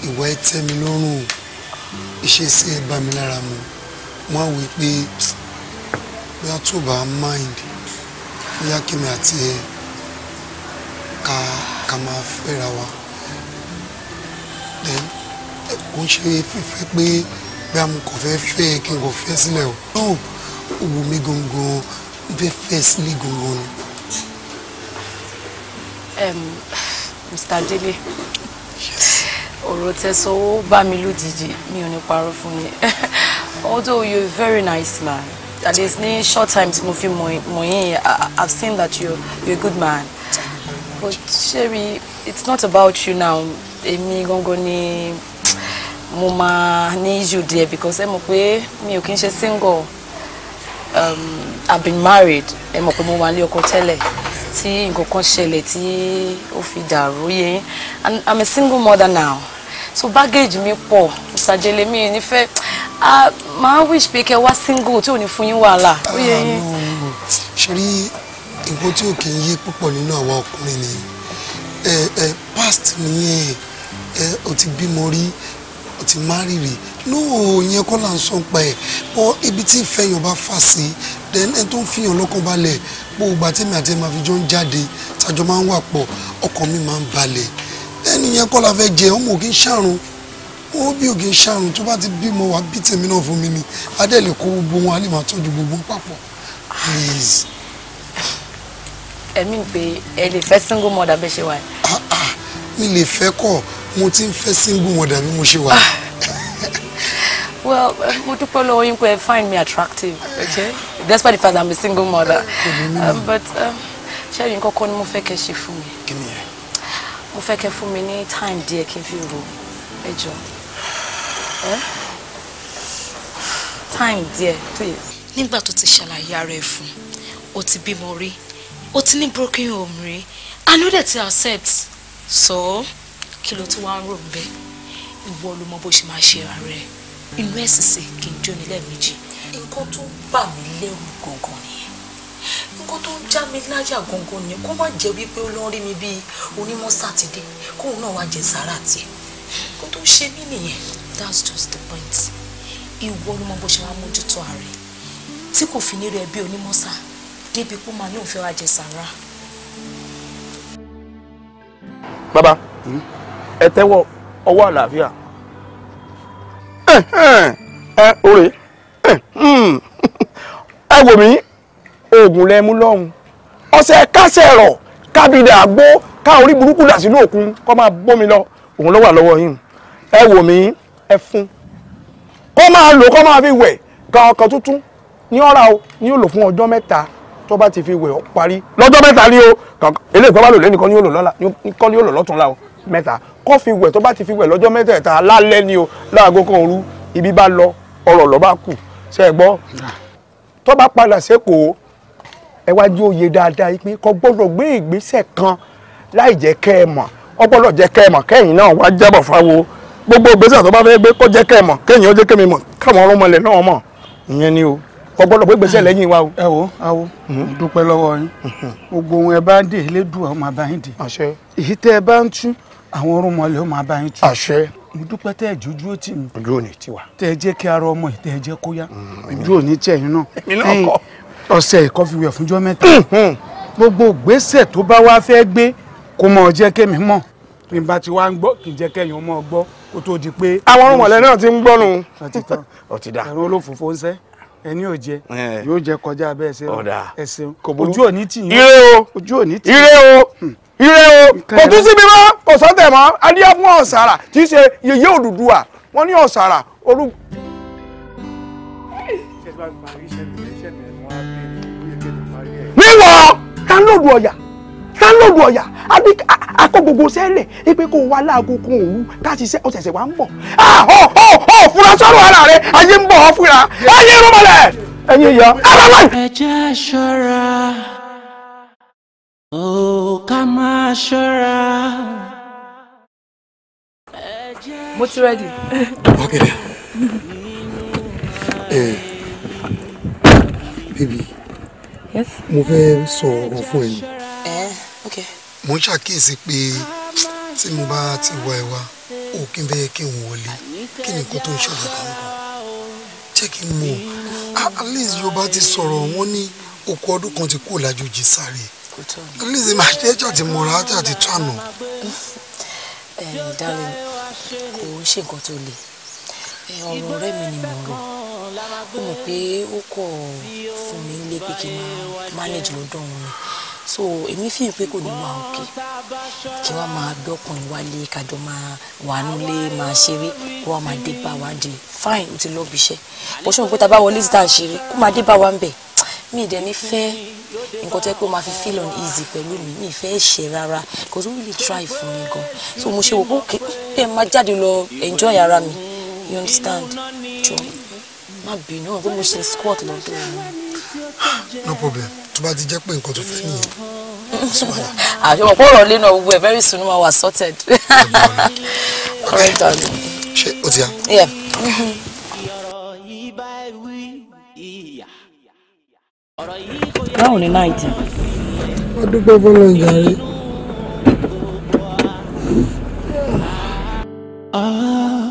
ìwà ẹ tẹ́ mi lọ́rùn ìṣesí ẹ bá mi lára mu wọ́n á wí pé bóyá tó mind bóyá kémi àti ẹ ká ká máa wa then kò ń ṣe fífẹ́ pé bóyá mo kò fẹ́ fẹ́ kí n kò fẹ́ sílẹ̀ o no mi gangan mo fẹ́ fẹ́ sílẹ̀ gangan ni. Mr. Dele ọ̀rọ̀ tẹ̀sán ó bá mi lójijì mi ò ní parọ́ fún yín [laughs] although you a very nice man at least ní short time tí mo fi I've seen that you you're a good man but Sherry it's not about you now èmi gangan ni mo máa ní issue because I'm mọ̀ pé mi ò single um, I've been married I'm mọ̀ pé mo wà ní ọkọ tẹ́lẹ̀ tí nǹkan kan ṣẹlẹ̀ and I'm a single mother now so baggage me mi pọ̀ ìsàjẹlẹ mi nífẹ̀ẹ́ Ah, máa wish pé kẹ wá single tí ò ní fún yín wàhálà. Ah, ṣe rí ìwọ tí ò kì í yí púpọ̀ nínú àwọn ọkùnrin ni past nìyẹn o ti bímọ rí o ti má rírì lóò yẹn kọ́ là ń sọ pa ẹ̀ bọ́ ibi tí ìfẹ́yàn bá fà sí then ẹni tó ń fihàn lọ́kàn balẹ̀ gbogbo àtẹ̀mí àti ẹ̀ma fi jọ ń jáde tàjọ máa ń wà pọ̀ ọkàn mi máa ń balẹ̀ ẹni yẹn la fẹ́ jẹ ọmọ òkè ń ṣàrùn ó bí ògè ṣàrùn tó bá ti bímọ wá bí tèmi náà fún mi ni adé kó gbogbo wọn a máa tọ́jú gbogbo papọ̀ please. ẹ̀mí pé ẹ lè fẹ́ single mother bẹ́ẹ̀ ṣe wà. Ah, ah. mi lè fẹ́ kọ́ mo ti ń fẹ́ single mother bí mo ṣe wà. Ah. well mo dúpẹ́ lọ́wọ́ yín pé ẹ find me attractive okay? despite the fact that I'm a single mother um, but um, ṣé ẹ̀yin kọ́kọ́ ni mo fẹ́ kẹ́ ṣe fún mi mo fẹ́ kẹ́ fún mi ní time díẹ̀ kí n fi rò ẹjọ́ time dear, please. nígbà tó ti ṣàlàyé ara ẹ̀ fún o ti bímọ rí o ti ní broken home rí àánú dẹ̀ ti accept so kí ló tún wá ń rò ń bẹ́ẹ̀ ìwọ ló mọ bó ṣe máa ṣe ara ẹ̀ inú ẹ̀ sì sè kí n jó nílẹ̀ méjì nǹkan tó ń bà mí lẹ́rù gangan nìyẹn nǹkan tó ń já mi láyà gangan nìyẹn kó má jẹ́ wípé ó lọ rí mi bíi onímọ̀ sátidé kóun náà wá jẹ sàárà tiẹ̀ nǹkan tó ń ṣe mí nìyẹn that's just the point ìwọ ló mọ bó ṣe máa mójútó ààrẹ tí kò fi ní rẹ bí onímọ̀sá débi pé màá lóun fẹ́ wá jẹ sàrà. bàbá ẹ tẹ́wọ́ ọwọ́ àlàáfíà ẹ òrè ẹ wò mí oògùn lẹ mú lọ́hùn ọ̀sẹ̀ kásẹ̀ rọ̀ kábìdà àgbo ká orí burúkú dà sínú òkun kó máa bómi lọ òun ló wà lọ́wọ́ yìí ẹ wò mí ẹfun kó máa lò kó máa fi wẹ̀ gan ọkàn tuntun ní ọ̀rá o ní yóò lò fún ọjọ́ mẹ́ta tó bá ti fi wẹ̀ ọ́ parí lọ́jọ́ mẹ́ta ni o eléyìí kan bá lò lẹ́nu kan ni yóò lò lọ́la kan ni yóò lò lọ́tún la o mẹ́ta kó fi wẹ̀ tó bá ti fi wẹ̀ lọ́jọ́ mẹ́tẹ̀ẹ̀ta lálẹ́ ni o láago kan òru ibi bá lọ ọ̀rọ̀ lọ́ bá kù ṣe é gbọ́ tó bá padà sékòó ẹ wá jí òye dáadáa yìí pé kò gbọ́dọ̀ gbé ìgbésẹ̀ kan láì jẹ́ kẹ́ ẹ mọ̀ ọ gbọ́dọ̀ jẹ́ kẹ́ ẹ mọ̀ kẹ́yìn náà wá jábọ̀ fáwọn gbogbo ìgbésẹ̀ tó bá fẹ́ gbé kó jẹ́ kẹ́ mọ̀ kéèyàn ó jẹ́ kémi mọ̀ káwọn ọlọ́mọ ilẹ̀ náà mọ̀ ìyẹn ni o ọgbọ́dọ̀ pé gbèsè lẹ́yìn wa o. ẹ wo awo dúpẹ́ lọ́wọ́ yín gbogbo ohun ẹ bá ń dè elédùn àwọn máa bá yín dè èyí tẹ́ ẹ bá ń tún àwọn orúnmọ̀lẹ́ ó máa bá yín tún. àṣẹ mo dúpẹ́ tẹ́ ẹ jójú ó tì mí. ojú òní ti wà. tẹ́ ẹ jẹ́ kí ara ọmọ ìtẹ́ ẹ jẹ́ kó yá mm-hmm. ojú òní tẹ̀ yín náà. èmi náà kọ. ọ̀sẹ̀ ìkọ́ fi wẹ̀ fúnjọ́ mẹ́ta. Mm-hmm. gbogbo kó tó di pé. àwọn ọmọ rẹ náà ti ń gbọ́nu. ọtida ẹ̀rọ olófòfó ń sẹ́ ẹni ò jẹ yóò jẹ kọjá bẹ́ẹ̀ ṣe ẹ ojú òní tì yín ire o ojú òní tì yín ire o hmm. ire o kò tún síbi mọ́ kò sọ́tẹ̀ mọ́ adíyá fún ọ̀sàrà tí í ṣe yèyé Odùduwà wọ́n ní ọ̀sàrà orú. níwọ̀ ta ló lu ọ̀yà. lálọ́ọ̀dù ọ̀yà akọ gbogbo sẹ́lẹ̀ pé kó wá láago kun káàsì sẹ́ ọ̀sẹ̀sẹ̀ wa ń bọ̀. ọ̀ ọ̀ ọ̀ sọ́rọ̀ ara ayé ń bọ̀ ọ́ fura ayé irun mọ́lẹ̀ ẹ̀yin ìyá. ẹ jẹ́ ṣọ́ra ó ká máa ṣọ́ra. mo ti rẹ́dì. okay. eh, mo fẹ́ sọ ọ̀rọ̀ mo ń ṣàkíyèsí pé tí mo bá ti wá ẹ wá ò kí n bẹ́ẹ̀ kí n wọlé kí ni nǹkan tó ń ṣẹlẹ̀ gangan jẹ́ kí n mọ̀ at least yorùbá ti sọ̀rọ̀ wọ́n ní oko ọdún kan ti kú làjòjì sáré at least màá jẹ́ jàdí mọ̀ra àti àti tó àná. darling kò ń ṣe nǹkan tó le ọ̀rọ̀ ọ̀rẹ́ mi ni mo rò ó mọ̀ pé ó kọ̀ fún mi nílé pé kí n manage lọ́dọ̀ wọn so èmi fi hàn pé kò ní wà òkè kí wọ́n máa gbọ́kùnrin wálé kájọ máa wà nílé máa ṣeré kó wọ́n máa dé bá wa dé fine ó ti lọ́ọ́ bí iṣẹ́ bó ṣe mọ̀ pé tá bá wọlé síta ṣeré kó máa dé bá wa ń bẹ̀ mi ì dẹ̀ ní fẹ́ nǹkan pé ó máa fi feel on easy pẹ̀lú mi mi fẹ́ ṣe rárá because ó really try fún mi gan so mo ṣe wò pé ẹ máa jáde lọ enjoy ara mi you understand jọ má bínú ọ̀rọ̀ mo ṣe squat lọ́dọ̀ mi. no problem tó bá ti jẹ́ pé nǹkan tó fẹ́ nìyẹn àṣọwọ̀ kó rọ̀ very soon ma wà sorted. correct darling. ṣe o ti ya. yeah. báwo ni náìtì. wọ́n dúpẹ́ fọlọ́ ìjàre. Ah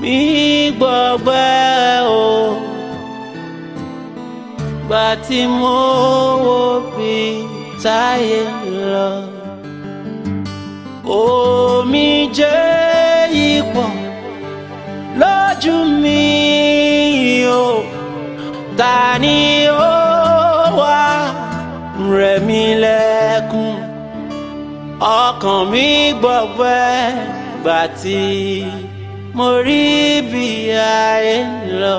mi gbọgbẹ́ o gbà tí mo wo bí táyé lọ omi jẹ́ ipò lójú mi o ta ni ó wá rẹ̀ mí lẹ́kún ọkàn mi gbọgbẹ́ gbà tí mo rí bí ayé lọ.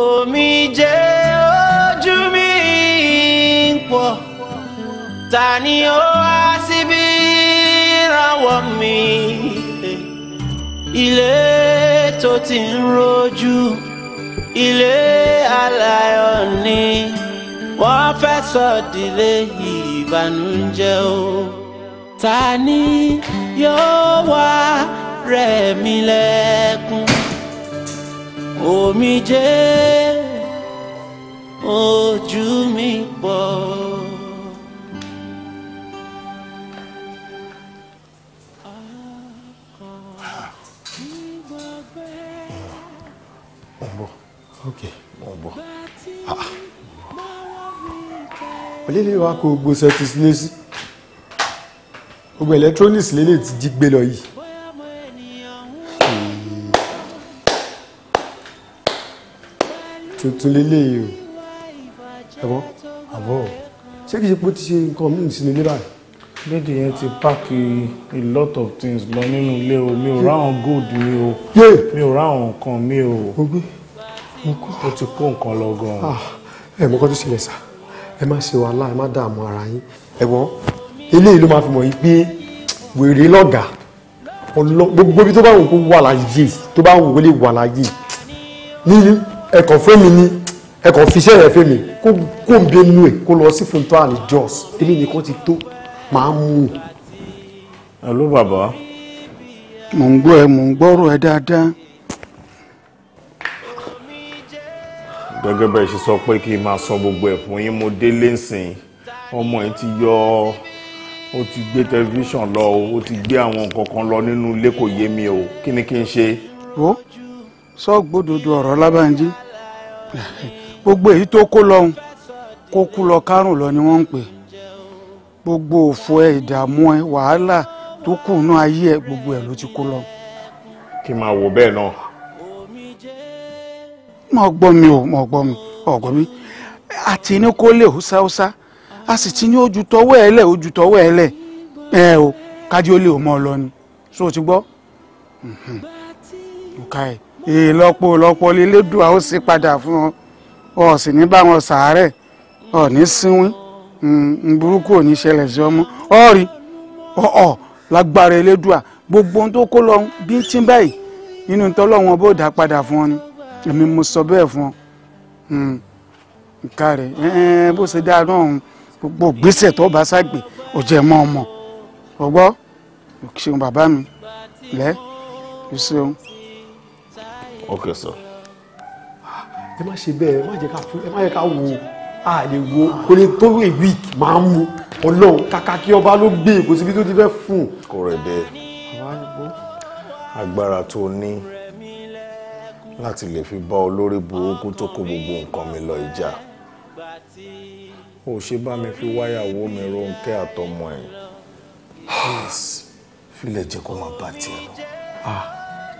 Omijé ojú mi ń pọ̀, ta ni ó wá síbí ìrànwọ́ mi? Ilé tó ti ń rojú, ilé aláyọ̀ ni wọ́n fẹ́ sọ̀dílé ìbànújẹ́ o. Ta ni? yóò wá rẹ̀ mí lẹ́kún omijé ojú mi pọ̀. Okay, mo bọ̀. Olè lè wá gbogbo electronics lélẹ̀ ti jí gbé lọ yìí. tuntun lélẹ̀ yìí o ẹ̀bọ́n àbọ̀ ṣé kìí ṣe pé ó ti ṣe nǹkan míì sínú ilé báyìí. lédi yẹn ti páàkì a lot of things lọ nínú ilé o mi ò ráwọn gold mi o mi ò ráwọn nǹkan mi o ó ti kó nǹkan lọ gan-an. Ah, ẹ mọ kọ́ tó ṣẹlẹ̀ sá ẹ má ṣe wàhálà ẹ má dààmú ara yín ẹ̀gbọ́n eléyìí ló máa fi mọ̀ yìí pé wèrè lọ́gà gbogbo ibi tó bá wù kó wà láyé tó bá wù kó lè wà láyé ní ẹ̀kọ́ fẹ́mi ní ẹ̀kọ́ fiṣẹ́ rẹ̀ fẹ́mi kó ń bẹ nú ẹ̀ kó lọ sí fún tó àlè jọ́s èmi nìkan ti tó máa ń mú. hello bàbá. mò ń gbọ́ ẹ mò ń gbọ́rọ̀ ẹ dáadáa. gẹ́gẹ́ bẹ́ẹ̀ ṣe sọ pé kí n máa sọ gbogbo ẹ̀ fún yín mo délé ń sìn ọmọ yìí ti yọ ọ́ ó ti gbé tẹlifíṣàn lọ o ó ti gbé àwọn nǹkan kan lọ nínú ilé kò yé mi o kí ni kí n ṣe. wo sọ gbódòdó ọ̀rọ̀ lábàájí gbogbo èyí tó kó lọ́hùn kó kú lọ kárùn lọ ni wọ́n ń pè gbogbo òfò ẹ ìdààmú ẹ wàhálà tó kù nú ayé ẹ gbogbo ẹ ló ti kó lọ. kí n máa wò bẹ́ẹ̀ náà. mọ̀ gbọ́ mi o mọ̀ gbọ́ mi ọ̀gbọ́n mi àti ní kólé a sì ti ní ojú tọwọ́ ẹ lẹ̀ ojú tọwọ́ ẹ lẹ̀ ẹ o kájí ó lè mọ ọ lọ ni so o ti gbọ́ òkà ẹ ìlọ́pọ̀ ìlọ́pọ̀ lélẹ́dùn àwọn sì padà fún ọ ọ sì ní bá wọn sàárẹ̀ ọ ní sínwín burúkú ò ní ṣẹlẹ̀ sí ọmọ ọ rí ọ ọ lágbára elédùà gbogbo ohun tó kó lọ bí tí báyìí nínú tọ́lọ́wọ́n bó dá padà fún ọ ni èmi mo sọ bẹ́ẹ̀ fún ọ nǹkan rẹ̀ bó ṣe dáa náà gbogbo ìgbésẹ̀ tó bá ṣàgbé ò jẹ́ mọ́ ọmọ ọgbọ́ ṣeun bàbá mi lẹ́ ṣeun. ok sir. ẹ má ṣe bẹ́ẹ̀ ẹ má jẹ́ ká fún ẹ má jẹ́ ká wo a wo kò lè tó wé week máa ń mu ọlọ́run kàkà kí ọba ló gbé kò síbi tó ti fẹ́ fún. kò rẹ̀ dẹ́ agbára tó ní láti lè fi bá olórí burúkú tó kó gbogbo nǹkan mi lọ ìjà ò ṣe bá mi fi wáyàwó mi Rónkẹ́ àtọmọ ẹ̀ filẹ̀ jẹ́ kó máa bá tiẹ̀ lọ ah.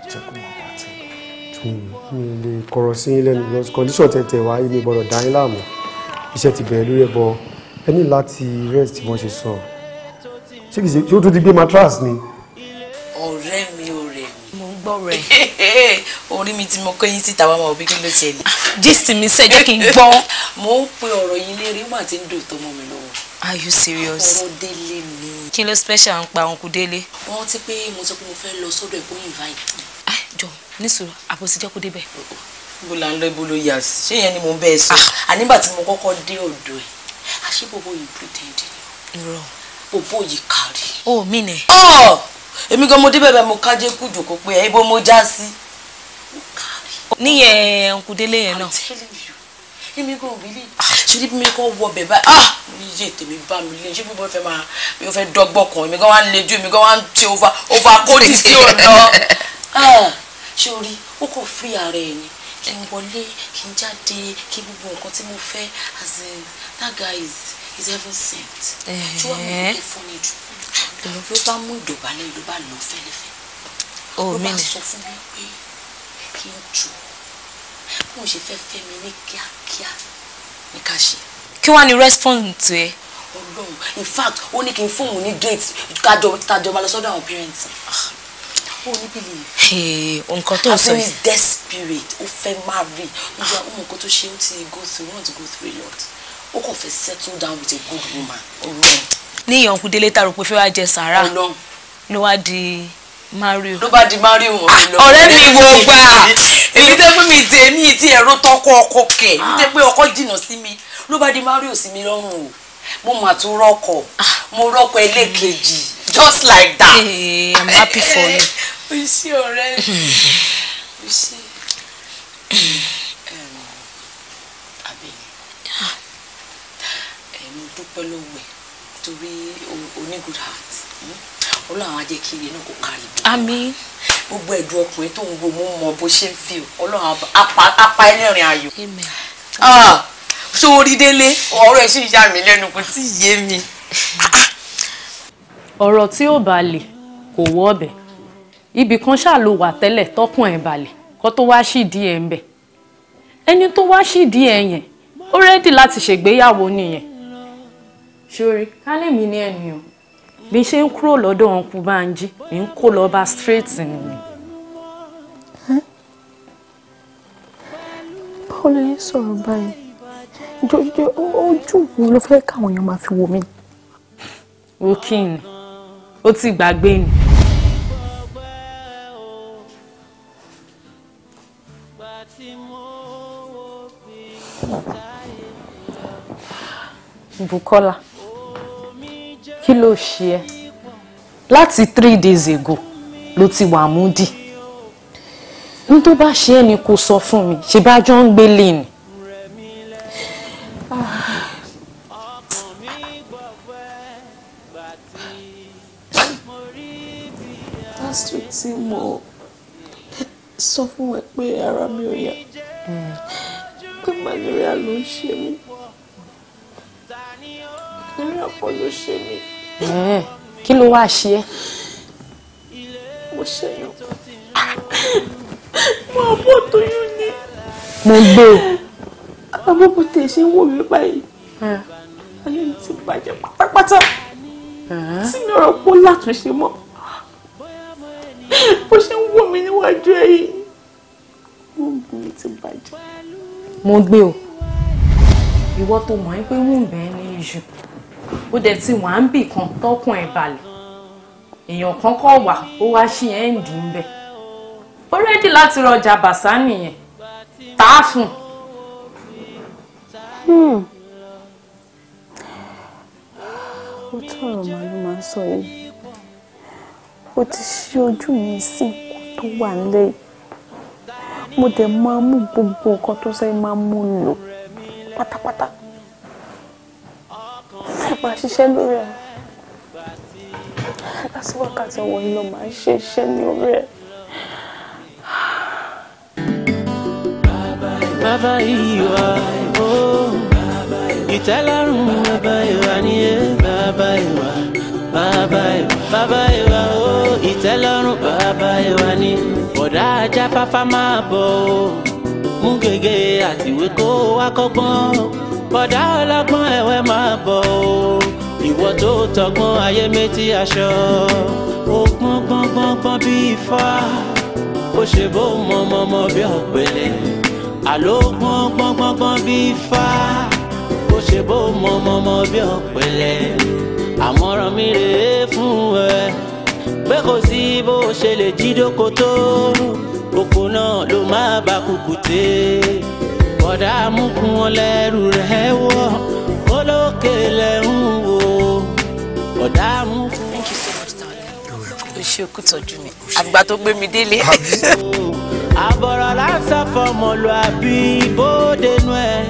jẹ́ kó máa bá tiẹ̀ lọ. mi lè kọ̀rọ̀ sí ilé mi lọ kọ́ndíṣọ̀ tẹ̀tẹ̀ wá ilé gbọ́dọ̀ dá yín láàmú iṣẹ́ ti bẹ̀rẹ̀ lórí ẹbọ ẹ láti rest bí wọ́n ṣe sọ ṣé kìí ṣe ó tún ti gbé mattress ni. ọ̀rẹ́ gbọ́rọ̀ ẹ̀. [laughs] orí mi tí mo kẹ́yìn síta wá máa bí kí ló ṣẹlẹ̀. [laughs] gist mi sẹ́ jẹ́ kí n gbọ́. [laughs] mo ń pe ọ̀rọ̀ yìí lérí wọn àti ń dùn tó mọ́ mi lọ́wọ́. are you serious. ọ̀rọ̀ délé mi. kí ló special ń pa òǹkù délé. wọ́n ti pé mo sọ pé mo fẹ́ lọ sọ́dọ̀ ẹ̀kọ́ yìí báyìí. jọ nísòro àbòsí jẹ́ kó débẹ̀. bó la ń lọ ibo ló yà sí ṣé ìyẹn ni mo ń bẹ́ẹ̀ sọ ah. ànígbà tí mo kọ́kọ́ dé ọ̀dọ̀ ẹ̀ àṣé bòbó yìí pretend ni. irọ́ bòbó yìí kárí. o oh, mi nẹ. ọ̀ oh! èmi gan mo débẹ̀ bẹ́ẹ̀ mo kájé kú jòkó pé ẹ ibo mo já sí. níyẹn nkùdélé yẹn náà. èmi gan òbílẹ̀ ṣe ni bí mi kọ́ wọ bẹ̀ báyìí ah mi yé tèmi bá mi lé ṣé bí mo fẹ́ máa mi ò fẹ́ dọ́gbọ́n kan èmi gan wá ń lejú èmi gan wá ṣe over over kórè tí ò lọ. Ah! ṣé o rí o kò fi ara ẹ̀ ni kí n wọlé kí n jáde kí gbogbo nǹkan tí mo fẹ́ as in that guy is is heaven sent. ṣé wàá mú mi kẹ́ fún mi jù òun ló bá mú ìdọ̀bálẹ̀ ló bá lọ fẹ́lẹ́fẹ́ oh, ó bá sọ fún mi pé kí n jù ọ́ mo ṣe fẹ́ fẹ́ mi ní kíákíá ní ká ṣe. kí wàá ní response ẹ. ọlọ́run in fact ó ní kí n fóun ní date kájọ tájọ máa lọ sọ́dọ̀ àwọn parents ah, ó ní believe. nǹkan tó sọ yìí. happiness desperate ó fẹ́ máa rí ó jẹ́ nǹkan tó ṣe ó ti go through want to go through a lot ó kàn fẹ́ settle down with a good woman. ọlọ́run níyàn kú délé tá a rò pé fẹ́ wá jẹ sàrà ló wá di mario. ló bá di mario wọn lọ. ọ̀rẹ́ mi wo gbà èyí tẹ́ fún mi tè mí tí ẹ̀rọ tọkọ ọkọ kẹ̀ èyí tẹ́ pé ọkọ jìnnà sí mi ló bá di mario sí mi lọ́rùn o mo mà tún rọ́kọ̀ ah. mo rọ́kọ̀ ẹlẹ́kejì just like that. Hey, I'm happy for you. o [laughs] ṣé ọ̀rẹ́ o ṣé. àbẹ̀yẹ ẹ̀mí dúpẹ́ lọ́wọ́ ẹ̀ torí o ní good heart hmm? ọlọ́run á jẹ́ kí ire náà kó kárí bí. àmín. gbogbo ẹ̀dùn ọkùnrin tó ń wo mú mọ bó ṣe ń fi ọlọ́run apá ẹlẹ́rìn ayọ̀. sórí ah, délé ọ̀rọ̀ ẹ̀ sì ń yà mí lẹ́nu kò tí ì yé mi. ọ̀rọ̀ tí ò bá lè kò wọ́ ọ̀bẹ ibì kan ṣáà ló wà tẹ́lẹ̀ tọ́kùn ẹ̀ balẹ̀ kó tó wá ṣìdí ẹ̀ ń bẹ̀ ẹni tó wá ṣìdí ẹ̀ yẹn ó rẹ́dì láti ṣègbéyàwó nìyẹn ṣorí kálẹ̀mí ní ẹ̀mí o bí ṣe ń kúrò lọ́dọ̀ wọn kú bá ń jí mi ń kó lọ bá straight nìyí. báwo lè sọ̀rọ̀ báyìí jọjọ ojú wo ló fẹ́ káwọn èèyàn máa fi wò mí. wò kí ni ó ti gbàgbé ni. Bukola kí ló ṣe ẹ́ láti three days ago ló ti wà múdì n tó bá ṣe ẹ́ ni kò sọ fún mi ṣe bá jọ ń gbélé ni. pásítọ̀ tí mo sọ fún ẹ pé ara mi ò yá pé malaria ló ń ṣe mí malaria pọ̀ ló ṣe mí. Eh, kí ló wá ṣe é. mo ṣẹyàn mo àbọ̀ tóyún ni. mo gbé o. àbọ̀ bó tẹ̀ ṣe ń wò mí báyìí eh. ayé mi ti bàjẹ́ pátápátá eh. tí mi ọ̀rọ̀ pọ̀ látúnṣe mọ́ bó ṣe ń wò mí níwájú ẹ̀ yìí mi ti bàjẹ́. mo gbé o ìwọ tó mọ̀ ẹ́ pé wúùbù ẹ ní iṣu ó dẹ̀ ti wà ń bì kan tọ́kùn ẹ̀ balẹ̀ èèyàn kan kọ̀ wà ó wá ṣí ẹ̀ ń dùn bẹ̀ ó rẹ́dì láti rọjà bàṣá nìyẹn tá a fún. Hmm. ó tọrọ màálù máa ń sọ yìí ó ti ṣí ojú mi sí tó wà nílẹ̀ mo dẹ̀ máa mú gbogbo nǹkan tó sẹ́yìn máa mú lò pátápátá máa ṣiṣẹ́ lórí ẹ̀ láti wákàtí ọwọ́ iná máa ń ṣe iṣẹ́ ní orí ẹ̀. bàbá ìwà ìbò ìtẹ́lọ́rùn bàbá ìwà ni ẹ bàbá ìwà bàbá ìwà bàbá ìwà o ìtẹ́lọ́rùn bàbá ìwà ni bọ̀dá ajá fáfá máa bọ̀ o mú gègé àtìwé kó wá kọ́gbọ́n bọ̀dá ọlọ́gbọ́n ẹ̀wẹ́ máa bọ̀ o ìwọ tó tọgbọ́n ayé méjì aṣọ ó gbọ́n gbọ́n gbọ́n gbọ́n bí ifá ó ṣe bó mọ̀mọ́mọ́ bí ọ̀pẹ̀lẹ̀ àló gbọ́n gbọ́n gbọ́n gbọ́n bí ifá ó ṣe bó mọ̀mọ́mọ́ bí ọ̀pẹ̀lẹ̀ àmọ̀ràn mi rèé fún ẹ pé kò sí bó ṣe lè jí dóko oko náà ló má bá kùkùté bọ̀dá amúkun ọlẹ́rù rẹ̀ wọ̀ olókè lẹ́hún wo bọ̀dá amúkun. thank you so much darling o ṣe okú tọ́jú mi àgbà tó gbé mi délé. [laughs] àbọ̀rọ̀ lásán fọmọlúàbí bóde nu ẹ̀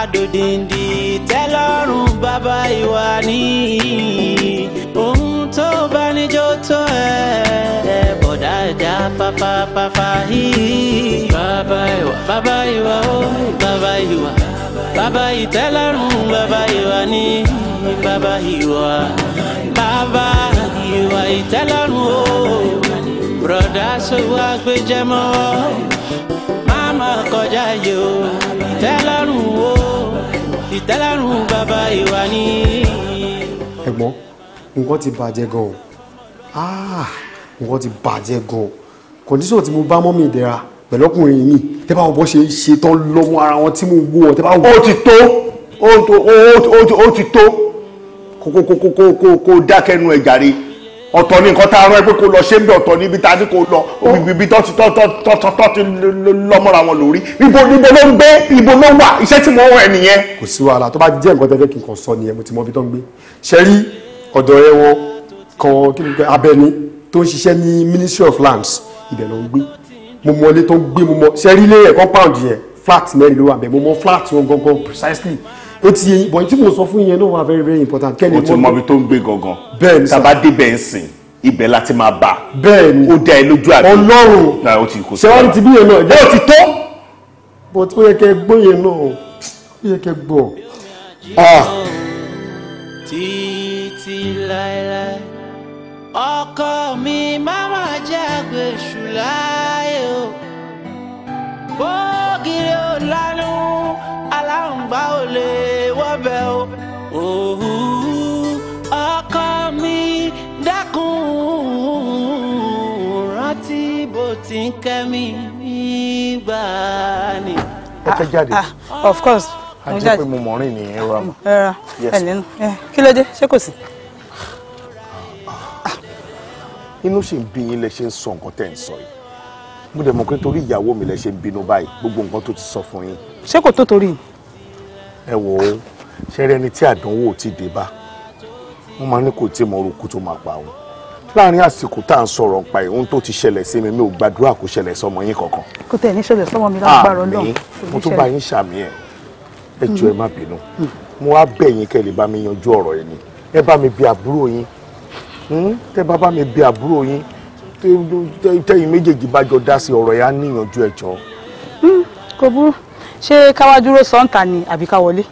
adòdìndì tẹ́lọ́rùn bàbá ìwà nìyí ohun tó bá níjó tó ẹ̀ fa fa fa fa hi. Bàbá baba bàbá Baba ó bàbá baba bàbá ìtẹ́lọ́rùn bàbá ìwà ní bàbá ìwà bàbá ìwà ìtẹ́lọ́rùn ó bùrọ̀dá sọ́wọ́ agbẹjẹmọ́ máma kọjá yìí ó ìtẹ́lọ́rùn ó ìtẹ́lọ́rùn bàbá ìwà ní. ẹ̀gbọ́n nǹkan ti bàjẹ́ gan-an ah, nǹkan ti bàjẹ́ gan-an condition tí mo bá mọ́ mi ìdẹ̀ra pẹ̀lú ọkùnrin mi tẹ́ bá wọn bọ́ ṣe ṣe tán lọ́mọ ara wọn tí mo ń wò wọn tẹ́ bá wọn. ó ti tó ó ti tó kó dákẹ́nu ẹ̀ jàre ọ̀tọ̀ ní nǹkan tá a rán ẹ pé kó lọ ṣé ń bẹ ọ̀tọ̀ níbi tá a ní kó lọ ibi tó ti tọ́ ti lọ́mọ́ra wọn lórí ibo níbo ló ń gbé ibo ló wà iṣẹ́ tí mo rẹ̀ nìyẹn. kò sí wàhálà tó bá jẹ́ nǹkan tẹ́tẹ́ kí n kàn sọ nìyẹn mo ti mọ ibi tó ń gbé ṣe ọ̀dọ̀ ẹ kan abẹni tó ń ṣiṣẹ́ ní Ministry of Lands ibẹ̀ ló ń gbé mo mọ ilé tó ń gbé mo mọ sẹ́rí ilé ẹ̀ compound yẹn flat mẹ́rin ló wà bẹ́ẹ̀ mo mọ flat wọn gangan precisely ó ti yẹn bọ̀ tí mo sọ fún yẹn náà wà very very important kẹ́ni mo ti mọ ibi tó ń gbé gangan bẹ́ẹ̀ ni sá tàbá débẹ̀ ń sìn ibẹ̀ la máa bá bẹ́ẹ̀ ni ó dá ẹ lójú àbí ọlọ́run sẹ́wọ́n ti bí yẹn náà ó ti tó but ó yẹ kẹ́ gbọ́ yẹn náà ó yẹ kẹ́ gbọ́. Ah. títí ọkọ mi má má jẹ́ àgbèsù láàyè o bógiri ò lánú aláǹgbá ò lè wọ́bẹ̀ o òhù ọkọ mi dákun rántí bó ti ń kẹ́ mi gbà ni. ẹ fẹ́ jáde. Ah, ah, of course. àti pé mo mọ̀ rìn ní ẹ̀rọ àmọ́. kí ló dé ṣé kò sí inú ṣì ń bí yín lẹ ṣe ń sọ nǹkan tẹ́ ń sọ yìí mo dẹ̀ mọ̀ pé torí ìyàwó mi lẹ ṣe ń bínú báyìí gbogbo nǹkan tó ti sọ fún yín. ṣé kò tó torí. ẹ wò ó ṣẹ́rẹ́ ẹni tí àdánwò ti dé bá wọ́n máa ní kò tí mọ orúkú tó máa pa òun láàrin àsìkò tá à ń sọ̀rọ̀ nípa ìhun tó ti ṣẹlẹ̀ sí mi mi ò gbàdúrà kó ṣẹlẹ̀ sọmọ yín kankan. kò tẹ̀ ní ṣẹlẹ̀ sọmọ mi lágbára náà. àmín mo tún bá yín ṣàmì ẹ̀ ẹ jọ̀ọ́ ẹ mm. má bínú mm. mo wá bẹ̀ yín kẹ́ lè bá mi yanjú ọ̀rọ̀ yẹn ni ẹ bá mi bi àbúrò yín Hmm? tẹ bàbá mi bí àbúrò yín tẹ̀yin méjèèjì bá jọ dá sí ọ̀rọ̀ yà níyànjú ẹ jọ. Hmm, kò burú ṣé káwá dúró sọ́ǹtà ni àbí ká wọlé.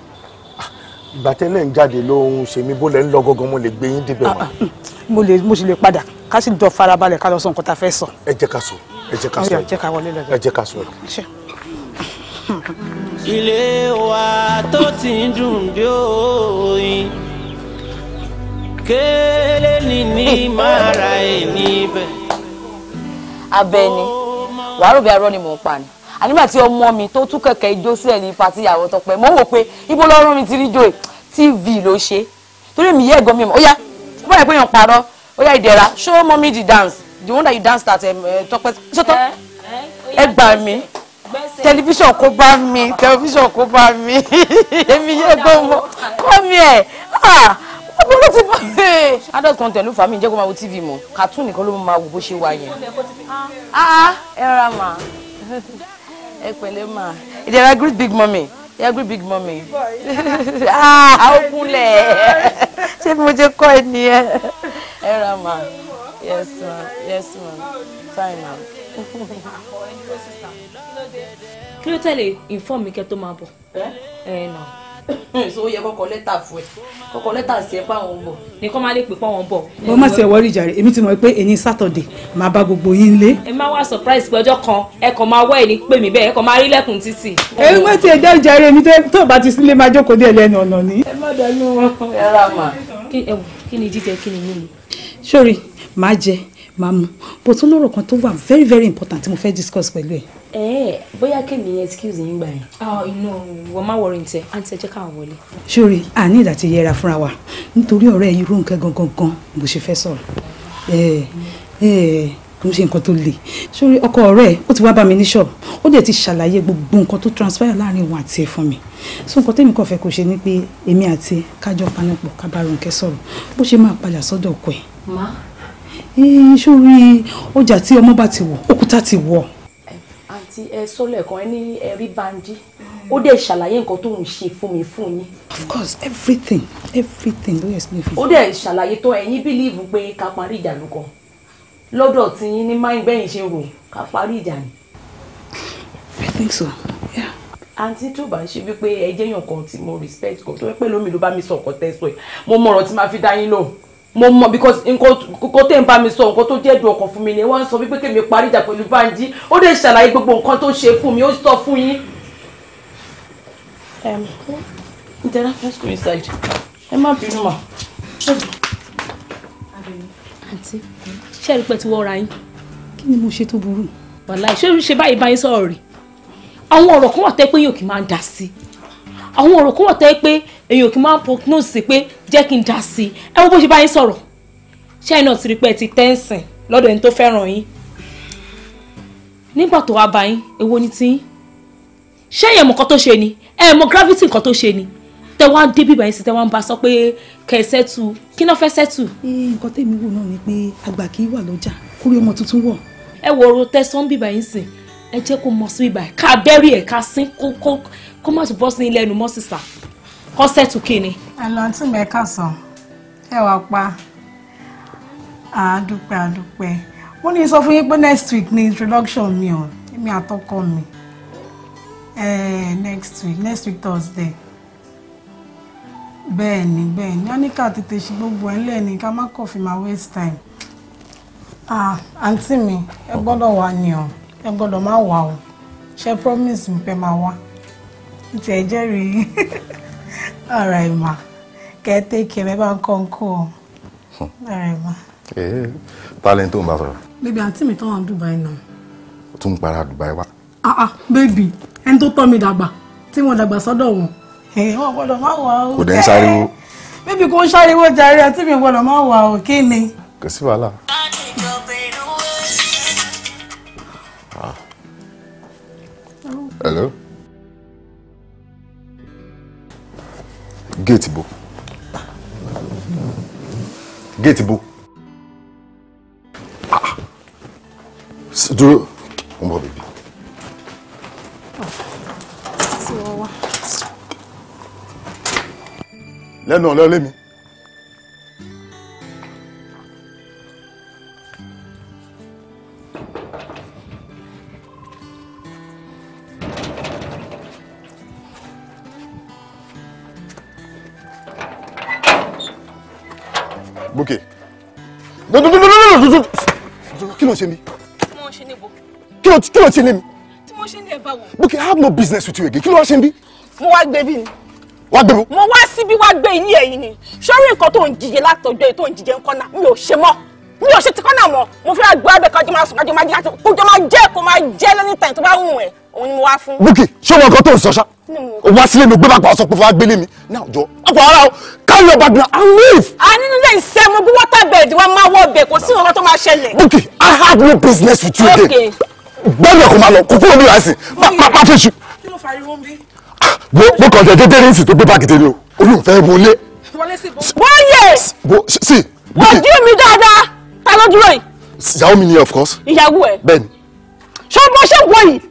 ìgbà tẹ́lẹ̀ ń jáde ló ń ṣe mí bólẹ̀ ń lọ gangan mo lè gbé yín débẹ̀ ah, ah, mọ́. Hmm. mo lè mo sì lè padà ká sì jọ farabalẹ̀ ká lọ sọ nǹkan tá a fẹ́ sọ. ẹ jẹ́ ká sọ ẹ jẹ́ ká sọ ẹ jẹ́ ká wọlé lọ. ẹ jẹ́ ká sọ ẹ. ilé wa tó ti ń dùn bí òòyìn kélé ni ní mara ẹ̀ níbẹ̀. Abẹ́ni wàá rò bí arọ́ ni mò ń pa ni ànígbà tí ọmọ mi tó tú kẹ̀kẹ́ ijó sílẹ̀ ní pati ìyàwó Tọ́pẹ́ mo wò pé ibo lọ́rùn mi ti rí jó tv ló ṣe torí mi yẹ ẹ̀gbọ́n mi mọ̀ ó yá ó báyìí pé èèyàn parọ́ ó yá ìdẹ̀ra show mommy the dance the one that you dance at um, uh, Tọ́pẹ́ ṣótọ́ ẹ gbà mí tẹlifíṣàn kó bá mi tẹlifíṣàn kó bá mi [laughs] èmi yẹ ẹ̀gbọ́n mọ kọ́ mi ẹ̀ ah àbúrò ti bá mi. adult content ló fà mí jẹ́ kó máa wo tv mọ́ cartoon nìkan ló máa wo bó ṣe wà yẹn. Ah, ah, ẹ ra mà ẹ pẹ̀lẹ́ mà ìdẹ̀ra great big mommy yẹ great big mommy ah ó kúnlẹ̀ ṣé mo jẹ́ kọ́ ẹ nìyẹn ẹ ra mà yes ma yes ma fine ma. kí ló tẹ̀lé inform mi kẹ́ tó máa bọ̀. ẹ ẹ nà. [laughs] so ó yẹ kọ́kọ́ lẹ́tà fún ẹ kọ́kọ́ lẹ́tà sí ẹ páwọn ń bọ̀ ní kọ́ máa lè pè páwọn ń bọ̀. mo má ti ẹ̀ wọ́rí jàre èmi ti mọ̀ pé èyí sátọ̀dẹ̀ máa bá gbogbo yín lé. ẹ má wá surprise pé ọjọ́ kan ẹ kàn máa wọ́ ẹ̀ ní pè mí bẹ́ẹ̀ ẹ kàn máa rí lẹ́kùn títì. èyí mo ti ẹ̀ jẹ́ jàre èmi tó bá ti sílé máa jókòó díẹ̀ lẹ́nu ọ̀nà ni. ẹ má dànù ẹ ra mà. kí ni jíjẹ kí ni mímu. sórí màá jẹ máa mú bó tó lọ́rọ̀ kan tó wà very very important tí mo fẹ́ discuss pẹ̀lú ẹ̀. ẹ ẹ bóyá kèmí excuse yín gbà yẹn. ọ inú wọn má wọrin tẹ àǹtí ẹ jẹ́ káwọn wọlé. sori àní ìdá ti yẹra fúnra wa nítorí ọ̀rẹ́ irú nǹkan gangan gan bó ṣe fẹ́ sọ̀rọ̀ ẹ ẹ kò ń ṣe nǹkan tó le sori ọkọ ọ̀rẹ́ ó ti wá bá mi ní ṣọ́ọ̀bù ó dẹ̀ ti ṣàlàyé gbogbo nǹkan tó transpire láàrin òun àti ẹ fún mi so nǹkan tẹ́mi kàn fẹ́ kó ṣe ni pé èmi àti kájọ panupọ̀ ká bá Rónkẹ́ sọ̀rọ̀ bó ṣe máa padà sọ́dọ̀ ọkọ ẹ̀ sórí ọjà tí ọmọ ti wọ òkúta ti wọ. àǹtí ẹ sọlẹ̀ kan ẹ ní ẹrí bandi ó dẹ̀ ṣàlàyé nǹkan tó ń ṣe fún mi fún yín. of course everything everything ló yẹ sí mi fi. ó dẹ̀ ṣàlàyé tó ẹ̀yin bílíìfù pé ká parí ìjà ló lọ́dọ̀ tí yín ní máa ń ṣe rò ká parí ìjà ni. I think so yeah àǹtí tó bá ń ṣe wípé ẹ jẹ́yàn kan tí mo respect kan tó wípé lómi ló bá mi sọ ọ̀kọ̀ tẹ́ sọ ẹ̀ mo mọ̀ràn tí máa fi dá yín lóhùn mo mọ because nǹkan tẹ́ ń bá mi sọ nǹkan tó jẹ́ dùn ọkàn fún mi ni wọ́n ń sọ wípé kèmi parí ìjà pẹ̀lú Bánjí ó dẹ̀ ṣàlàyé gbogbo nǹkan tó ṣe fún mi ó sọ fún yín. Ǹjẹ́ra let's go inside ẹ má bínú mà. àǹtí ṣé ẹ̀rí pẹ̀ tí wọ́n ra yín. kí ni mo ṣe tó burú. wàláì ṣé ṣe báyìí báyìí sọ̀rọ̀ rí àwọn ọ̀rọ̀ kan wà tẹ́ pé yóò kì máa ń dá sí àwọn ọ̀rọ̀ kan wà tẹ́ pé èèyàn kì í máa prognose pé jẹ́ kí n dá sí i ẹ wo bó ṣe bá yín sọ̀rọ̀ ṣé ẹ̀yin náà ti rí pé ẹ ti tẹ́ǹsìn lọ́dọ̀ ẹni tó fẹ́ràn yín nígbà tó wá bá yín èwo ni ti yín ṣé ẹ̀yin mọ̀ nǹkan tó ṣe ni ẹ mọ̀ gravity nǹkan tó ṣe ni tẹ wá dé bíbá yín sí tẹ wá ń bá sọ pé kẹ ẹ sẹ́tù kí náà fẹ́ sẹ́tù. nǹkan tèmi wò náà ni pé àgbà kì í wà lọ́jà kórí ọmọ tuntun wọ̀. ẹ wo oró tẹsán bíbá yín sìn ẹ jẹ́ kó mọ sí bíbá yín ká bẹ́rì ẹ̀ ká sín kó má tún bọ́ sí ilé ẹnu mọ́ sísà kọ́sẹ̀tù kìíní. àlọ́ntì mẹ́kànsán ẹ wá pa àádúpẹ́ àádúpẹ́ mo ní sọ fún yín pé next week ni introduction mi o èmi àtọkọ mi next week next week Thursday bẹ́ẹ̀ ni bẹ́ẹ̀ ni wọ́n ní ká tètè ṣe gbogbo ẹ̀ ńlẹ̀ ni ká má kọ̀ fi máa waste time ah àǹtí mi ẹ gbọ́dọ̀ wá ni o ẹ gbọ́dọ̀ má wà o ṣe promise mi pé máa wá ní tiẹ̀ jẹ́rìí. [laughs] all right ma Get take care Maybe I'll come kọ́ hmm. all right ma. talent tó ń bá sọ̀rọ̀. bébí àǹtí mi Dubai now. o tún para Dubai wá. ah ah baby. ẹni tó tọ́ mi dàgbà tí wọ́n dàgbà sọ́dọ̀ wọn. wọ́n gbọ́dọ̀ má wà ó. kò dẹ́ ń sáréwó. bébí kò ń sáréwó jàre àǹtí mi gbọ́dọ̀ má wà ó kí ni. kò sí wàhálà. Ah. hello. géètì bo géètì bo ah, ah. dúró ń bọ̀ bèbí. lẹ́nu ọ̀lẹ́ lé mi. kí ló ń ṣe mí. tí wọ́n ṣe níbo. kí ló kí ló ṣe lémi. tí wọ́n ṣe ní ẹ̀ báwo. Bukky I have no business with you again kí ló wá ṣe mí. mo wá gbé bí ni. wá gbé bó. mo wá síbí wá gbé yín ẹ̀yìn ni sórí nǹkan tó ń jìyẹ látọjọ́ yìí tó ń jìyẹ ń kọ́nà mi ò ṣe mọ́ mi ò ṣe ti kọ́nà mọ́ mo fẹ́ gbọ́ abẹ́ kájọ máa sùn kájọ máa jẹ́ kó máa jẹ́ lẹ́ni tàn tó bá wù ẹ́ òun ni mo wá fún. Bukky ṣé o mọ nǹkan tó ń sọ ṣá o wá sílé mi gbé bàgbà ọsọ pé fún wa gbélé mi náà jọ ọkọ ara o carry your bag now and leave. a nínú ilé iṣẹ́ mo bí water bed wa máa wọ ọbẹ̀ kò sí nǹkan tó máa ṣẹlẹ̀. Bukky I have no business with you again bẹ́ẹ̀ni ọkọ̀ máa lọ kó fún omi rà sí máa fẹ́ ṣu. kí ló fariwo ń bí. Ah, mo kàn jẹ́ dédé rinsi tó gbé báàgì tèmi o olùfẹ́ mo lé. wọ́n yẹ. ojú mi dáadáa ta ló dúró yìí. ìyàwó mi ni of course. ìyàwó ẹ. bẹ́ẹ̀ni. ṣé o bọ́ ṣé wọ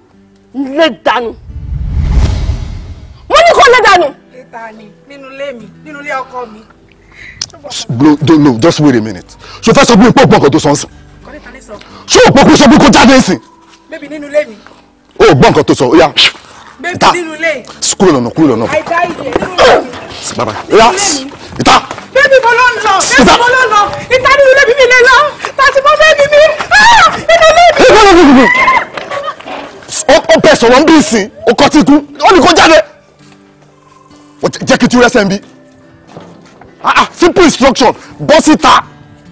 lé dànù mo ní kó lé dànù. lé dànù nínú ilé mi nínú ilé ọkọ mi. blow don't know just wait a minute So fẹ́ sọ pé pọ̀ gbọ́n kan tó sọ ń sìn ṣé o pọ̀kú sọ pé kó jáde ń sìn. bébì nínú ilé mi. o gbọ́n kan tó sọ ó yá. bébì nínú ilé. kúrò lọ́nà kúrò lọ́nà. àìdá ìyè nínú ilé mi. bàbá ìyá ìta bébí mo ló ń lọ bébí mo ló ń lọ ìtàdí ilé bíbí lè lọ tàbí mo fẹ́ bíbí inú ah, ilé mi ó bẹ̀ sọ̀rọ̀ ń bí ìsìn ó kọ́ tí ikú ó ní kó jáde jẹ́ kí tí rẹ́sẹ̀ ń bí ah, ah, simple instruction bọ́ síta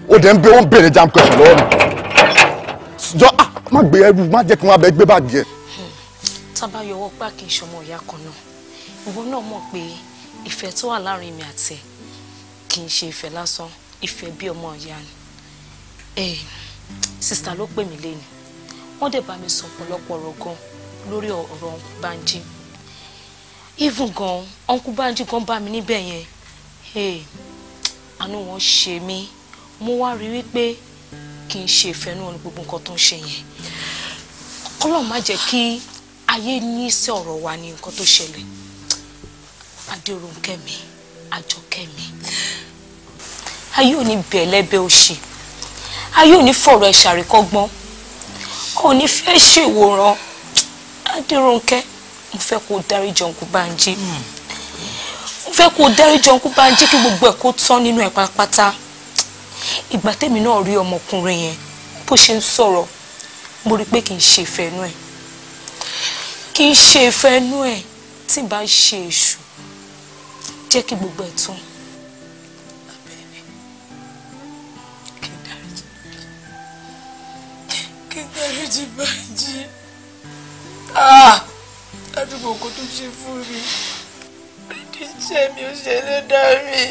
ó dẹ̀ ń bẹ ó ń bèrè jam question lọ́wọ́ mi jọ ah, má gbé ẹrú má jẹ́ kí wọ́n abẹ́ gbé báàgì ẹ̀. tábà yọwọ́ gbà kí n ṣọmọ ìyá kan náà ìwọ náà mọ̀ pé ìfẹ́ tó wà láàrin mi àti ẹ̀ kì í ṣe ìfẹ́ lásán ìfẹ́ bí ọmọ ìyá ni sista ló pè mí lẹ́nu wọ́n dẹ̀ bá mi sọ ọ̀pọ̀lọpọ̀ ọ̀rọ̀ gan lórí ọ̀rọ̀ Banji even gan uncle Banji gan bá mi níbẹ̀ yẹn àánú wọn ṣe mí mo wá rí wípé kì í ṣe ìfẹ́ náà ní gbogbo nǹkan tó ń ṣe yẹn Ọlọ́run má jẹ́ kí ayé ní sí ọ̀rọ̀ wa ní nǹkan tó ṣẹlẹ̀ adéròǹkẹ́ mi àjọkẹ́ mi ayé ò ní bẹ̀ẹ́lẹ́bẹ́ òṣì ayé ò ní fọ̀rọ̀ ẹ̀ ṣàríkọ́gbọ́n ò ní fẹ́ ṣèwòran adéròǹkẹ́ mo fẹ́ kó dárí jọǹkú bánjí hmm. mo fẹ́ kó dárí jọǹkú bánjí kí gbogbo ẹ̀ kó tán nínú ẹ̀ pátápátá ìgbà tèmi náà rí ọmọkùnrin yẹn bó ṣe ń sọ̀rọ̀ mo rí pé kì í ṣe ìfẹ́ ẹ̀ kì í ṣe ìfẹ́ ẹ̀ tí n bá ṣe èṣù jẹ́ kí gbogbo ẹ̀ tán. kí dáríjì bá jí ládùúgbò kó tó ṣe fún mi bàjíṣẹ́ mi ò ṣẹlẹ́dàá mi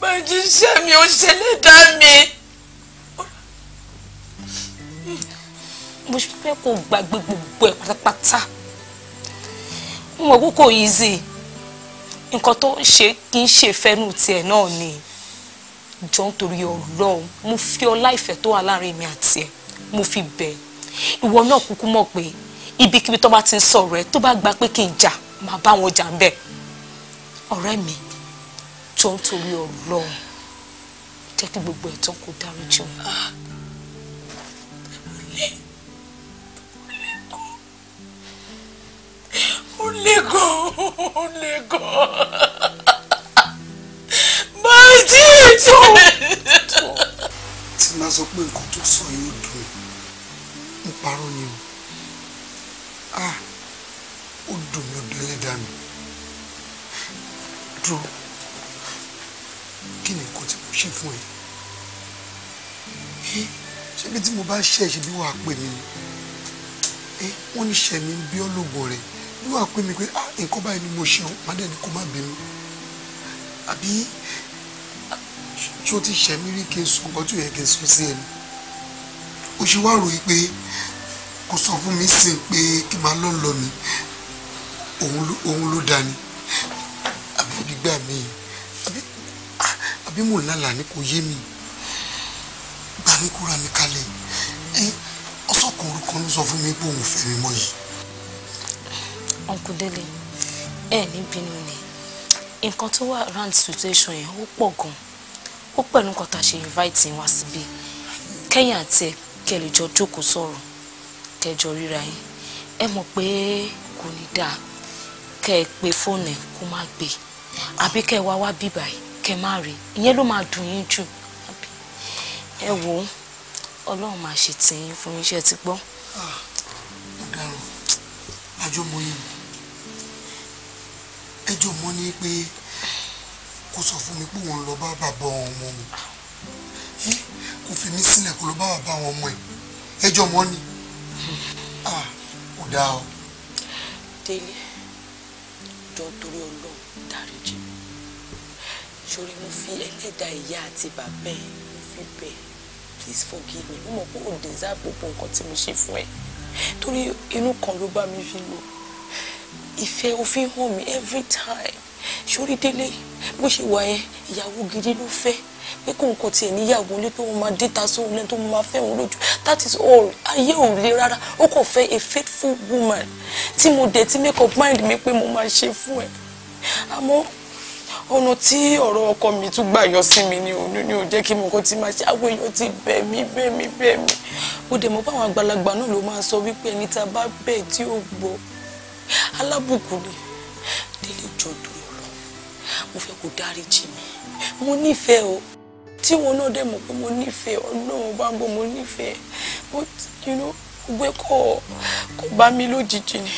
bàjíṣẹ́ mi ò ṣẹlẹ́dàá mi. mo ṣe fẹ́ kó gbàgbé gbogbo ẹ̀ pátápátá mo mọ̀ pé kò yí zi nǹkan tó ń ṣe kì í ṣe fẹ́nu tiẹ̀ náà ni jọ nítorí ọlọ́run mo fi ọlá ìfẹ́ tó wà láàrin mi àti ẹ̀ mo fi bẹ̀ ìwọ náà kúkú mọ̀ pé ibikíbi tó bá ti ń sọ̀rọ̀ ẹ tó bá gba pé kí n jà máa bá wọn jà ń bẹ̀ ọ̀rẹ́ mi tó ń torí ọlọ́run jẹ́ kí gbogbo ẹ̀tàn kò dáríjì wọn. ó le gan ó le gan máa jí ètò tí máa sọ pé nǹkan tó sọ yóò dùn ń parọ́ ni o ah ó dùn mí ọdún ẹlẹ́dàá mi dúró kí ni nǹkan tí mo ṣe fún ẹ ṣebí tí mo bá ṣe ṣebí wàá pè mí ni wọ́n ní ṣẹ̀mí bí ọlọ́gbọ̀n rẹ̀ bí wàá pè mí pé ah nǹkan báyìí ni mo ṣe o màdẹ́ni kò má bínú àbí ṣó ti ṣẹ̀mí rí kí n sọ nǹkan tó yẹ kí n sọ sí ẹni ó ṣe wá rò yí pé kò sọ fún mi sí pé kí n máa lọ́ọ́ lọ mi òun ló dání àbí gbígbà mi àbí mò ń lálà ní kò yé mi gbà mí kúra mi kalẹ̀ ọ̀sọ̀kan orúkọ ló sọ fún mi pé òun fẹ́ mi mọ́ yìí. ọ̀nkùndélé ẹ̀ ní ni nǹkan tó wà round situation yẹn ó pọ̀ gan-an ó pẹ̀lú nǹkan tá a ṣe invite wá síbí kẹ́yìn àti ẹ̀ kẹ́ lè jọ jókòó sọ̀rọ̀ kẹjọ ríra yín ẹ mọ̀ pé kò ní dáa kẹ́ ẹ pe fóònù ẹ̀ kó má gbé àbí kẹ́ ẹ wá wá bíbà yìí kẹ́ ẹ má rí ìyẹn ló máa dùn yín jù ẹ wò ó ọlọ́run máa ṣe tìyín fún iṣẹ́ ti gbọ́. ẹjọ́ mọ́ ni pé kó sọ fún mi pé òun lọ bá bàbá àwọn ọmọ òun kó fi mí sílẹ̀ kó lọ bá bàbá àwọn ọmọ ẹ̀ ẹjọ́ mọ́ ni kò dáa o. délé jọ torí ọlọ́run dáríjì mi sórí mo fi ẹlẹ́dàá ìyá àti bàbá ẹ̀ mo fi bẹ̀ please forgive me mo mọ̀ pé o deserve gbogbo nǹkan tí mo ṣe fún ẹ torí inú kan ló bá mi fi lò ìfẹ́ òfin hàn mi every time sórí délé bó ṣe wà yẹn ìyàwó gidi ló fẹ́ pé kò ń tiẹ̀ níyàwó ilé tó ń máa déta sóhun lẹ́nu tó ń máa fẹ́ òun lójú that is all ayé ò le rárá ó kàn fẹ́ a faithful woman tí mo dẹ̀ ti make up mind mi pé mo máa ṣe fún ẹ àmọ́ ọ̀nà tí ọ̀rọ̀ ọkọ mi tún gbà yọ sí mi ni òun ni ò jẹ́ kí mo kọ́ ti máa ṣe àwọn èèyàn ti bẹ̀ mí bẹ̀ mí bẹ̀ mí mo dẹ̀ mọ̀ pé àwọn àgbàlagbà náà ló máa sọ wípé ẹni tá a bá bẹ̀ tí ó gbọ́ alábùkù ni délé jọ̀dọ̀ mo fẹ́ kó dáríjì mi mo nífẹ̀ẹ́ o tí wọn náà dẹ̀ mọ̀ pé mo nífẹ̀ẹ́ ọlọ́run bá ń mo nífẹ̀ẹ́ but you know gbogbo ẹ̀kọ́ kò bá mi lójijì ni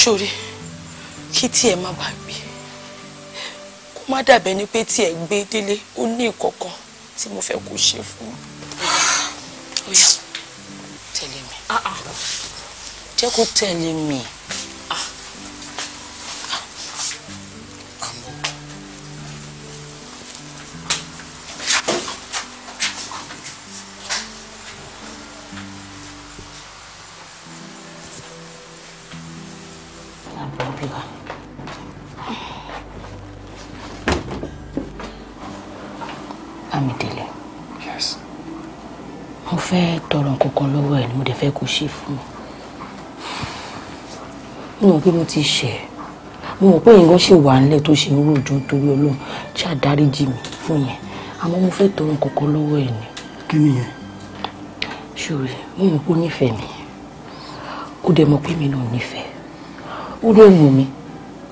ṣòre kí tiẹ̀ má bàa gbé kó má dàbẹ́ ni pé tiẹ̀ gbé délé ó ní ìkọ̀kan tí mo fẹ́ kó ṣe fún mi. ó tẹ̀lé mi ah, ah. jẹ́ kó tẹ̀lé mi. fẹ́ tọrọ nǹkan kan lọ́wọ́ ẹ̀ ni mo dẹ̀ fẹ́ kó ṣe fún mi mo mọ̀ pé mo ti ṣẹ̀ mo mọ̀ pé nǹkan ṣì wà nílẹ̀ tó ṣe ń rojọ́ torí ọlọ́run ṣáà dáríjì mi fún yẹn àmọ́ mo fẹ́ tọrọ nǹkan kan lọ́wọ́ ẹ̀ ni. kí nìyẹn. ṣòro mo mọ̀ pé ó nífẹ̀ẹ́ mi ó dẹ̀ mọ̀ pé mi náà nífẹ̀ẹ́ ó dẹ̀ wù mí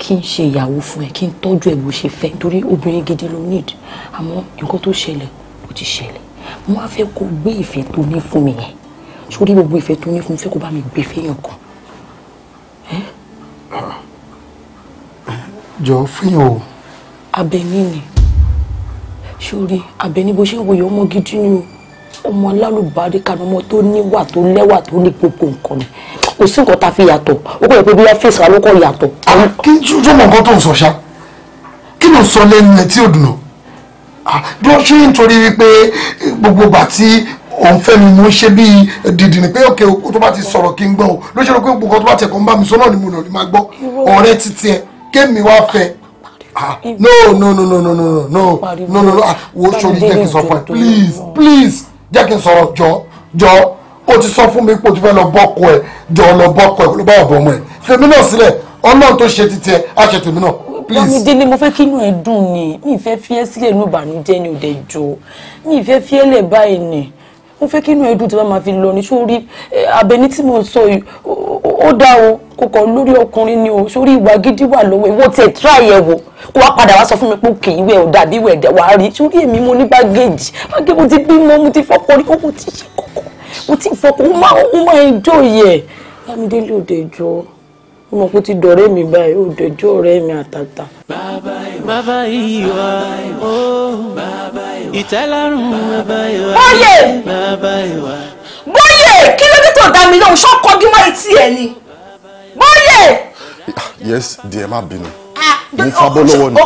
kí n ṣe ìyàwó fún ẹ kí n tọ́jú ẹ bó ṣe fẹ́ nítorí obìnrin gidi ló need àmọ́ nǹkan tó ṣẹlẹ̀ ó ti ṣẹlẹ̀ mo wá fẹ́ kó gbé ìfẹ́ tó ní fún mi yẹn sórí gbogbo ìfẹ́ tó ní fún mi fẹ́ kó bá mi gbé fẹ́yàn kan. jọ fẹ́yàn o. Abẹ́ní ni sórí Abẹ́ní bó ṣe ń wòye ọmọ gidi ni o ọmọ alálùbárí kanu ọmọ tó níwà tó lẹ́wà tó ní gbogbo nǹkan ni kò sí nǹkan tá a fi yàtọ̀ ó kọ́ ẹ pé bí wọ́n fèsì alókọ̀ yàtọ̀. kí jọmọ nǹkan tó ń sọ ṣá kí ló ń sọ lẹ́nu ẹ tí ò dùn dúró ṣé nítorí wípé gbogbo ìgbà tí òun fẹ́ mi mo ń ṣe bíi dìdì ní pé òkè o tó bá ti sọ̀rọ̀ kí n gbọ́ o ló ṣe rò pé gbogbo tó bá tẹ̀kọ́ ń bá mi sọ ni mo nà ní máa gbọ́ ọ̀rẹ́ títí ẹ kémi wá fẹ́ no no no no no no no no no no wo sori jẹ́ kí n sọ fún ẹ please please jẹ́ kí n sọ̀rọ̀ jọ jọ o ti sọ fún mi pé o ti fẹ́ lọ bọ́kọ ẹ jọ lọ bọ́kọ ẹ ló bá wà bọ́ ọmọ ẹ fèmí náà sílẹ̀ ọlọ́run tó ṣe títí ẹ á ṣe tèmi náà please. wọ́n mi délé mo fẹ́ kí inú ẹ̀ dùn ni mi fẹ́ fi ẹ́ sílẹ̀ inú ìbànújẹ́ ni ò dẹ̀ jọ mi fẹ́ fi ẹ́ lẹ̀ báyìí ni mo fẹ́ kí inú ẹ̀ dùn tí wọ́n máa fi lọ ní sórí abẹni tí mo sọ yìí ó dá o kò kọ́ lórí ọkùnrin ni o sórí ìwà gidi wà lọ́wọ́ ìwọ tiẹ̀ tíráì ẹ̀ wò kó wá padà wá sọ fún mi pé kì í wẹ̀ ọ̀ dàbí wẹ̀ dẹ̀ wá rí sórí èmi mo ní bágéèjì bágéèjì mo ti bímọ mo ti fọ́kọ rí mo ti ṣe kọ́kọ́ mo ti fọ́kọ mo máa ń jọ yẹ Bámidélé ò ọmọ kò ti dọ̀rẹ́ mi báyìí ó dẹjọ́ ọ̀rẹ́ mi àtàtà. bàbá ìwà ó ìtẹ́lárùn bàbá ìwà. bóyè bóyè kí ló dé tó dá mi lóhùn ṣọ́kọ́jú mọ́ etí ẹ̀ ni bóyè. Ah, yes díẹ̀ má bínú ah, mo fa bọ́ lọ́wọ́ ni.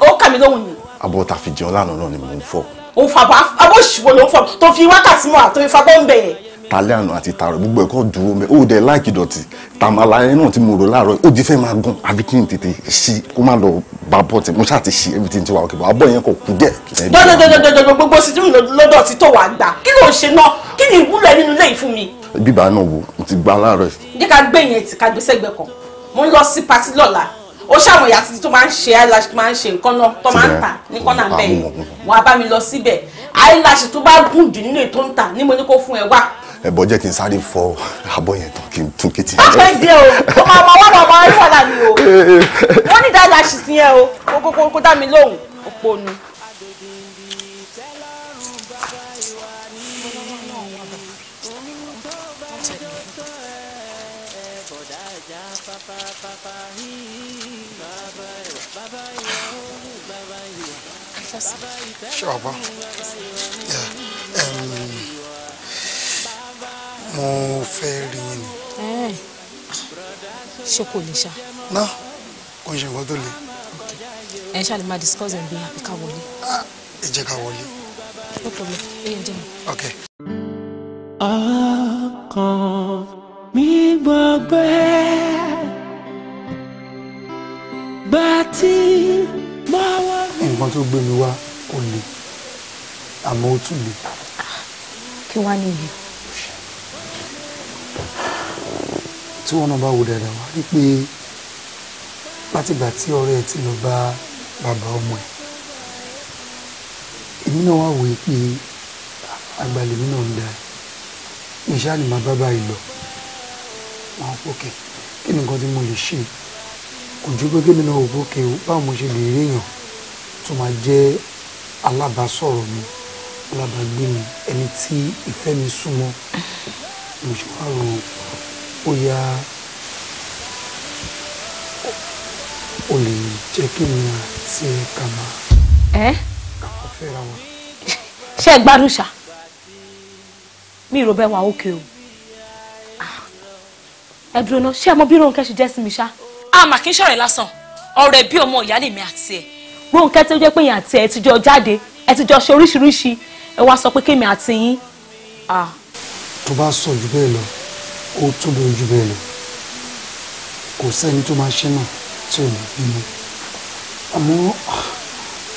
ó kà mí lóhùn ni. Abo ta fi jẹun lánàá náà ni mò ń fọ. òun fa bọ́ abọ́ òṣìwọ́ ló ń fọ tó fi wákàtí mọ́ àtọ́ ìfabọ́ ń bẹ̀yẹ̀ talẹ́ àná àti tààrọ̀ gbogbo ẹ̀kọ́ dúró mẹ́ ó dẹ̀ láìkì dọ̀tí tàmàlà yẹn náà tí mo rò láàárọ̀ ó di fẹ́ máa gan àbí kí n tètè ṣí kó má lọ bá bọ̀ tí mo ṣáà ti ṣí everything ti wà òkè bọ̀ abọ́ yẹn kò kú díẹ̀. dọ́dọ̀dọ̀dọ̀dọ̀ gbogbo sí tí mo lọ́dọ̀ ti tọ̀ wá gbà kí ló ń ṣe náà kí ni ìwúlò ẹ̀ nínú ilé yìí fún mi. bíbá náà wo mo ti gba láàárọ̀ yìí. jẹ́ ká gbé yẹn tí ká gbé sẹ́gbẹ̀ kan mo ń lọ sí patí lọ́la ó ṣàwọn ìyá títí tó máa ń ṣe eyelash tó máa ń ṣe nǹkan náà tó máa ń tà ní kọ́nà ah, bẹ́ẹ̀ wọ́n á bá mi lọ síbẹ̀ eyelash tó bá gùn jù nínú ètò ń tà ní mo ní kó fún ẹ wá ẹbọ jẹ́ kí n sáré fọ abọ́ yẹn tán kí n tún kété. ọpẹ dé o ọmọ ọmọ wọn ọmọ ayé wà lámì o [laughs] wọn ní dáadáa ṣì sí ẹ o kókó kó dá mi lóhùn òpó ni. Sure, bro. Yeah. Um, mo fẹ́ rí yín ni. Eh. ṣé kò lè ṣá. ná kò ń ṣe nǹkan tó le. ẹ ṣáà lè máa discuss ẹ̀ bí àbí wọlé. Ah, ẹ jẹ́ ká wọlé. no problem ẹ yẹn jẹ́ mi. ok. ọkàn mi gbọgbẹ́ bàtí máa wá. nǹkan tó gbé mi wá kò le àmọ́ ó tún le. Ah, kí wàá nìyí. tí wọ́n náà bá wo dáadáa wá rí i pé látìgbà tí ọ̀rẹ́ ẹ ti lọ bá bàbá ọmọ ẹ̀ èmi náà wá wòye pé àgbàlẹ̀ mi náà ń da ẹ̀ ìṣá ni màá bá báyìí lọ wọn ò pókè kí ni nǹkan tí mo lè ṣe kò ju pé kémi náà ò pókè o báwo mo ṣe lè réèyàn tó máa jẹ́ alábàásọ̀rọ̀ mi alábàágbé mi ẹni tí ìfẹ́ mi súnmọ́ mo ṣe wá rò ó bóyá o lè jẹ́ kí mi àti ẹ̀ kà máa. ẹ́ kàkọ́ fẹ́ra wọn. ṣé ẹ gbádùn ṣá mi ìrò bẹ́ẹ̀ wà ókè o ah. ẹ dúró ná ṣé ẹ mọ bí Rónkẹ́ ṣe jẹ́ sí mi ṣá. a ah, mà kí n ṣọ̀rẹ́ lásán ọ̀rẹ́ bí ọmọ ìyá lèmi àti ẹ̀. Rónkẹ́ tó jẹ́ pé èèyàn àti ẹ̀ ti jọ jáde ẹ ti jọ ṣe oríṣiríṣi ẹ wá sọ pé kémi àti yín. Ah. tó bá sọ jù bẹ́ẹ̀ lọ ó tó bẹ̀rù jù bẹ́ẹ̀ lọ kò sẹ́ni tó máa ṣe náà tí ò ní bínú àmọ́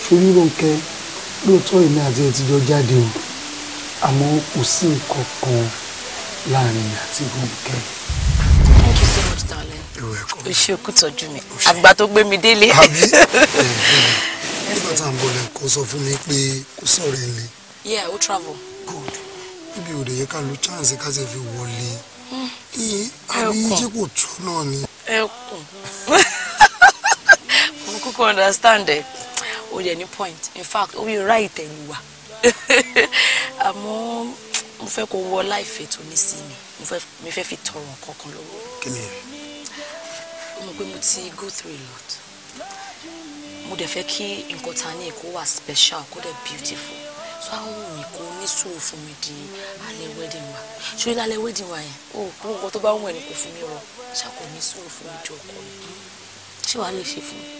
ṣorí Rónkẹ́ lóòótọ́ èmi àti ẹ̀ ti jọ jáde o àmọ́ kò sí nǹkan kan láàrin mi àti Rónkẹ́. thank you so much darling. o ṣe òkú tọ́jú mi àgbà tó gbé mi délé. nígbà tá à ń bọ̀ lẹ́nu sọ fún mi pé kò sọ̀rọ̀ ẹ̀ ni. yeah o travel. good níbi òde yẹ ká lo chance ká ṣe fi wọlé àmì tí kò tú náà ni. ẹkùn mo kúkú understand ẹ o dẹ ní point in fact o yóò ráì tẹ̀lé wa àmọ́ mo fẹ́ kó wọ láìfẹ́ tó ní sí mi mo fẹ́ fi tọrọ nǹkan kan lọ́wọ́. kí ni. o mọ̀ pé mo ti go through a lot mo dẹ̀ fẹ́ kí nǹkan ta ní èkó wà special kó dẹ̀ beautiful so àwọn òun kò ní sùúrù fún mi di alẹ́ wedding wa ṣé lálẹ́ wedding wa yẹn o kúrò nǹkan tó bá wù ẹ́ ni kò fún mi rọ ṣàkó ní sùúrù fún mi di ọkọ mi ṣé wàá lè ṣe fún mi.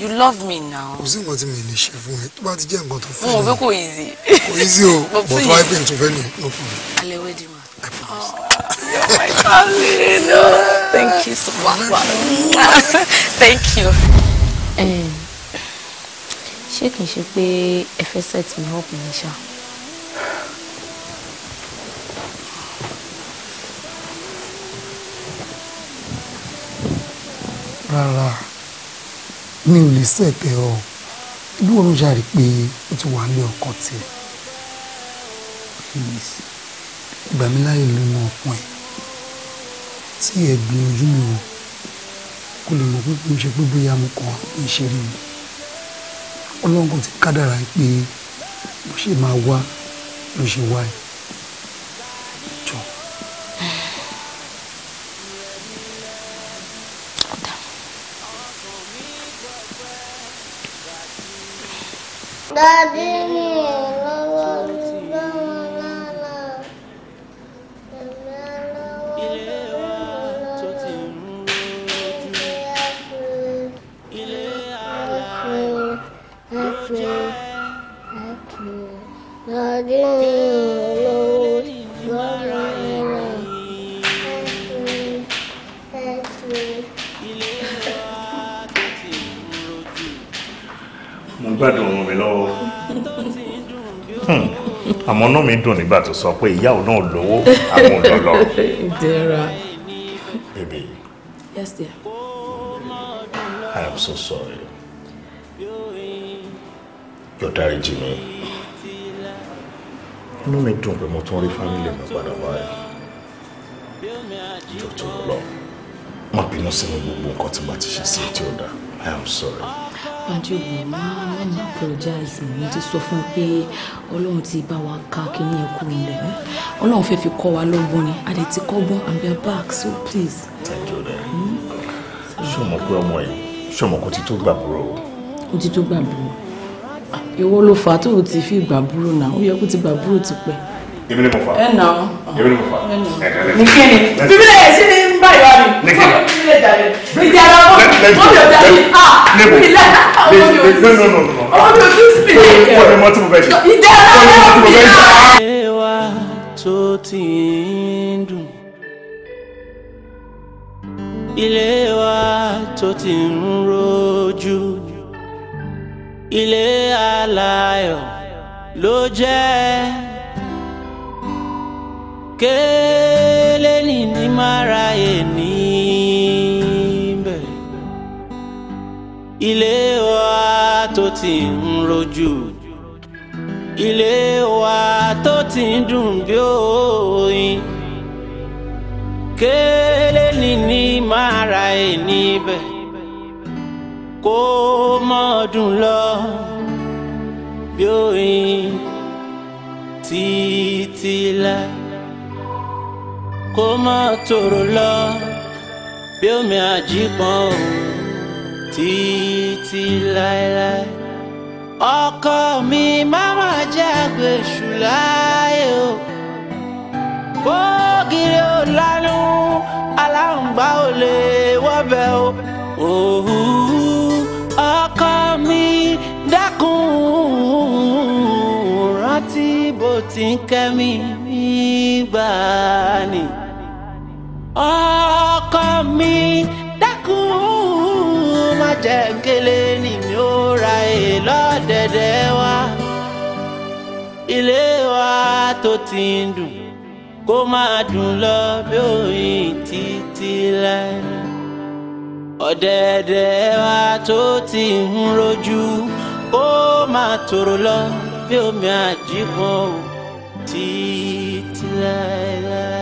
you love me now. kò sí nǹkan tí mi lè ṣe fún ẹ tó bá ti jẹ́ nǹkan tó fún mi. mo mọ̀ pé easy. kò easy o [laughs] but why pay to venue no problem. alẹ́ wedding wa. I promise. Oh, my darling. Thank you so much. Thank you ṣé kìí ṣe pé ẹ fẹ́ set me up ní ṣá. rárá mi ò lè sẹ̀tẹ̀ ọ ibi wo ló ṣàrí pé ó ti wà nílé ọkọ tiẹ̀ ìgbà mi láyè ló nu ọ̀pọ̀ ẹ̀ tí ẹ̀ gbìyànjú mi wò kó lè mọ̀ pé kò ń ṣe pé bóyá mo kàn ń ṣeré mi ọlọ́run ti kádàrá pé bó ṣe máa wá ló ṣe wá ẹ Daddy. mi dùn nígbà tó sọ pé ìyá òun náà lówó àwọn òun lọ ìdẹ́ra. baby. yes dear. I am so sorry. yóò dáríjì mi. inú mi dùn pé mo tún rí fámìlì mi padà báyìí. jọ̀ọ́ tó lọ má bínú sí mi gbogbo nǹkan tí mo ti ṣe sí ètò ọ̀dà I am sorry. Adéwò máa ń apologize mo ti sọ fún un pé ọlọ́run ti bá wa ká kíní ẹ̀kú ilẹ̀ mi ọlọ́run fẹ́ fi kọ́ wa lọ́gbọ́n ni a lè ti kọ́gbọ́n and we are back so please. Hmm? ṣé ọmọ pé ọmọ yìí ṣé ọmọ kò ti tó gbàbúrò. ó ti tó gbàbúrò ìwọ ló fà á tó o ti fi gbàbúrò náà ó yẹ kó ti gbàbúrò ti pẹ́. èmi ni mo fà. ẹ èmi ni mo fà. ní kíni bíbélì ẹ̀ sí ni ń bá ìwà ní kíni sílẹ̀ jàre gbèjà ara wọn wọn yóò dá yìí ah, ah. ni mo ti ń dùn ilé wa tó ti ń rojú ilé aláyọ̀ ló jẹ́ kéèlé ní ní máa ra ènìyàn. ilé wa tó ti ń rojú ilé wa tó ti ń dùn bí oyin kéèlé ni ní máa ra ẹ̀ níbẹ̀ kó mọ́ dùn lọ bí oyin títí láì kó mọ́ tòrò lọ bí omi àjípọ̀n òun títí láéláé ọkọ mi má má jẹ́ àgbèsù láyé o fógiri ò lánú aláǹgbá ò lè wọ́bẹ̀ o òhù ọkọ mi dákun rántí bó ti ń kẹ́mi gbà ni ọkọ mi jẹ́ńkélé ni mi ó ra èlọ́dẹ̀dẹ̀ wa ilé wa tó ti ń dùn kó máa dùn lọ bí òyìn títí láì ọ̀dẹ̀dẹ̀ wa tó ti ń rojú kó máa tòrò lọ bí omi àjípọ̀ títí láìláì.